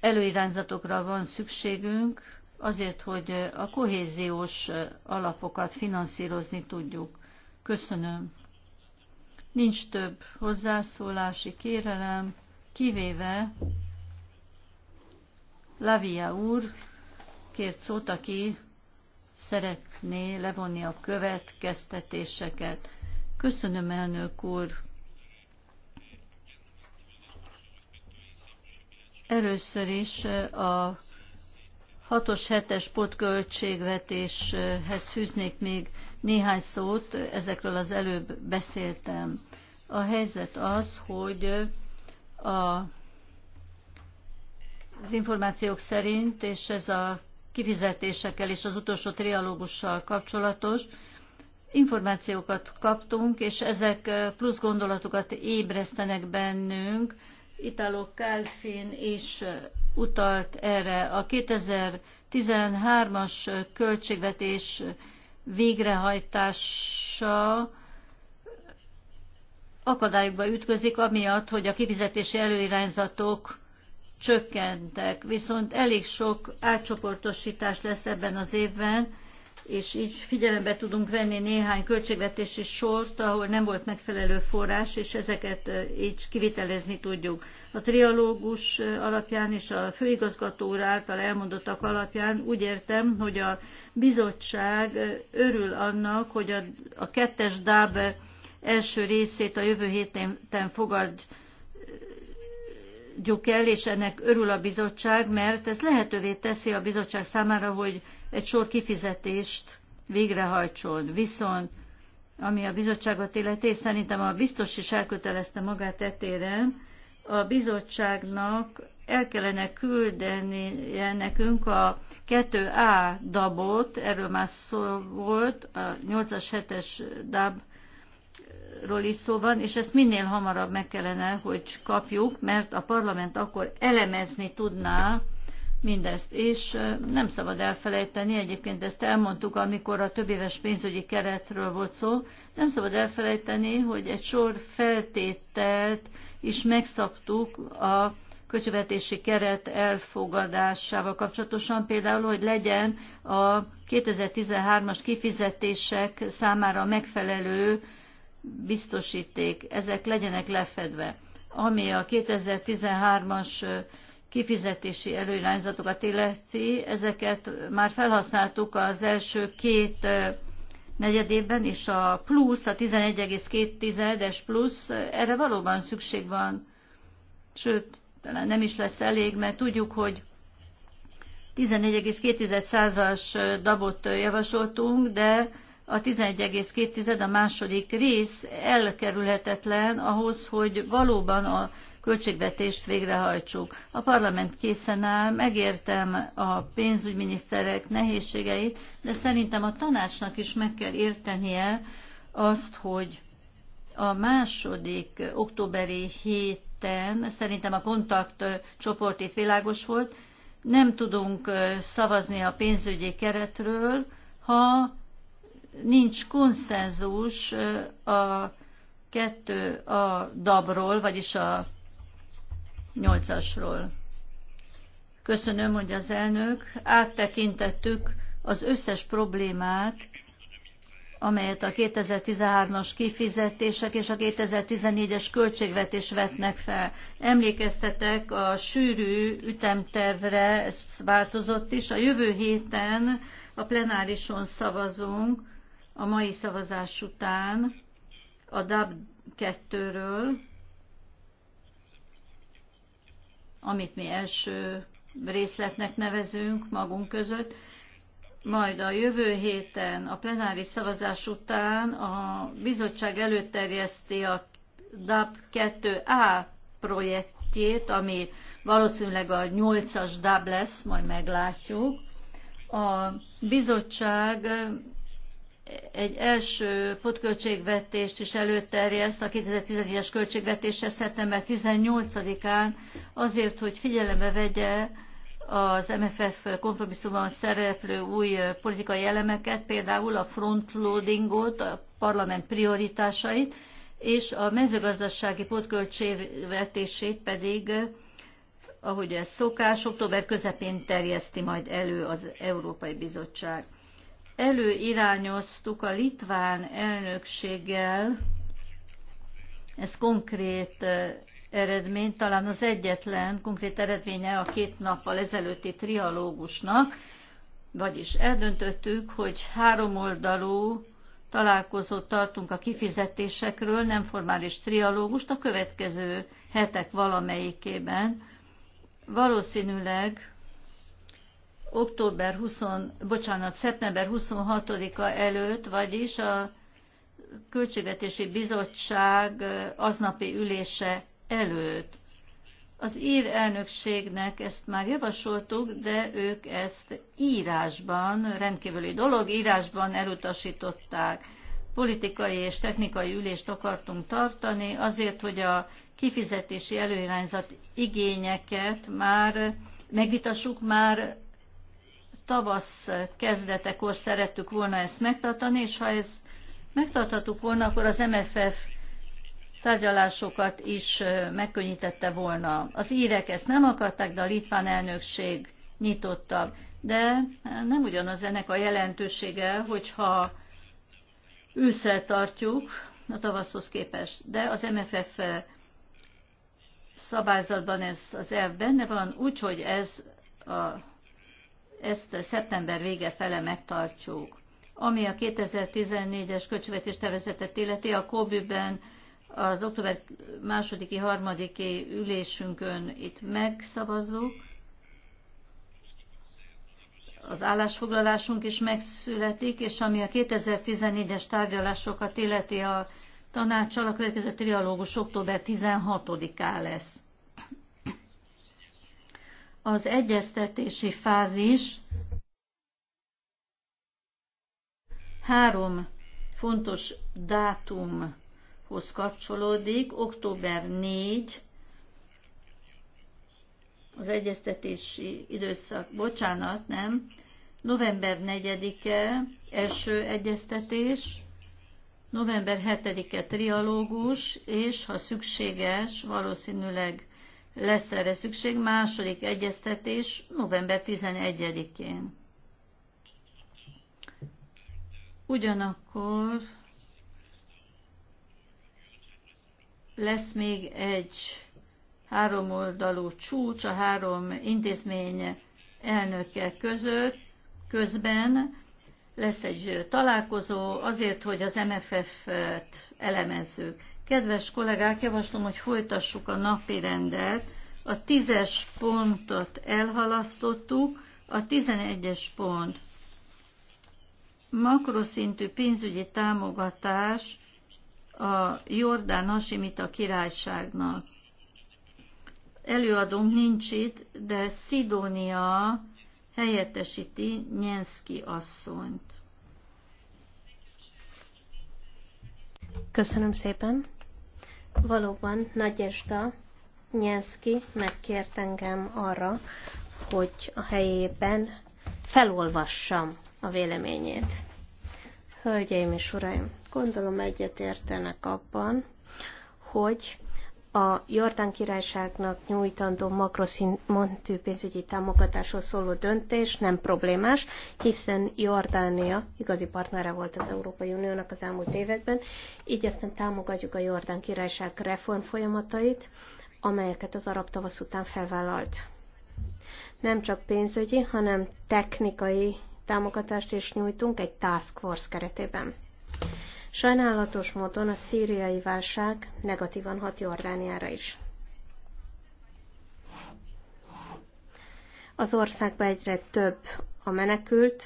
előirányzatokra van szükségünk, azért, hogy a kohéziós alapokat finanszírozni tudjuk. Köszönöm. Nincs több hozzászólási kérelem, kivéve Lavia úr kért szót, aki szeretné levonni a következtetéseket. Köszönöm, elnök úr. Először is eh, a 6-os, 7-es pótköltségvetéshez fűznék még néhány szót, ezekről az előbb beszéltem. A helyzet az, hogy eh, a, az információk szerint, és ez a kifizetésekkel és az utolsó trialógussal kapcsolatos, információkat kaptunk, és ezek plusz gondolatokat ébresztenek bennünk. Italo Calfin is utalt erre. A 2013-as költségvetés végrehajtása akadályokba ütközik, amiatt, hogy a kifizetési előirányzatok csökkentek. Viszont elég sok átcsoportosítás lesz ebben az évben, és így figyelembe tudunk venni néhány költségvetési sort, ahol nem volt megfelelő forrás, és ezeket így kivitelezni tudjuk. A trialógus alapján és a főigazgató úr által elmondottak alapján úgy értem, hogy a bizottság örül annak, hogy a, a kettes DAB első részét a jövő héten fogadjuk fogadjuk el, és ennek örül a bizottság, mert ez lehetővé teszi a bizottság számára, hogy egy sor kifizetést végrehajtson. Viszont, ami a bizottságot illeti, és szerintem a biztos is elkötelezte magát etéren, a bizottságnak el kellene küldeni nekünk a 2A dabot, erről már szó volt, a 8-as, 7-es dab ról is szó van, és ezt minél hamarabb meg kellene, hogy kapjuk, mert a parlament akkor elemezni tudná mindezt. És nem szabad elfelejteni, egyébként ezt elmondtuk, amikor a többéves pénzügyi keretről volt szó, nem szabad elfelejteni, hogy egy sor feltételt is megszabtuk a költségvetési keret elfogadásával kapcsolatosan, például, hogy legyen a 2013-as kifizetések számára megfelelő biztosíték, ezek legyenek lefedve. Ami a 2013-as kifizetési előirányzatokat illeti, ezeket már felhasználtuk az első két negyedében, és a plusz, a 11,2-es plusz, erre valóban szükség van, sőt, talán nem is lesz elég, mert tudjuk, hogy 14,2%-as dabot javasoltunk, de a 11,2 a második rész elkerülhetetlen ahhoz, hogy valóban a költségvetést végrehajtsuk. A parlament készen áll, megértem a pénzügyminiszterek nehézségeit, de szerintem a tanácsnak is meg kell értenie azt, hogy a második októberi héten, szerintem a kontakt csoport itt világos volt, nem tudunk szavazni a pénzügyi keretről, ha nincs konszenzus a kettő a dabról, vagyis a nyolcasról. Köszönöm, hogy az elnök. Áttekintettük az összes problémát, amelyet a 2013-as kifizetések és a 2014-es költségvetés vetnek fel. Emlékeztetek a sűrű ütemtervre, ez változott is. A jövő héten a plenárison szavazunk, a mai szavazás után a DAB 2-ről, amit mi első részletnek nevezünk magunk között, majd a jövő héten a plenáris szavazás után a bizottság előterjeszti a DAB 2A projektjét, ami valószínűleg a 8-as DAB lesz, majd meglátjuk. A bizottság egy első pótköltségvetést is előterjeszt a 2014-es költségvetésre szeptember 18-án azért, hogy figyelembe vegye az MFF kompromisszumban szereplő új politikai elemeket, például a frontloadingot, a parlament prioritásait, és a mezőgazdasági pótköltségvetését pedig, ahogy ez szokás, október közepén terjeszti majd elő az Európai Bizottság előirányoztuk a litván elnökséggel, ez konkrét eredmény, talán az egyetlen konkrét eredménye a két nappal ezelőtti trialógusnak, vagyis eldöntöttük, hogy háromoldalú találkozót tartunk a kifizetésekről, nem formális trialógust a következő hetek valamelyikében. Valószínűleg október 20, bocsánat, szeptember 26-a előtt, vagyis a Költségvetési Bizottság aznapi ülése előtt. Az ír elnökségnek ezt már javasoltuk, de ők ezt írásban, rendkívüli dolog, írásban elutasították. Politikai és technikai ülést akartunk tartani, azért, hogy a kifizetési előirányzat igényeket már megvitassuk már tavasz kezdetekor szerettük volna ezt megtartani, és ha ezt megtarthattuk volna, akkor az MFF tárgyalásokat is megkönnyítette volna. Az írek ezt nem akarták, de a litván elnökség nyitottabb. De e, nem ugyanaz ennek a jelentősége, hogyha ősszel tartjuk a tavaszhoz képest. De az MFF szabályzatban ez az elv benne van, úgyhogy ez a ezt szeptember vége fele megtartsuk. Ami a 2014-es költségvetés tervezetet illeti, a COBÜ-ben az október másodiki, harmadiki ülésünkön itt megszavazzuk, az állásfoglalásunk is megszületik, és ami a 2014-es tárgyalásokat illeti a tanácssal, a következő trialógus október 16-án lesz az egyeztetési fázis három fontos dátumhoz kapcsolódik. Október 4 az egyeztetési időszak, bocsánat, nem, november 4-e első egyeztetés, november 7-e trialógus, és ha szükséges, valószínűleg lesz erre szükség második egyeztetés november 11-én. Ugyanakkor lesz még egy háromoldalú csúcs a három intézmény elnöke között, közben lesz egy találkozó azért, hogy az MFF-t elemezzük. Kedves kollégák, javaslom, hogy folytassuk a napi rendet. A tízes pontot elhalasztottuk, a tizenegyes pont makroszintű pénzügyi támogatás a Jordán Hasimita királyságnak. Előadónk nincs itt, de Szidónia helyettesíti Nyenszki asszonyt. Köszönöm szépen. Valóban Nagyesda Nyelszki megkért engem arra, hogy a helyében felolvassam a véleményét. Hölgyeim és uraim, gondolom egyetértenek abban, hogy a Jordán királyságnak nyújtandó makroszintű pénzügyi támogatásról szóló döntés nem problémás, hiszen Jordánia igazi partnere volt az Európai Uniónak az elmúlt években, így aztán támogatjuk a Jordán királyság reform folyamatait, amelyeket az arab tavasz után felvállalt. Nem csak pénzügyi, hanem technikai támogatást is nyújtunk egy task force keretében. Sajnálatos módon a szíriai válság negatívan hat Jordániára is. Az országban egyre több a menekült,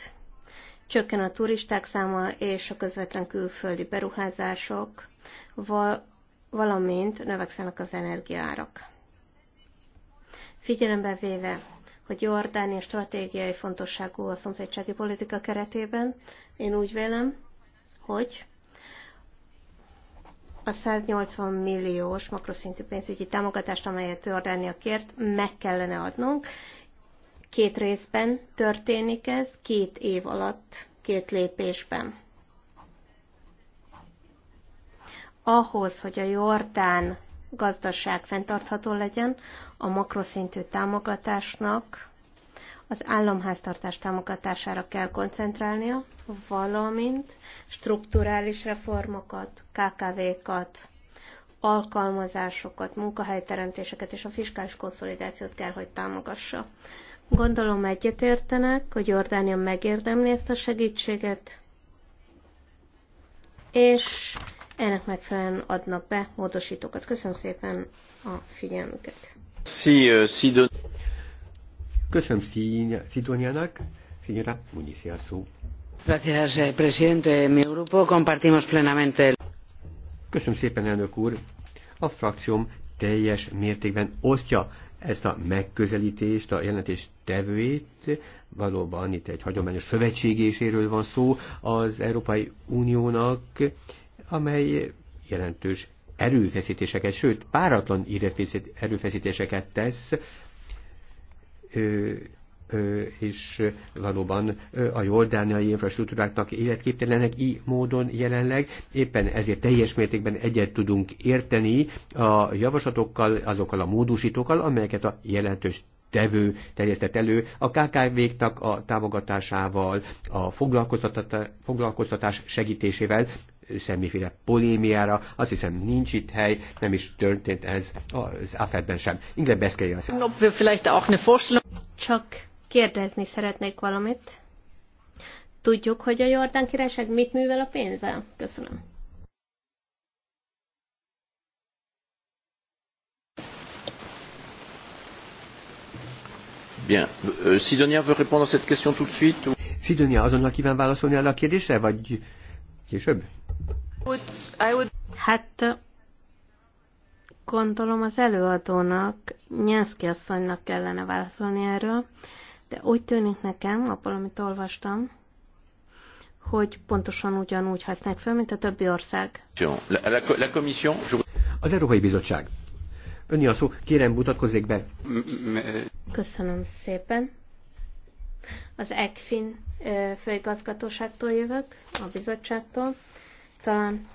csökken a turisták száma és a közvetlen külföldi beruházások, valamint növekszenek az energiaárak. Figyelembe véve, hogy Jordánia stratégiai fontosságú a szomszédsági politika keretében, én úgy vélem, hogy a 180 milliós makroszintű pénzügyi támogatást, amelyet Jordánia kért, meg kellene adnunk. Két részben történik ez, két év alatt, két lépésben. Ahhoz, hogy a Jordán gazdaság fenntartható legyen, a makroszintű támogatásnak az államháztartás támogatására kell koncentrálnia, valamint strukturális reformokat, KKV-kat, alkalmazásokat, munkahelyteremtéseket és a fiskális konszolidációt kell, hogy támogassa. Gondolom egyetértenek, hogy Jordánia megérdemli ezt a segítséget, és ennek megfelelően adnak be módosítókat. Köszönöm szépen a figyelmüket. Euh, Köszönöm Szidóniának. Señora Muniz, szó. Gracias, eh, presidente. Mi grupo compartimos plenamente. Köszönöm szépen, elnök úr. A frakcióm teljes mértékben osztja ezt a megközelítést, a jelentés tevőjét, valóban itt egy hagyományos szövetségéséről van szó az Európai Uniónak, amely jelentős erőfeszítéseket, sőt páratlan erőfeszítéseket tesz és valóban a jordániai infrastruktúráknak életképtelenek így módon jelenleg. Éppen ezért teljes mértékben egyet tudunk érteni a javaslatokkal, azokkal a módusítókkal, amelyeket a jelentős tevő terjesztett elő a KKV-knak a támogatásával, a foglalkoztatás segítésével, semmiféle polémiára. Azt hiszem nincs itt hely, nem is történt ez az afed sem. Ingle beszélj az. Csak kérdezni szeretnék valamit. Tudjuk, hogy a Jordán királyság mit művel a pénzzel? Köszönöm. Bien. Euh, Sidonia veut répondre à cette question tout de suite Sidonia azonnal kíván válaszolni erre a kérdésre, vagy később? Hát gondolom az előadónak, Nyenszki asszonynak kellene válaszolni erről, de úgy tűnik nekem, abból, amit olvastam, hogy pontosan ugyanúgy használják fel, mint a többi ország. Az Európai Bizottság. Önni a szó, kérem mutatkozzék be. Köszönöm szépen. Az ECFIN főigazgatóságtól jövök, a bizottságtól talán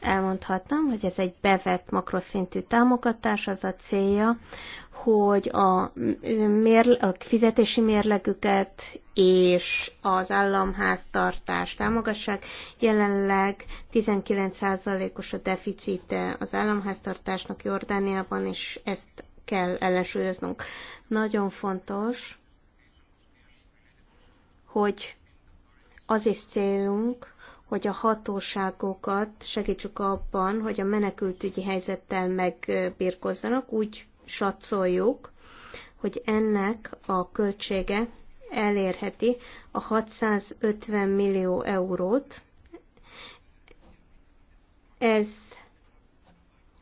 elmondhatnám, hogy ez egy bevett makroszintű támogatás, az a célja, hogy a, mérle, a fizetési mérlegüket és az államháztartást támogassák. Jelenleg 19%-os a deficite az államháztartásnak Jordániában, és ezt kell ellensúlyoznunk. Nagyon fontos, hogy az is célunk, hogy a hatóságokat segítsük abban, hogy a menekültügyi helyzettel megbírkozzanak, úgy satszoljuk, hogy ennek a költsége elérheti a 650 millió eurót. Ez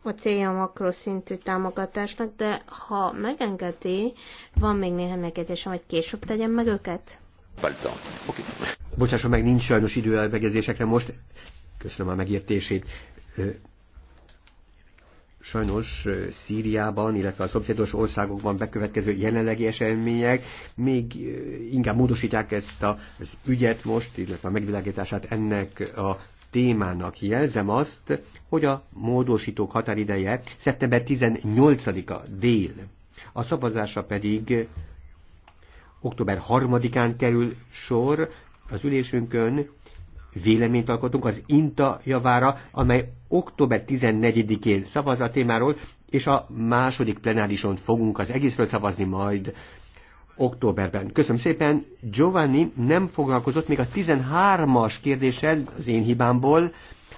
a célja a makroszintű támogatásnak, de ha megengedi, van még néhány megjegyzésem, hogy később tegyem meg őket. Okay. Bocsásson meg, nincs sajnos idő elbegezésekre most. Köszönöm a megértését. Sajnos Szíriában, illetve a szomszédos országokban bekövetkező jelenlegi események még inkább módosítják ezt a, az ügyet most, illetve a megvilágítását ennek a témának. Jelzem azt, hogy a módosítók határideje szeptember 18-a dél. A szavazása pedig október 3-án kerül sor az ülésünkön, véleményt alkotunk az INTA javára, amely október 14-én szavaz a témáról, és a második plenárison fogunk az egészről szavazni majd októberben. Köszönöm szépen, Giovanni nem foglalkozott még a 13-as kérdéssel az én hibámból,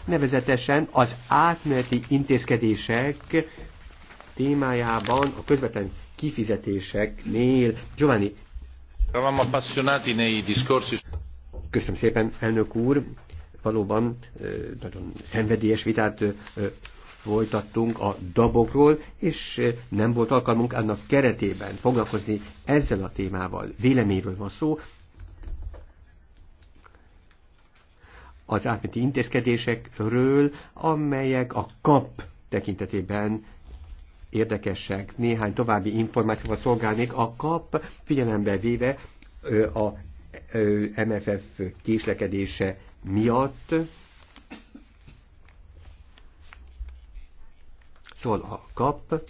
nevezetesen az átmeneti intézkedések témájában a közvetlen kifizetéseknél. Giovanni, Köszönöm szépen, elnök úr. Valóban nagyon szenvedélyes vitát folytattunk a dabokról, és nem volt alkalmunk annak keretében foglalkozni ezzel a témával. Véleményről van szó. Az átmeneti intézkedésekről, amelyek a kap tekintetében érdekesek. Néhány további információval szolgálnék a kap figyelembe véve a MFF késlekedése miatt. Szóval a kap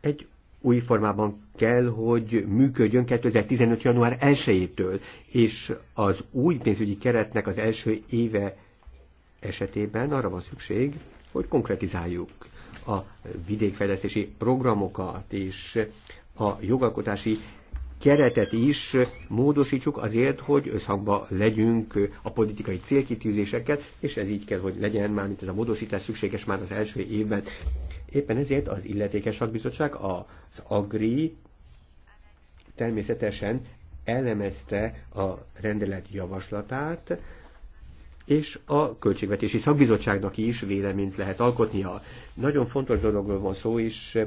egy új formában kell, hogy működjön 2015. január 1-től, és az új pénzügyi keretnek az első éve esetében arra van szükség, hogy konkretizáljuk a vidékfejlesztési programokat és a jogalkotási keretet is módosítsuk azért, hogy összhangba legyünk a politikai célkitűzésekkel, és ez így kell, hogy legyen már, mint ez a módosítás szükséges már az első évben. Éppen ezért az illetékes szakbizottság, az AGRI természetesen elemezte a rendelet javaslatát, és a Költségvetési Szakbizottságnak is véleményt lehet alkotnia. Nagyon fontos dologról van szó, és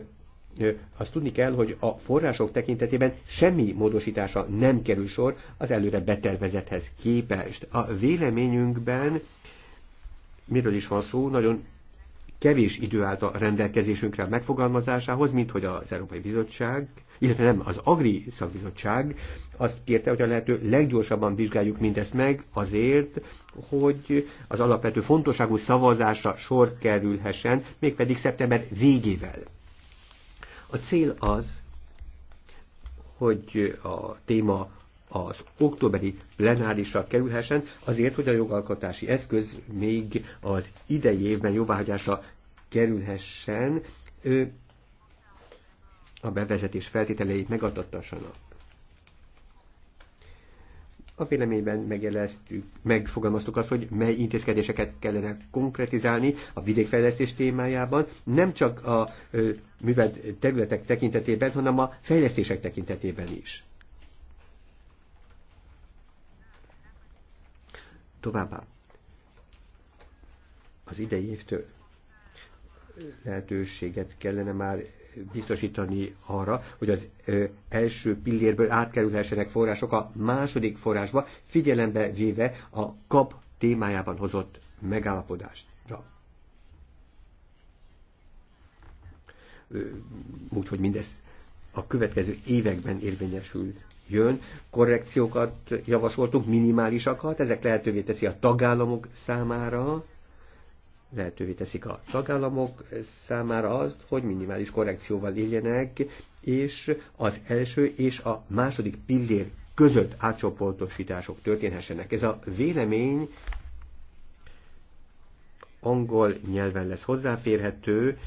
azt tudni kell, hogy a források tekintetében semmi módosítása nem kerül sor az előre betervezethez képest. A véleményünkben miről is van szó, nagyon kevés idő állt a rendelkezésünkre a megfogalmazásához, mint hogy az Európai Bizottság, illetve nem, az Agri Szakbizottság azt kérte, hogy a lehető leggyorsabban vizsgáljuk mindezt meg azért, hogy az alapvető fontosságú szavazásra sor kerülhessen, mégpedig szeptember végével. A cél az, hogy a téma az októberi plenárisra kerülhessen, azért, hogy a jogalkotási eszköz még az idei évben jóváhagyásra kerülhessen, a bevezetés feltételeit megadottassanak. A véleményben megjeleztük, megfogalmaztuk azt, hogy mely intézkedéseket kellene konkretizálni a vidékfejlesztés témájában, nem csak a ö, művelt területek tekintetében, hanem a fejlesztések tekintetében is. Továbbá az idei évtől lehetőséget kellene már biztosítani arra, hogy az első pillérből átkerülhessenek források a második forrásba, figyelembe véve a kap témájában hozott megállapodásra. Úgyhogy mindez a következő években érvényesül jön. Korrekciókat javasoltunk, minimálisakat, ezek lehetővé teszi a tagállamok számára, lehetővé teszik a tagállamok számára azt, hogy minimális korrekcióval éljenek, és az első és a második pillér között átcsoportosítások történhessenek. Ez a vélemény angol nyelven lesz hozzáférhető,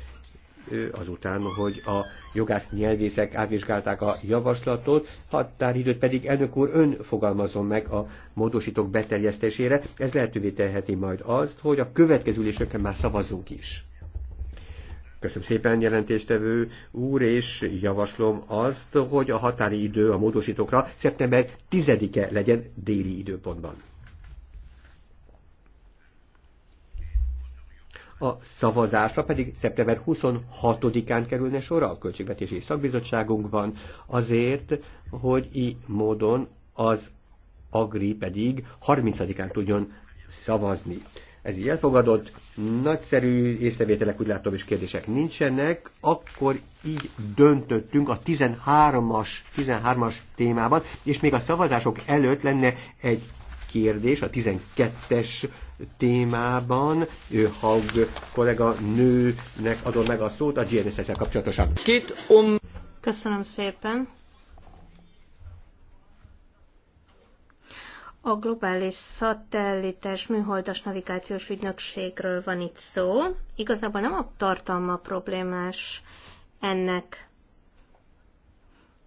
azután, hogy a jogász nyelvészek átvizsgálták a javaslatot, határidőt pedig elnök úr ön fogalmazom meg a módosítók beterjesztésére. Ez lehetővé teheti majd azt, hogy a következő üléseken már szavazunk is. Köszönöm szépen, jelentéstevő úr, és javaslom azt, hogy a határi idő a módosítókra szeptember 10-e legyen déli időpontban. A szavazásra pedig szeptember 26-án kerülne sorra a Költségvetési Szakbizottságunkban azért, hogy így módon az Agri pedig 30-án tudjon szavazni. Ez így elfogadott, nagyszerű észrevételek, úgy látom, és kérdések nincsenek. Akkor így döntöttünk a 13-as, 13-as témában, és még a szavazások előtt lenne egy kérdés, a 12-es témában. Ő Haug kollega nőnek adom meg a szót a gnss el kapcsolatosan. Két um... Köszönöm szépen. A globális szatellites műholdas navigációs ügynökségről van itt szó. Igazából nem a tartalma problémás ennek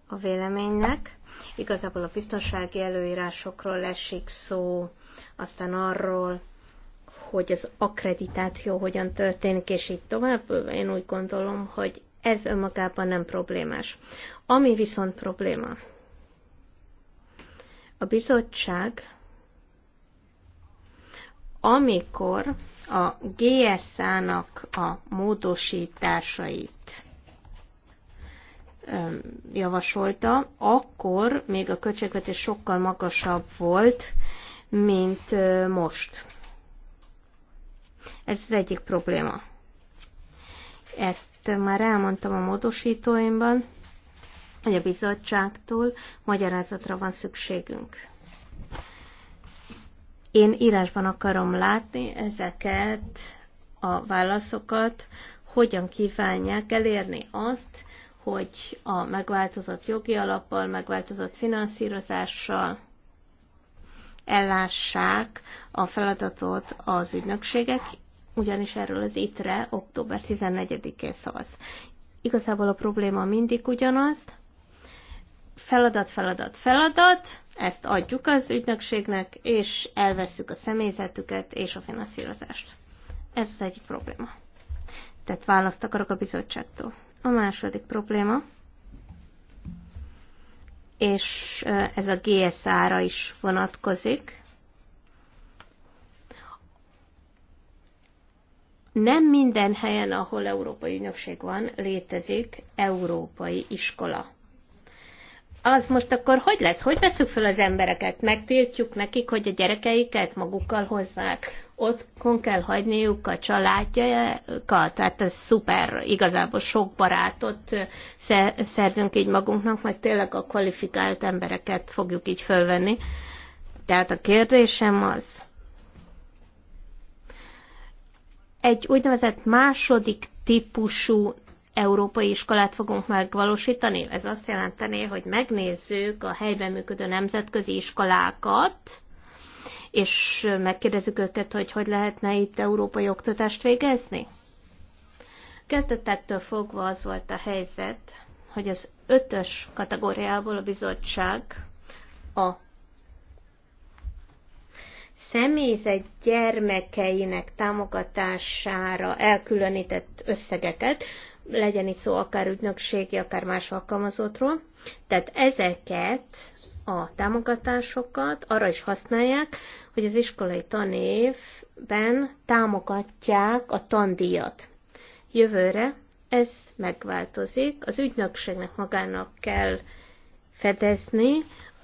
a véleménynek. Igazából a biztonsági előírásokról esik szó, aztán arról, hogy az akkreditáció hogyan történik, és így tovább. Én úgy gondolom, hogy ez önmagában nem problémás. Ami viszont probléma, a bizottság, amikor a GSA-nak a módosításait javasolta, akkor még a költségvetés sokkal magasabb volt, mint most. Ez az egyik probléma. Ezt már elmondtam a módosítóimban, hogy a bizottságtól magyarázatra van szükségünk. Én írásban akarom látni ezeket a válaszokat, hogyan kívánják elérni azt, hogy a megváltozott jogi alappal, megváltozott finanszírozással, ellássák a feladatot az ügynökségek, ugyanis erről az ITRE október 14-én szavaz. Igazából a probléma mindig ugyanaz, feladat, feladat, feladat, ezt adjuk az ügynökségnek, és elveszük a személyzetüket és a finanszírozást. Ez az egyik probléma. Tehát választ akarok a bizottságtól. A második probléma, és ez a GSA-ra is vonatkozik. Nem minden helyen, ahol Európai Ügynökség van, létezik európai iskola. Az most akkor hogy lesz? Hogy veszük fel az embereket? Megtiltjuk nekik, hogy a gyerekeiket magukkal hozzák? otthon kell hagyniuk a családjaikat, tehát ez szuper, igazából sok barátot szerzünk így magunknak, majd tényleg a kvalifikált embereket fogjuk így fölvenni. Tehát a kérdésem az, egy úgynevezett második típusú európai iskolát fogunk megvalósítani. Ez azt jelenteni, hogy megnézzük a helyben működő nemzetközi iskolákat, és megkérdezzük őket, hogy hogy lehetne itt európai oktatást végezni? Kezdetektől fogva az volt a helyzet, hogy az ötös kategóriából a bizottság a személyzet gyermekeinek támogatására elkülönített összegeket, legyen itt szó akár ügynökségi, akár más alkalmazottról. Tehát ezeket a támogatásokat arra is használják, hogy az iskolai tanévben támogatják a tandíjat. Jövőre ez megváltozik, az ügynökségnek magának kell fedezni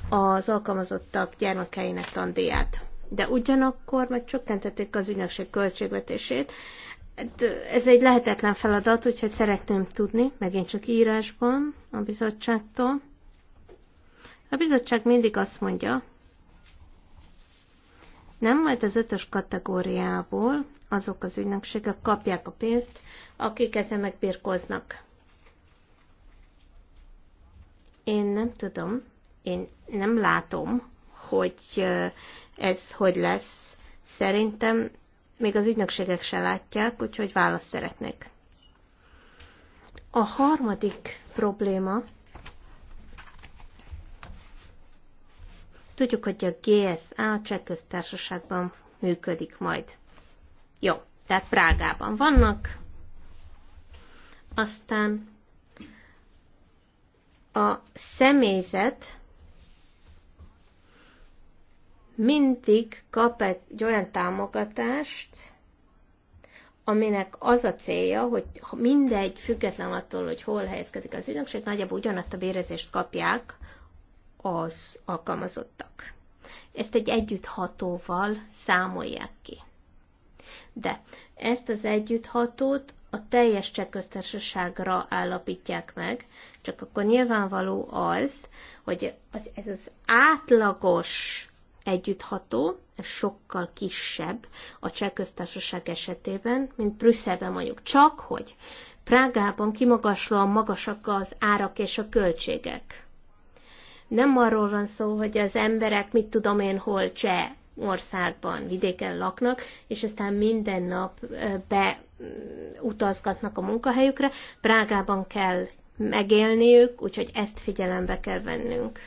az alkalmazottak gyermekeinek tandíját. De ugyanakkor meg csökkentették az ügynökség költségvetését. Hát ez egy lehetetlen feladat, úgyhogy szeretném tudni, megint csak írásban a bizottságtól, a bizottság mindig azt mondja, nem majd az ötös kategóriából azok az ügynökségek kapják a pénzt, akik ezen megbírkoznak. Én nem tudom, én nem látom, hogy ez hogy lesz. Szerintem még az ügynökségek se látják, úgyhogy választ szeretnék. A harmadik probléma Tudjuk, hogy a GSA a cseh köztársaságban működik majd. Jó, tehát Prágában vannak, aztán a személyzet mindig kap egy olyan támogatást, aminek az a célja, hogy mindegy, független attól, hogy hol helyezkedik az ügynökség, nagyjából ugyanazt a bérezést kapják, az alkalmazottak. Ezt egy együtthatóval számolják ki. De ezt az együtthatót a teljes csekköztársaságra állapítják meg, csak akkor nyilvánvaló az, hogy ez az átlagos együttható, ez sokkal kisebb a csekköztársaság esetében, mint Brüsszelben mondjuk. Csak hogy Prágában kimagaslóan magasak az árak és a költségek. Nem arról van szó, hogy az emberek, mit tudom én, hol cseh országban, vidéken laknak, és aztán minden nap beutazgatnak mm, a munkahelyükre. Prágában kell megélniük, úgyhogy ezt figyelembe kell vennünk,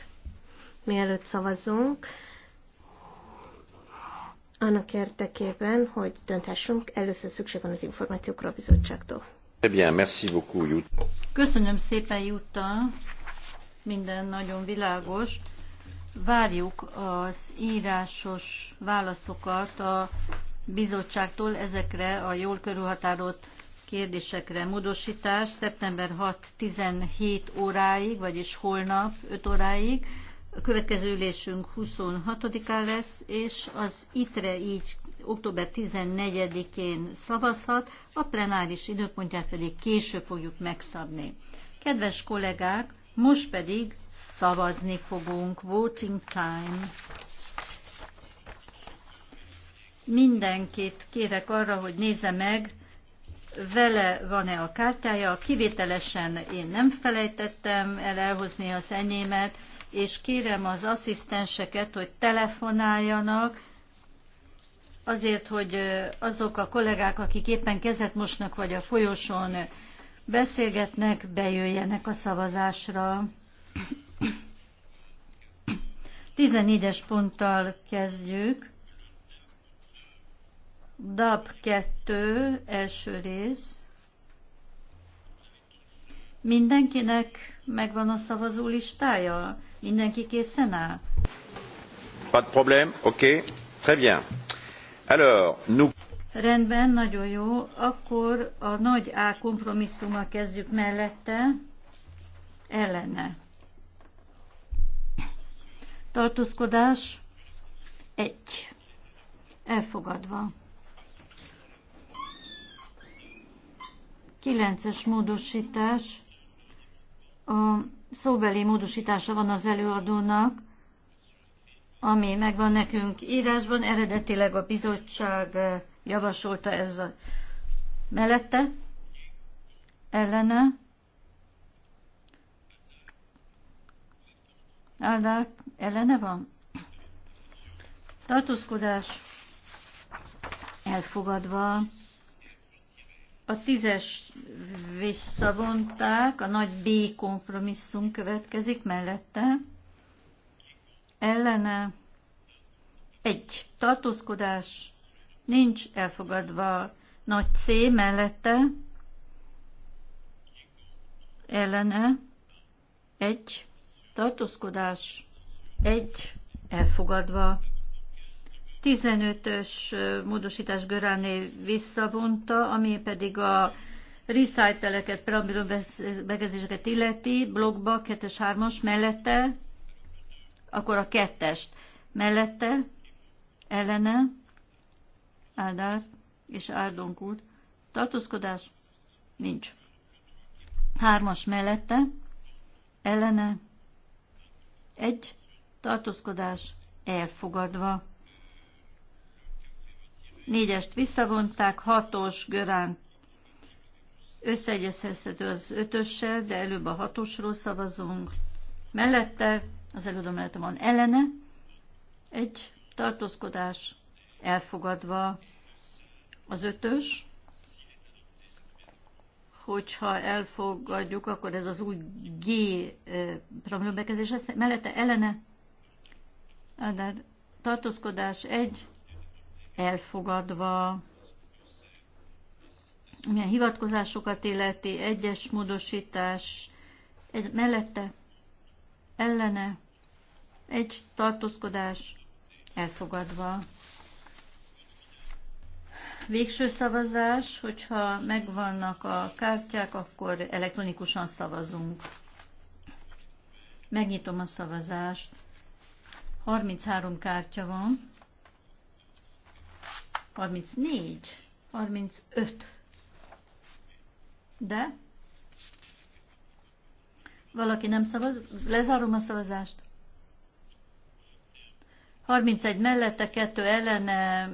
mielőtt szavazunk. Annak érdekében, hogy dönthessünk, először szükség van az információkra a bizottságtól. Eh Köszönöm szépen, Jutta minden nagyon világos. Várjuk az írásos válaszokat a bizottságtól ezekre a jól körülhatárolt kérdésekre. Módosítás szeptember 6-17 óráig, vagyis holnap 5 óráig. A következő ülésünk 26-án lesz, és az ITRE így október 14-én szavazhat, a plenáris időpontját pedig később fogjuk megszabni. Kedves kollégák, most pedig szavazni fogunk. Voting time. Mindenkit kérek arra, hogy nézze meg, vele van-e a kártyája. Kivételesen én nem felejtettem el elhozni az enyémet, és kérem az asszisztenseket, hogy telefonáljanak, azért, hogy azok a kollégák, akik éppen kezet mosnak, vagy a folyosón beszélgetnek, bejöjjenek a szavazásra. 14-es ponttal kezdjük. DAP 2, első rész. Mindenkinek megvan a szavazó listája? Mindenki készen áll? Pas de problème, okay. très bien. Alors, nous... Rendben, nagyon jó. Akkor a nagy A kompromisszummal kezdjük mellette. Ellene. Tartózkodás. Egy. Elfogadva. Kilences módosítás. A szóbeli módosítása van az előadónak, ami megvan nekünk írásban, eredetileg a bizottság javasolta ez a mellette, ellene, áldák, ellene van. Tartózkodás elfogadva. A tízes visszavonták, a nagy B kompromisszum következik mellette. Ellene egy tartózkodás nincs elfogadva. Nagy C mellette, ellene, egy, tartózkodás, egy, elfogadva. 15-ös módosítás Göráné visszavonta, ami pedig a reciteleket, preambulum bekezdéseket illeti, blogba, 2-es, 3-as, mellette, akkor a 2-est mellette, ellene, Áldár és Árdonk úr. Tartózkodás nincs. Hármas mellette, ellene, egy, tartózkodás elfogadva. Négyest visszavonták, hatos görán összeegyezhető az ötössel, de előbb a hatosról szavazunk. Mellette, az előadó mellette van ellene, egy tartózkodás elfogadva az ötös, hogyha elfogadjuk, akkor ez az új G lesz. mellette ellene Adár, tartózkodás egy, elfogadva, milyen hivatkozásokat illeti, egyes módosítás, egy, mellette, ellene, egy tartózkodás, elfogadva. Végső szavazás, hogyha megvannak a kártyák, akkor elektronikusan szavazunk. Megnyitom a szavazást. 33 kártya van. 34, 35. De valaki nem szavaz, lezárom a szavazást. 31 mellette, 2 ellene,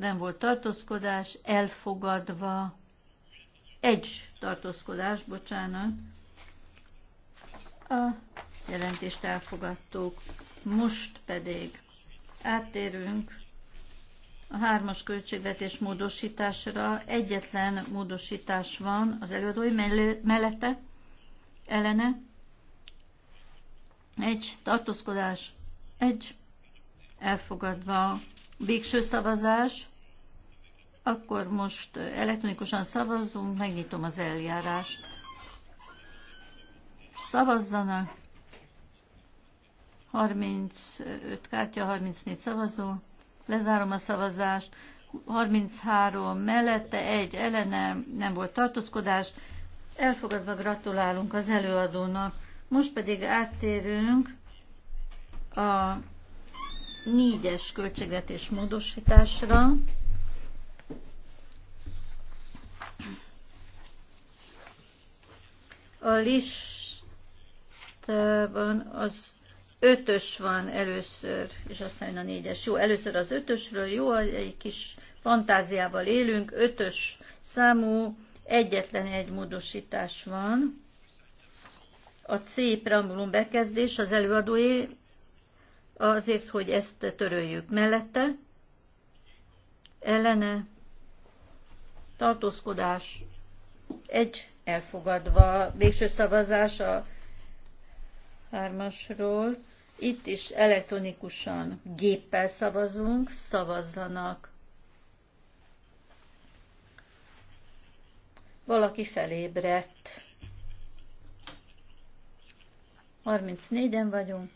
nem volt tartózkodás, elfogadva, egy tartózkodás, bocsánat, a jelentést elfogadtuk. Most pedig áttérünk a hármas költségvetés módosításra. Egyetlen módosítás van az előadói mellette, ellene. Egy tartózkodás, egy elfogadva Végső szavazás. Akkor most elektronikusan szavazunk, megnyitom az eljárást. Szavazzanak. 35 kártya, 34 szavazó. Lezárom a szavazást. 33 mellette, egy ellene, nem volt tartózkodás. Elfogadva gratulálunk az előadónak. Most pedig áttérünk a négyes költségvetés módosításra. A listában az ötös van először, és aztán jön a négyes. Jó, először az ötösről, jó, egy kis fantáziával élünk, ötös számú, egyetlen egy módosítás van. A C preambulum bekezdés az előadói azért, hogy ezt töröljük. Mellette ellene tartózkodás egy elfogadva, végső szavazás a hármasról. Itt is elektronikusan géppel szavazunk, szavazzanak. Valaki felébredt. 34-en vagyunk.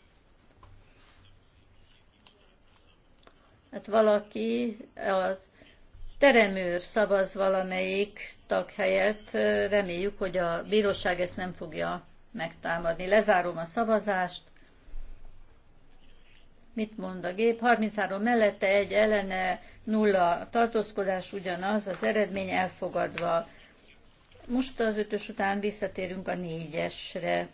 hát valaki az teremőr szavaz valamelyik tag helyett, reméljük, hogy a bíróság ezt nem fogja megtámadni. Lezárom a szavazást. Mit mond a gép? 33 mellette, egy ellene, nulla tartózkodás ugyanaz, az eredmény elfogadva. Most az ötös után visszatérünk a négyesre.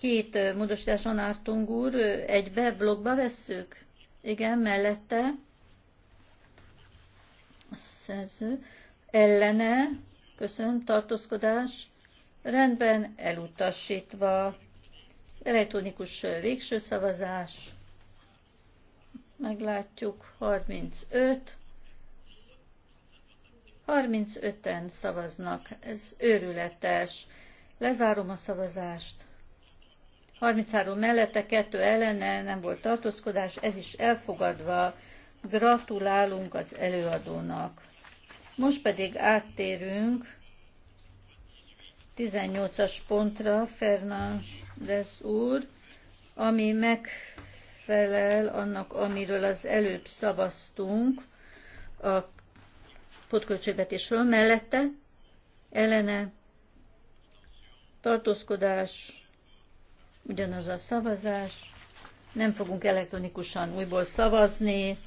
Két módosításon ártunk úr, egybe, blogba vesszük? Igen, mellette a szerző ellene, köszönöm, tartózkodás, rendben, elutasítva, elektronikus végső szavazás, meglátjuk, 35, 35-en szavaznak, ez őrületes. Lezárom a szavazást. 33 mellette, 2 ellene nem volt tartózkodás, ez is elfogadva. Gratulálunk az előadónak. Most pedig áttérünk 18-as pontra, Fernández úr, ami megfelel annak, amiről az előbb szavaztunk a pótköltségvetésről mellette, ellene tartózkodás ugyanaz a szavazás. Nem fogunk elektronikusan újból szavazni,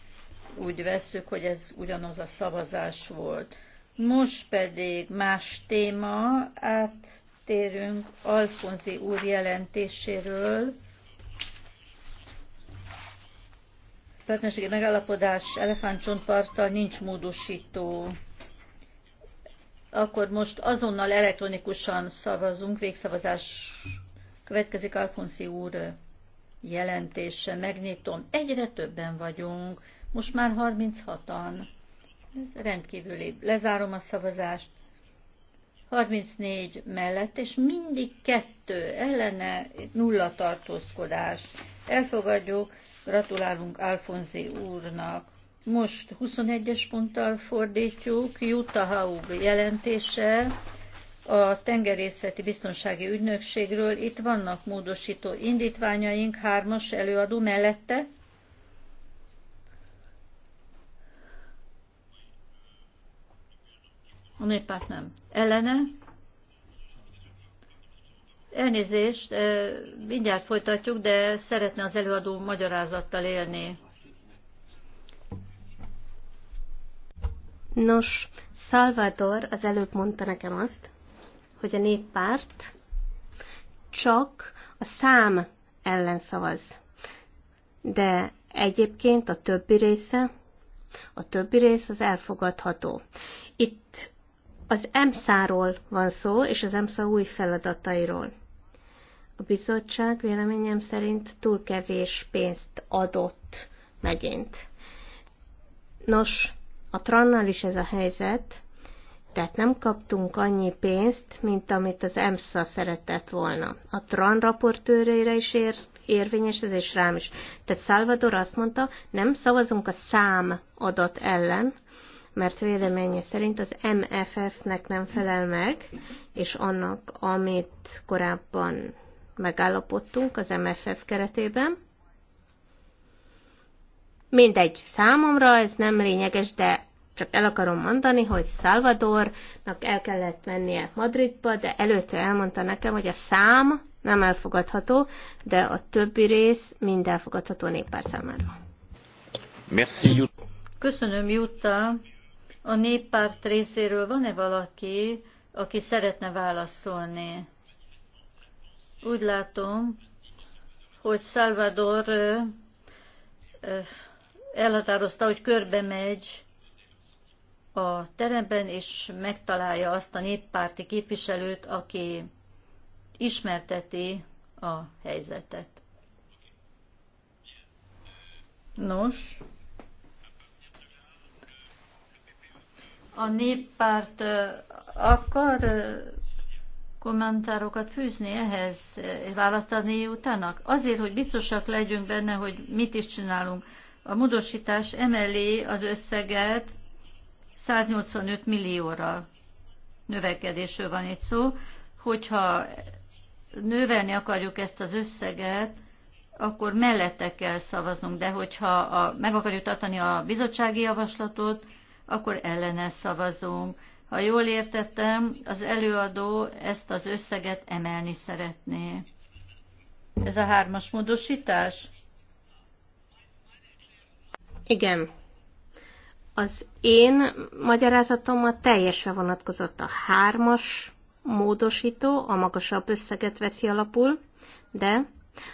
úgy veszük, hogy ez ugyanaz a szavazás volt. Most pedig más téma, áttérünk Alfonzi úr jelentéséről. Partnerségi megállapodás elefántcsontparttal nincs módosító. Akkor most azonnal elektronikusan szavazunk, végszavazás Következik Alfonszi úr jelentése, megnyitom. Egyre többen vagyunk, most már 36-an. Ez rendkívüli. Lezárom a szavazást. 34 mellett, és mindig kettő ellene nulla tartózkodás. Elfogadjuk, gratulálunk Alfonzi úrnak. Most 21-es ponttal fordítjuk, Jutta Haug jelentése, a tengerészeti biztonsági ügynökségről. Itt vannak módosító indítványaink, hármas előadó mellette. A néppárt nem. Ellene? Elnézést, mindjárt folytatjuk, de szeretne az előadó magyarázattal élni. Nos, Salvador az előbb mondta nekem azt, hogy a néppárt csak a szám ellen szavaz. De egyébként a többi része, a többi rész az elfogadható. Itt az EMSZ-ról van szó, és az EMSZA új feladatairól. A bizottság véleményem szerint túl kevés pénzt adott megint. Nos, a Trannal is ez a helyzet, tehát nem kaptunk annyi pénzt, mint amit az EMSZA szeretett volna. A TRAN raportőrére is ér, érvényes, ez is rám is. Tehát Salvador azt mondta, nem szavazunk a szám adat ellen, mert véleménye szerint az MFF-nek nem felel meg, és annak, amit korábban megállapodtunk az MFF keretében. Mindegy, számomra ez nem lényeges, de csak el akarom mondani, hogy Salvadornak el kellett mennie Madridba, de előtte elmondta nekem, hogy a szám nem elfogadható, de a többi rész mind elfogadható néppár számára. Merci, Jutta. Köszönöm, Jutta. A néppárt részéről van-e valaki, aki szeretne válaszolni? Úgy látom, hogy Salvador elhatározta, hogy körbe megy a teremben, és megtalálja azt a néppárti képviselőt, aki ismerteti a helyzetet. Nos, a néppárt akar kommentárokat fűzni ehhez, választani utának? Azért, hogy biztosak legyünk benne, hogy mit is csinálunk. A módosítás emeli az összeget 185 millióra növekedésről van itt szó. Hogyha növelni akarjuk ezt az összeget, akkor mellette kell szavaznunk, de hogyha a, meg akarjuk tartani a bizottsági javaslatot, akkor ellene szavazunk. Ha jól értettem, az előadó ezt az összeget emelni szeretné. Ez a hármas módosítás? Igen, az én magyarázatom a teljesen vonatkozott a hármas módosító, a magasabb összeget veszi alapul, de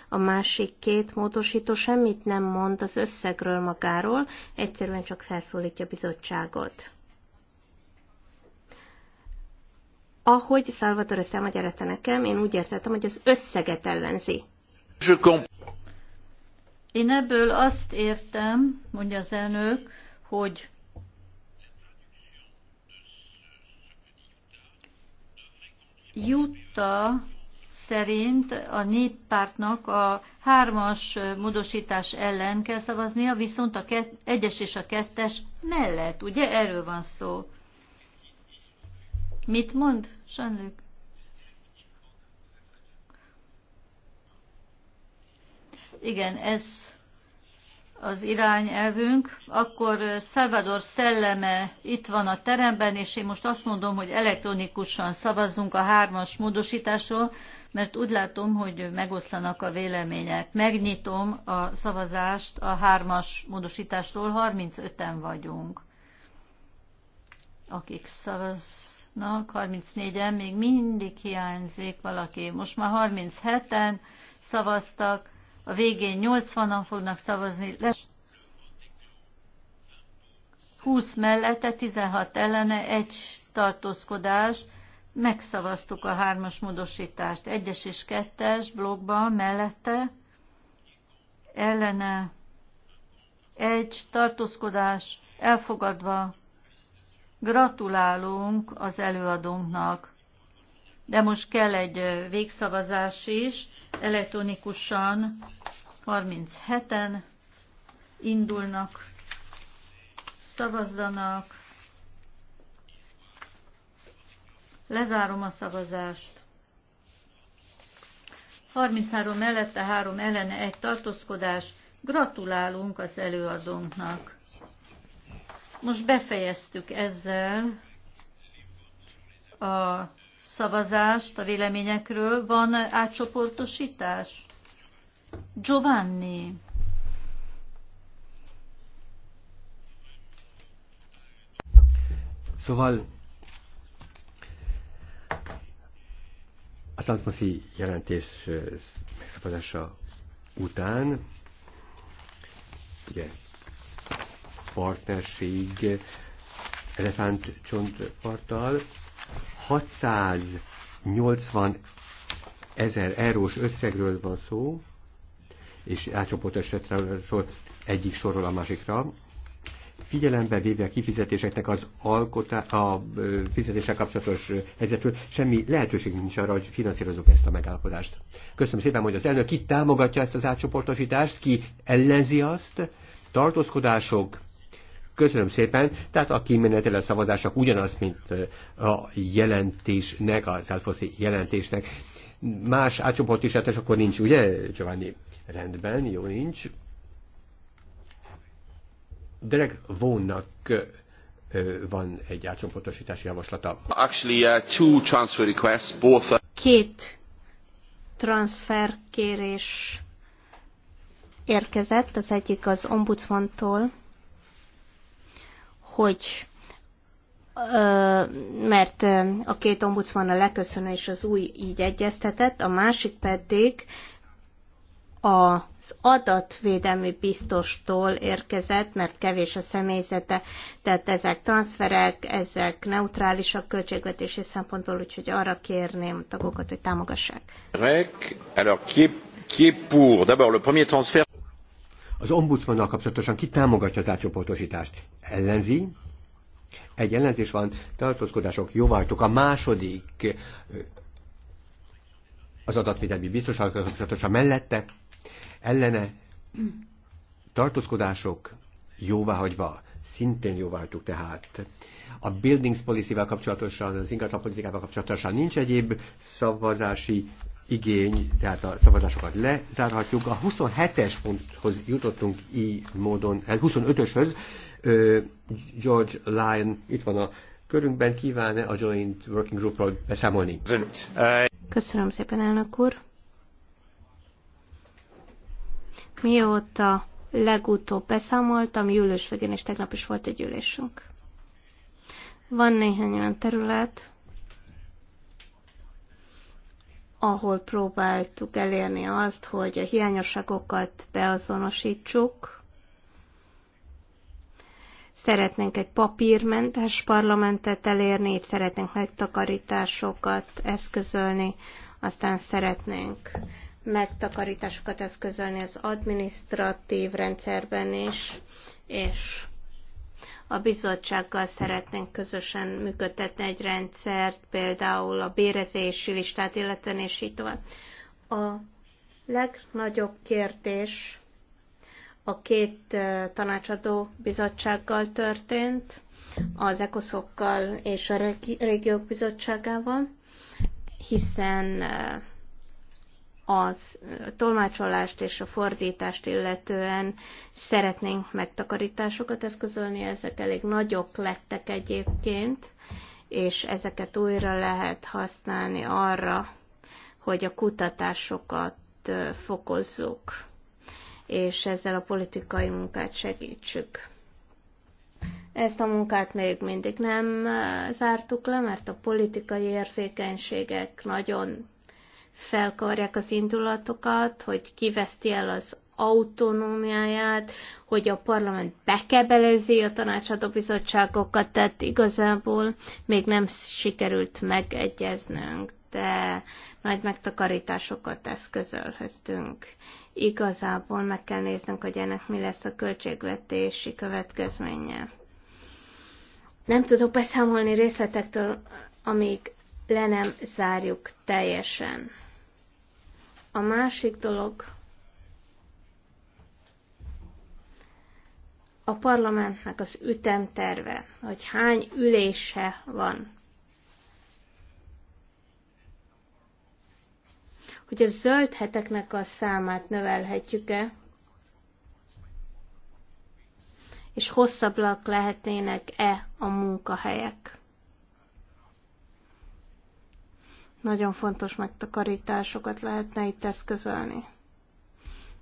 a másik két módosító semmit nem mond az összegről magáról, egyszerűen csak felszólítja a bizottságot. Ahogy Salvador te magyarázta nekem, én úgy értettem, hogy az összeget ellenzi. Én ebből azt értem, mondja az elnök, hogy Jutta szerint a néppártnak a hármas módosítás ellen kell szavaznia, viszont a kett, egyes és a kettes mellett, ugye erről van szó. Mit mond, Sanlők? Igen, ez az irányelvünk, akkor Salvador szelleme itt van a teremben, és én most azt mondom, hogy elektronikusan szavazzunk a hármas módosításról, mert úgy látom, hogy megoszlanak a vélemények. Megnyitom a szavazást a hármas módosításról, 35-en vagyunk, akik szavaznak, 34-en, még mindig hiányzik valaki. Most már 37-en szavaztak, a végén 80-an fognak szavazni, le 20 mellette, 16 ellene, egy tartózkodás, megszavaztuk a hármas módosítást. Egyes és kettes blokkban mellette, ellene, egy tartózkodás, elfogadva. Gratulálunk az előadónknak de most kell egy végszavazás is, elektronikusan 37-en indulnak, szavazzanak, lezárom a szavazást. 33 mellette, 3 ellene, egy tartózkodás. Gratulálunk az előadónknak. Most befejeztük ezzel a szavazást a véleményekről. Van átcsoportosítás? Giovanni. Szóval az Antmoszi jelentés megszabadása után ugye partnerség elefántcsontparttal 680 ezer eurós összegről van szó, és szól egyik sorról a másikra, figyelembe véve a kifizetéseknek az alkotá, a fizetéssel kapcsolatos helyzetről, semmi lehetőség nincs arra, hogy finanszírozunk ezt a megállapodást. Köszönöm szépen, hogy az elnök itt támogatja ezt az átcsoportosítást, ki ellenzi azt, tartózkodások, Köszönöm szépen. Tehát a kimenetele a szavazások ugyanaz, mint a jelentésnek, a Szelfoszi jelentésnek. Más átcsoportisítás hát akkor nincs, ugye, Giovanni? Rendben, jó nincs. Derek Vónnak van egy átcsoportosítási javaslata. Actually, uh, two transfer requests, both are... Uh, Két transferkérés érkezett, az egyik az ombudsmantól, hogy mert a két ombudsman a leköszönő és az új így egyeztetett, a másik pedig az adatvédelmi biztostól érkezett, mert kevés a személyzete, tehát ezek transferek, ezek neutrálisak költségvetési szempontból, úgyhogy arra kérném a tagokat, hogy támogassák. Alors, qui est, qui est pour? D'abord, le premier transfert. Az ombudsmannal kapcsolatosan ki támogatja az átcsoportosítást? Ellenzi? Egy ellenzés van, tartózkodások, jóváhagytok. A második az adatvédelmi biztonsággal kapcsolatosan mellette, ellene tartózkodások jóváhagyva, szintén jóváhagytuk tehát. A buildings policy-vel kapcsolatosan, az politikával kapcsolatosan nincs egyéb szavazási igény, tehát a szavazásokat lezárhatjuk. A 27-es ponthoz jutottunk így módon, 25-öshöz. Eh, George Lyon itt van a körünkben, kíván-e a Joint Working group Group-ról beszámolni? Köszönöm szépen, elnök úr. Mióta legutóbb beszámoltam, július végén és tegnap is volt egy ülésünk. Van néhány olyan terület, ahol próbáltuk elérni azt, hogy a hiányosságokat beazonosítsuk. Szeretnénk egy papírmentes parlamentet elérni, itt szeretnénk megtakarításokat eszközölni, aztán szeretnénk megtakarításokat eszközölni az administratív rendszerben is, és a bizottsággal szeretnénk közösen működtetni egy rendszert, például a bérezési listát, illetően és így tovább. A legnagyobb kérdés a két tanácsadó bizottsággal történt, az ECOSZokkal és a Régiók Bizottságával, hiszen az tolmácsolást és a fordítást illetően szeretnénk megtakarításokat eszközölni, ezek elég nagyok lettek egyébként, és ezeket újra lehet használni arra, hogy a kutatásokat fokozzuk, és ezzel a politikai munkát segítsük. Ezt a munkát még mindig nem zártuk le, mert a politikai érzékenységek nagyon felkarják az indulatokat, hogy kiveszti el az autonómiáját, hogy a parlament bekebelezi a tanácsadó bizottságokat, tehát igazából még nem sikerült megegyeznünk, de nagy megtakarításokat eszközölhetünk. Igazából meg kell néznünk, hogy ennek mi lesz a költségvetési következménye. Nem tudok beszámolni részletektől, amíg le nem zárjuk teljesen. A másik dolog, a parlamentnek az ütemterve, hogy hány ülése van. Hogy a zöld heteknek a számát növelhetjük-e, és hosszabbak lehetnének-e a munkahelyek. Nagyon fontos megtakarításokat lehetne itt eszközölni.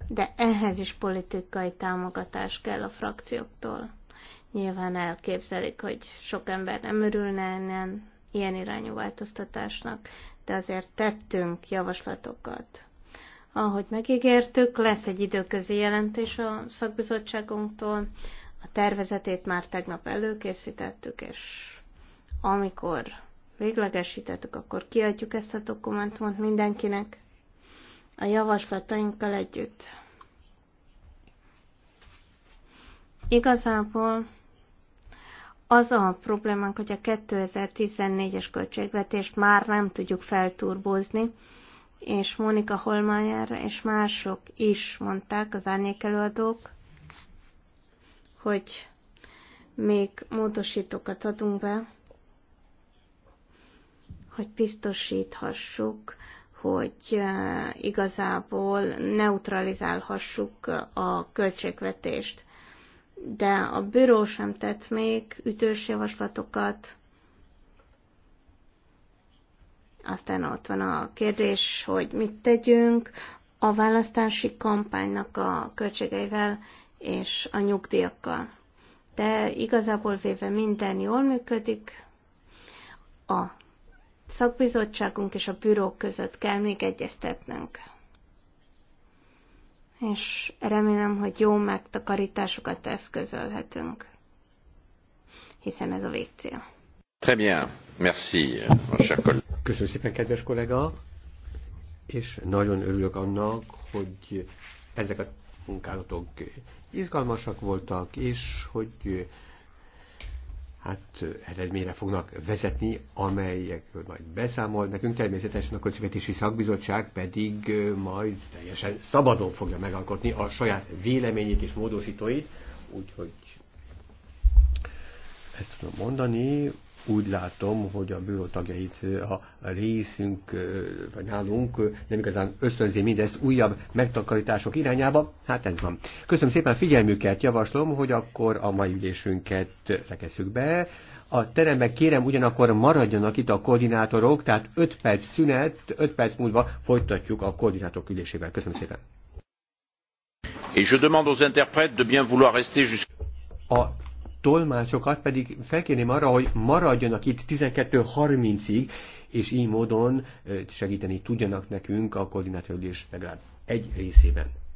De ehhez is politikai támogatás kell a frakcióktól. Nyilván elképzelik, hogy sok ember nem örülne ennen ilyen irányú változtatásnak, de azért tettünk javaslatokat. Ahogy megígértük, lesz egy időközi jelentés a szakbizottságunktól. A tervezetét már tegnap előkészítettük, és amikor véglegesítettük, akkor kiadjuk ezt a dokumentumot mindenkinek a javaslatainkkal együtt. Igazából az a problémánk, hogy a 2014-es költségvetést már nem tudjuk felturbozni, és Monika Holmeyer és mások is mondták, az árnyékelőadók, hogy még módosítókat adunk be, hogy biztosíthassuk, hogy igazából neutralizálhassuk a költségvetést. De a büró sem tett még ütős javaslatokat. Aztán ott van a kérdés, hogy mit tegyünk a választási kampánynak a költségeivel és a nyugdíjakkal. De igazából véve minden jól működik. A szakbizottságunk és a bűrók között kell még egyeztetnünk. És remélem, hogy jó megtakarításokat eszközölhetünk, hiszen ez a végcél. Très bien, merci, Köszönöm szépen, kedves kollega, és nagyon örülök annak, hogy ezek a munkálatok izgalmasak voltak, és hogy hát eredményre fognak vezetni, amelyekről majd beszámol nekünk. Természetesen a Költségvetési Szakbizottság pedig majd teljesen szabadon fogja megalkotni a saját véleményét és módosítóit, úgyhogy ezt tudom mondani, úgy látom, hogy a bűró tagjait a részünk, vagy nálunk nem igazán ösztönzi mindez újabb megtakarítások irányába. Hát ez van. Köszönöm szépen figyelmüket, javaslom, hogy akkor a mai ülésünket rekesszük be. A teremben kérem ugyanakkor maradjanak itt a koordinátorok, tehát 5 perc szünet, 5 perc múlva folytatjuk a koordinátorok ülésével. Köszönöm szépen. Et je demande aux interprètes de bien vouloir rester jusqu'à tolmácsokat pedig felkérném arra, hogy maradjanak itt 12.30-ig, és így módon segíteni tudjanak nekünk a koordinátorülés legalább egy részében.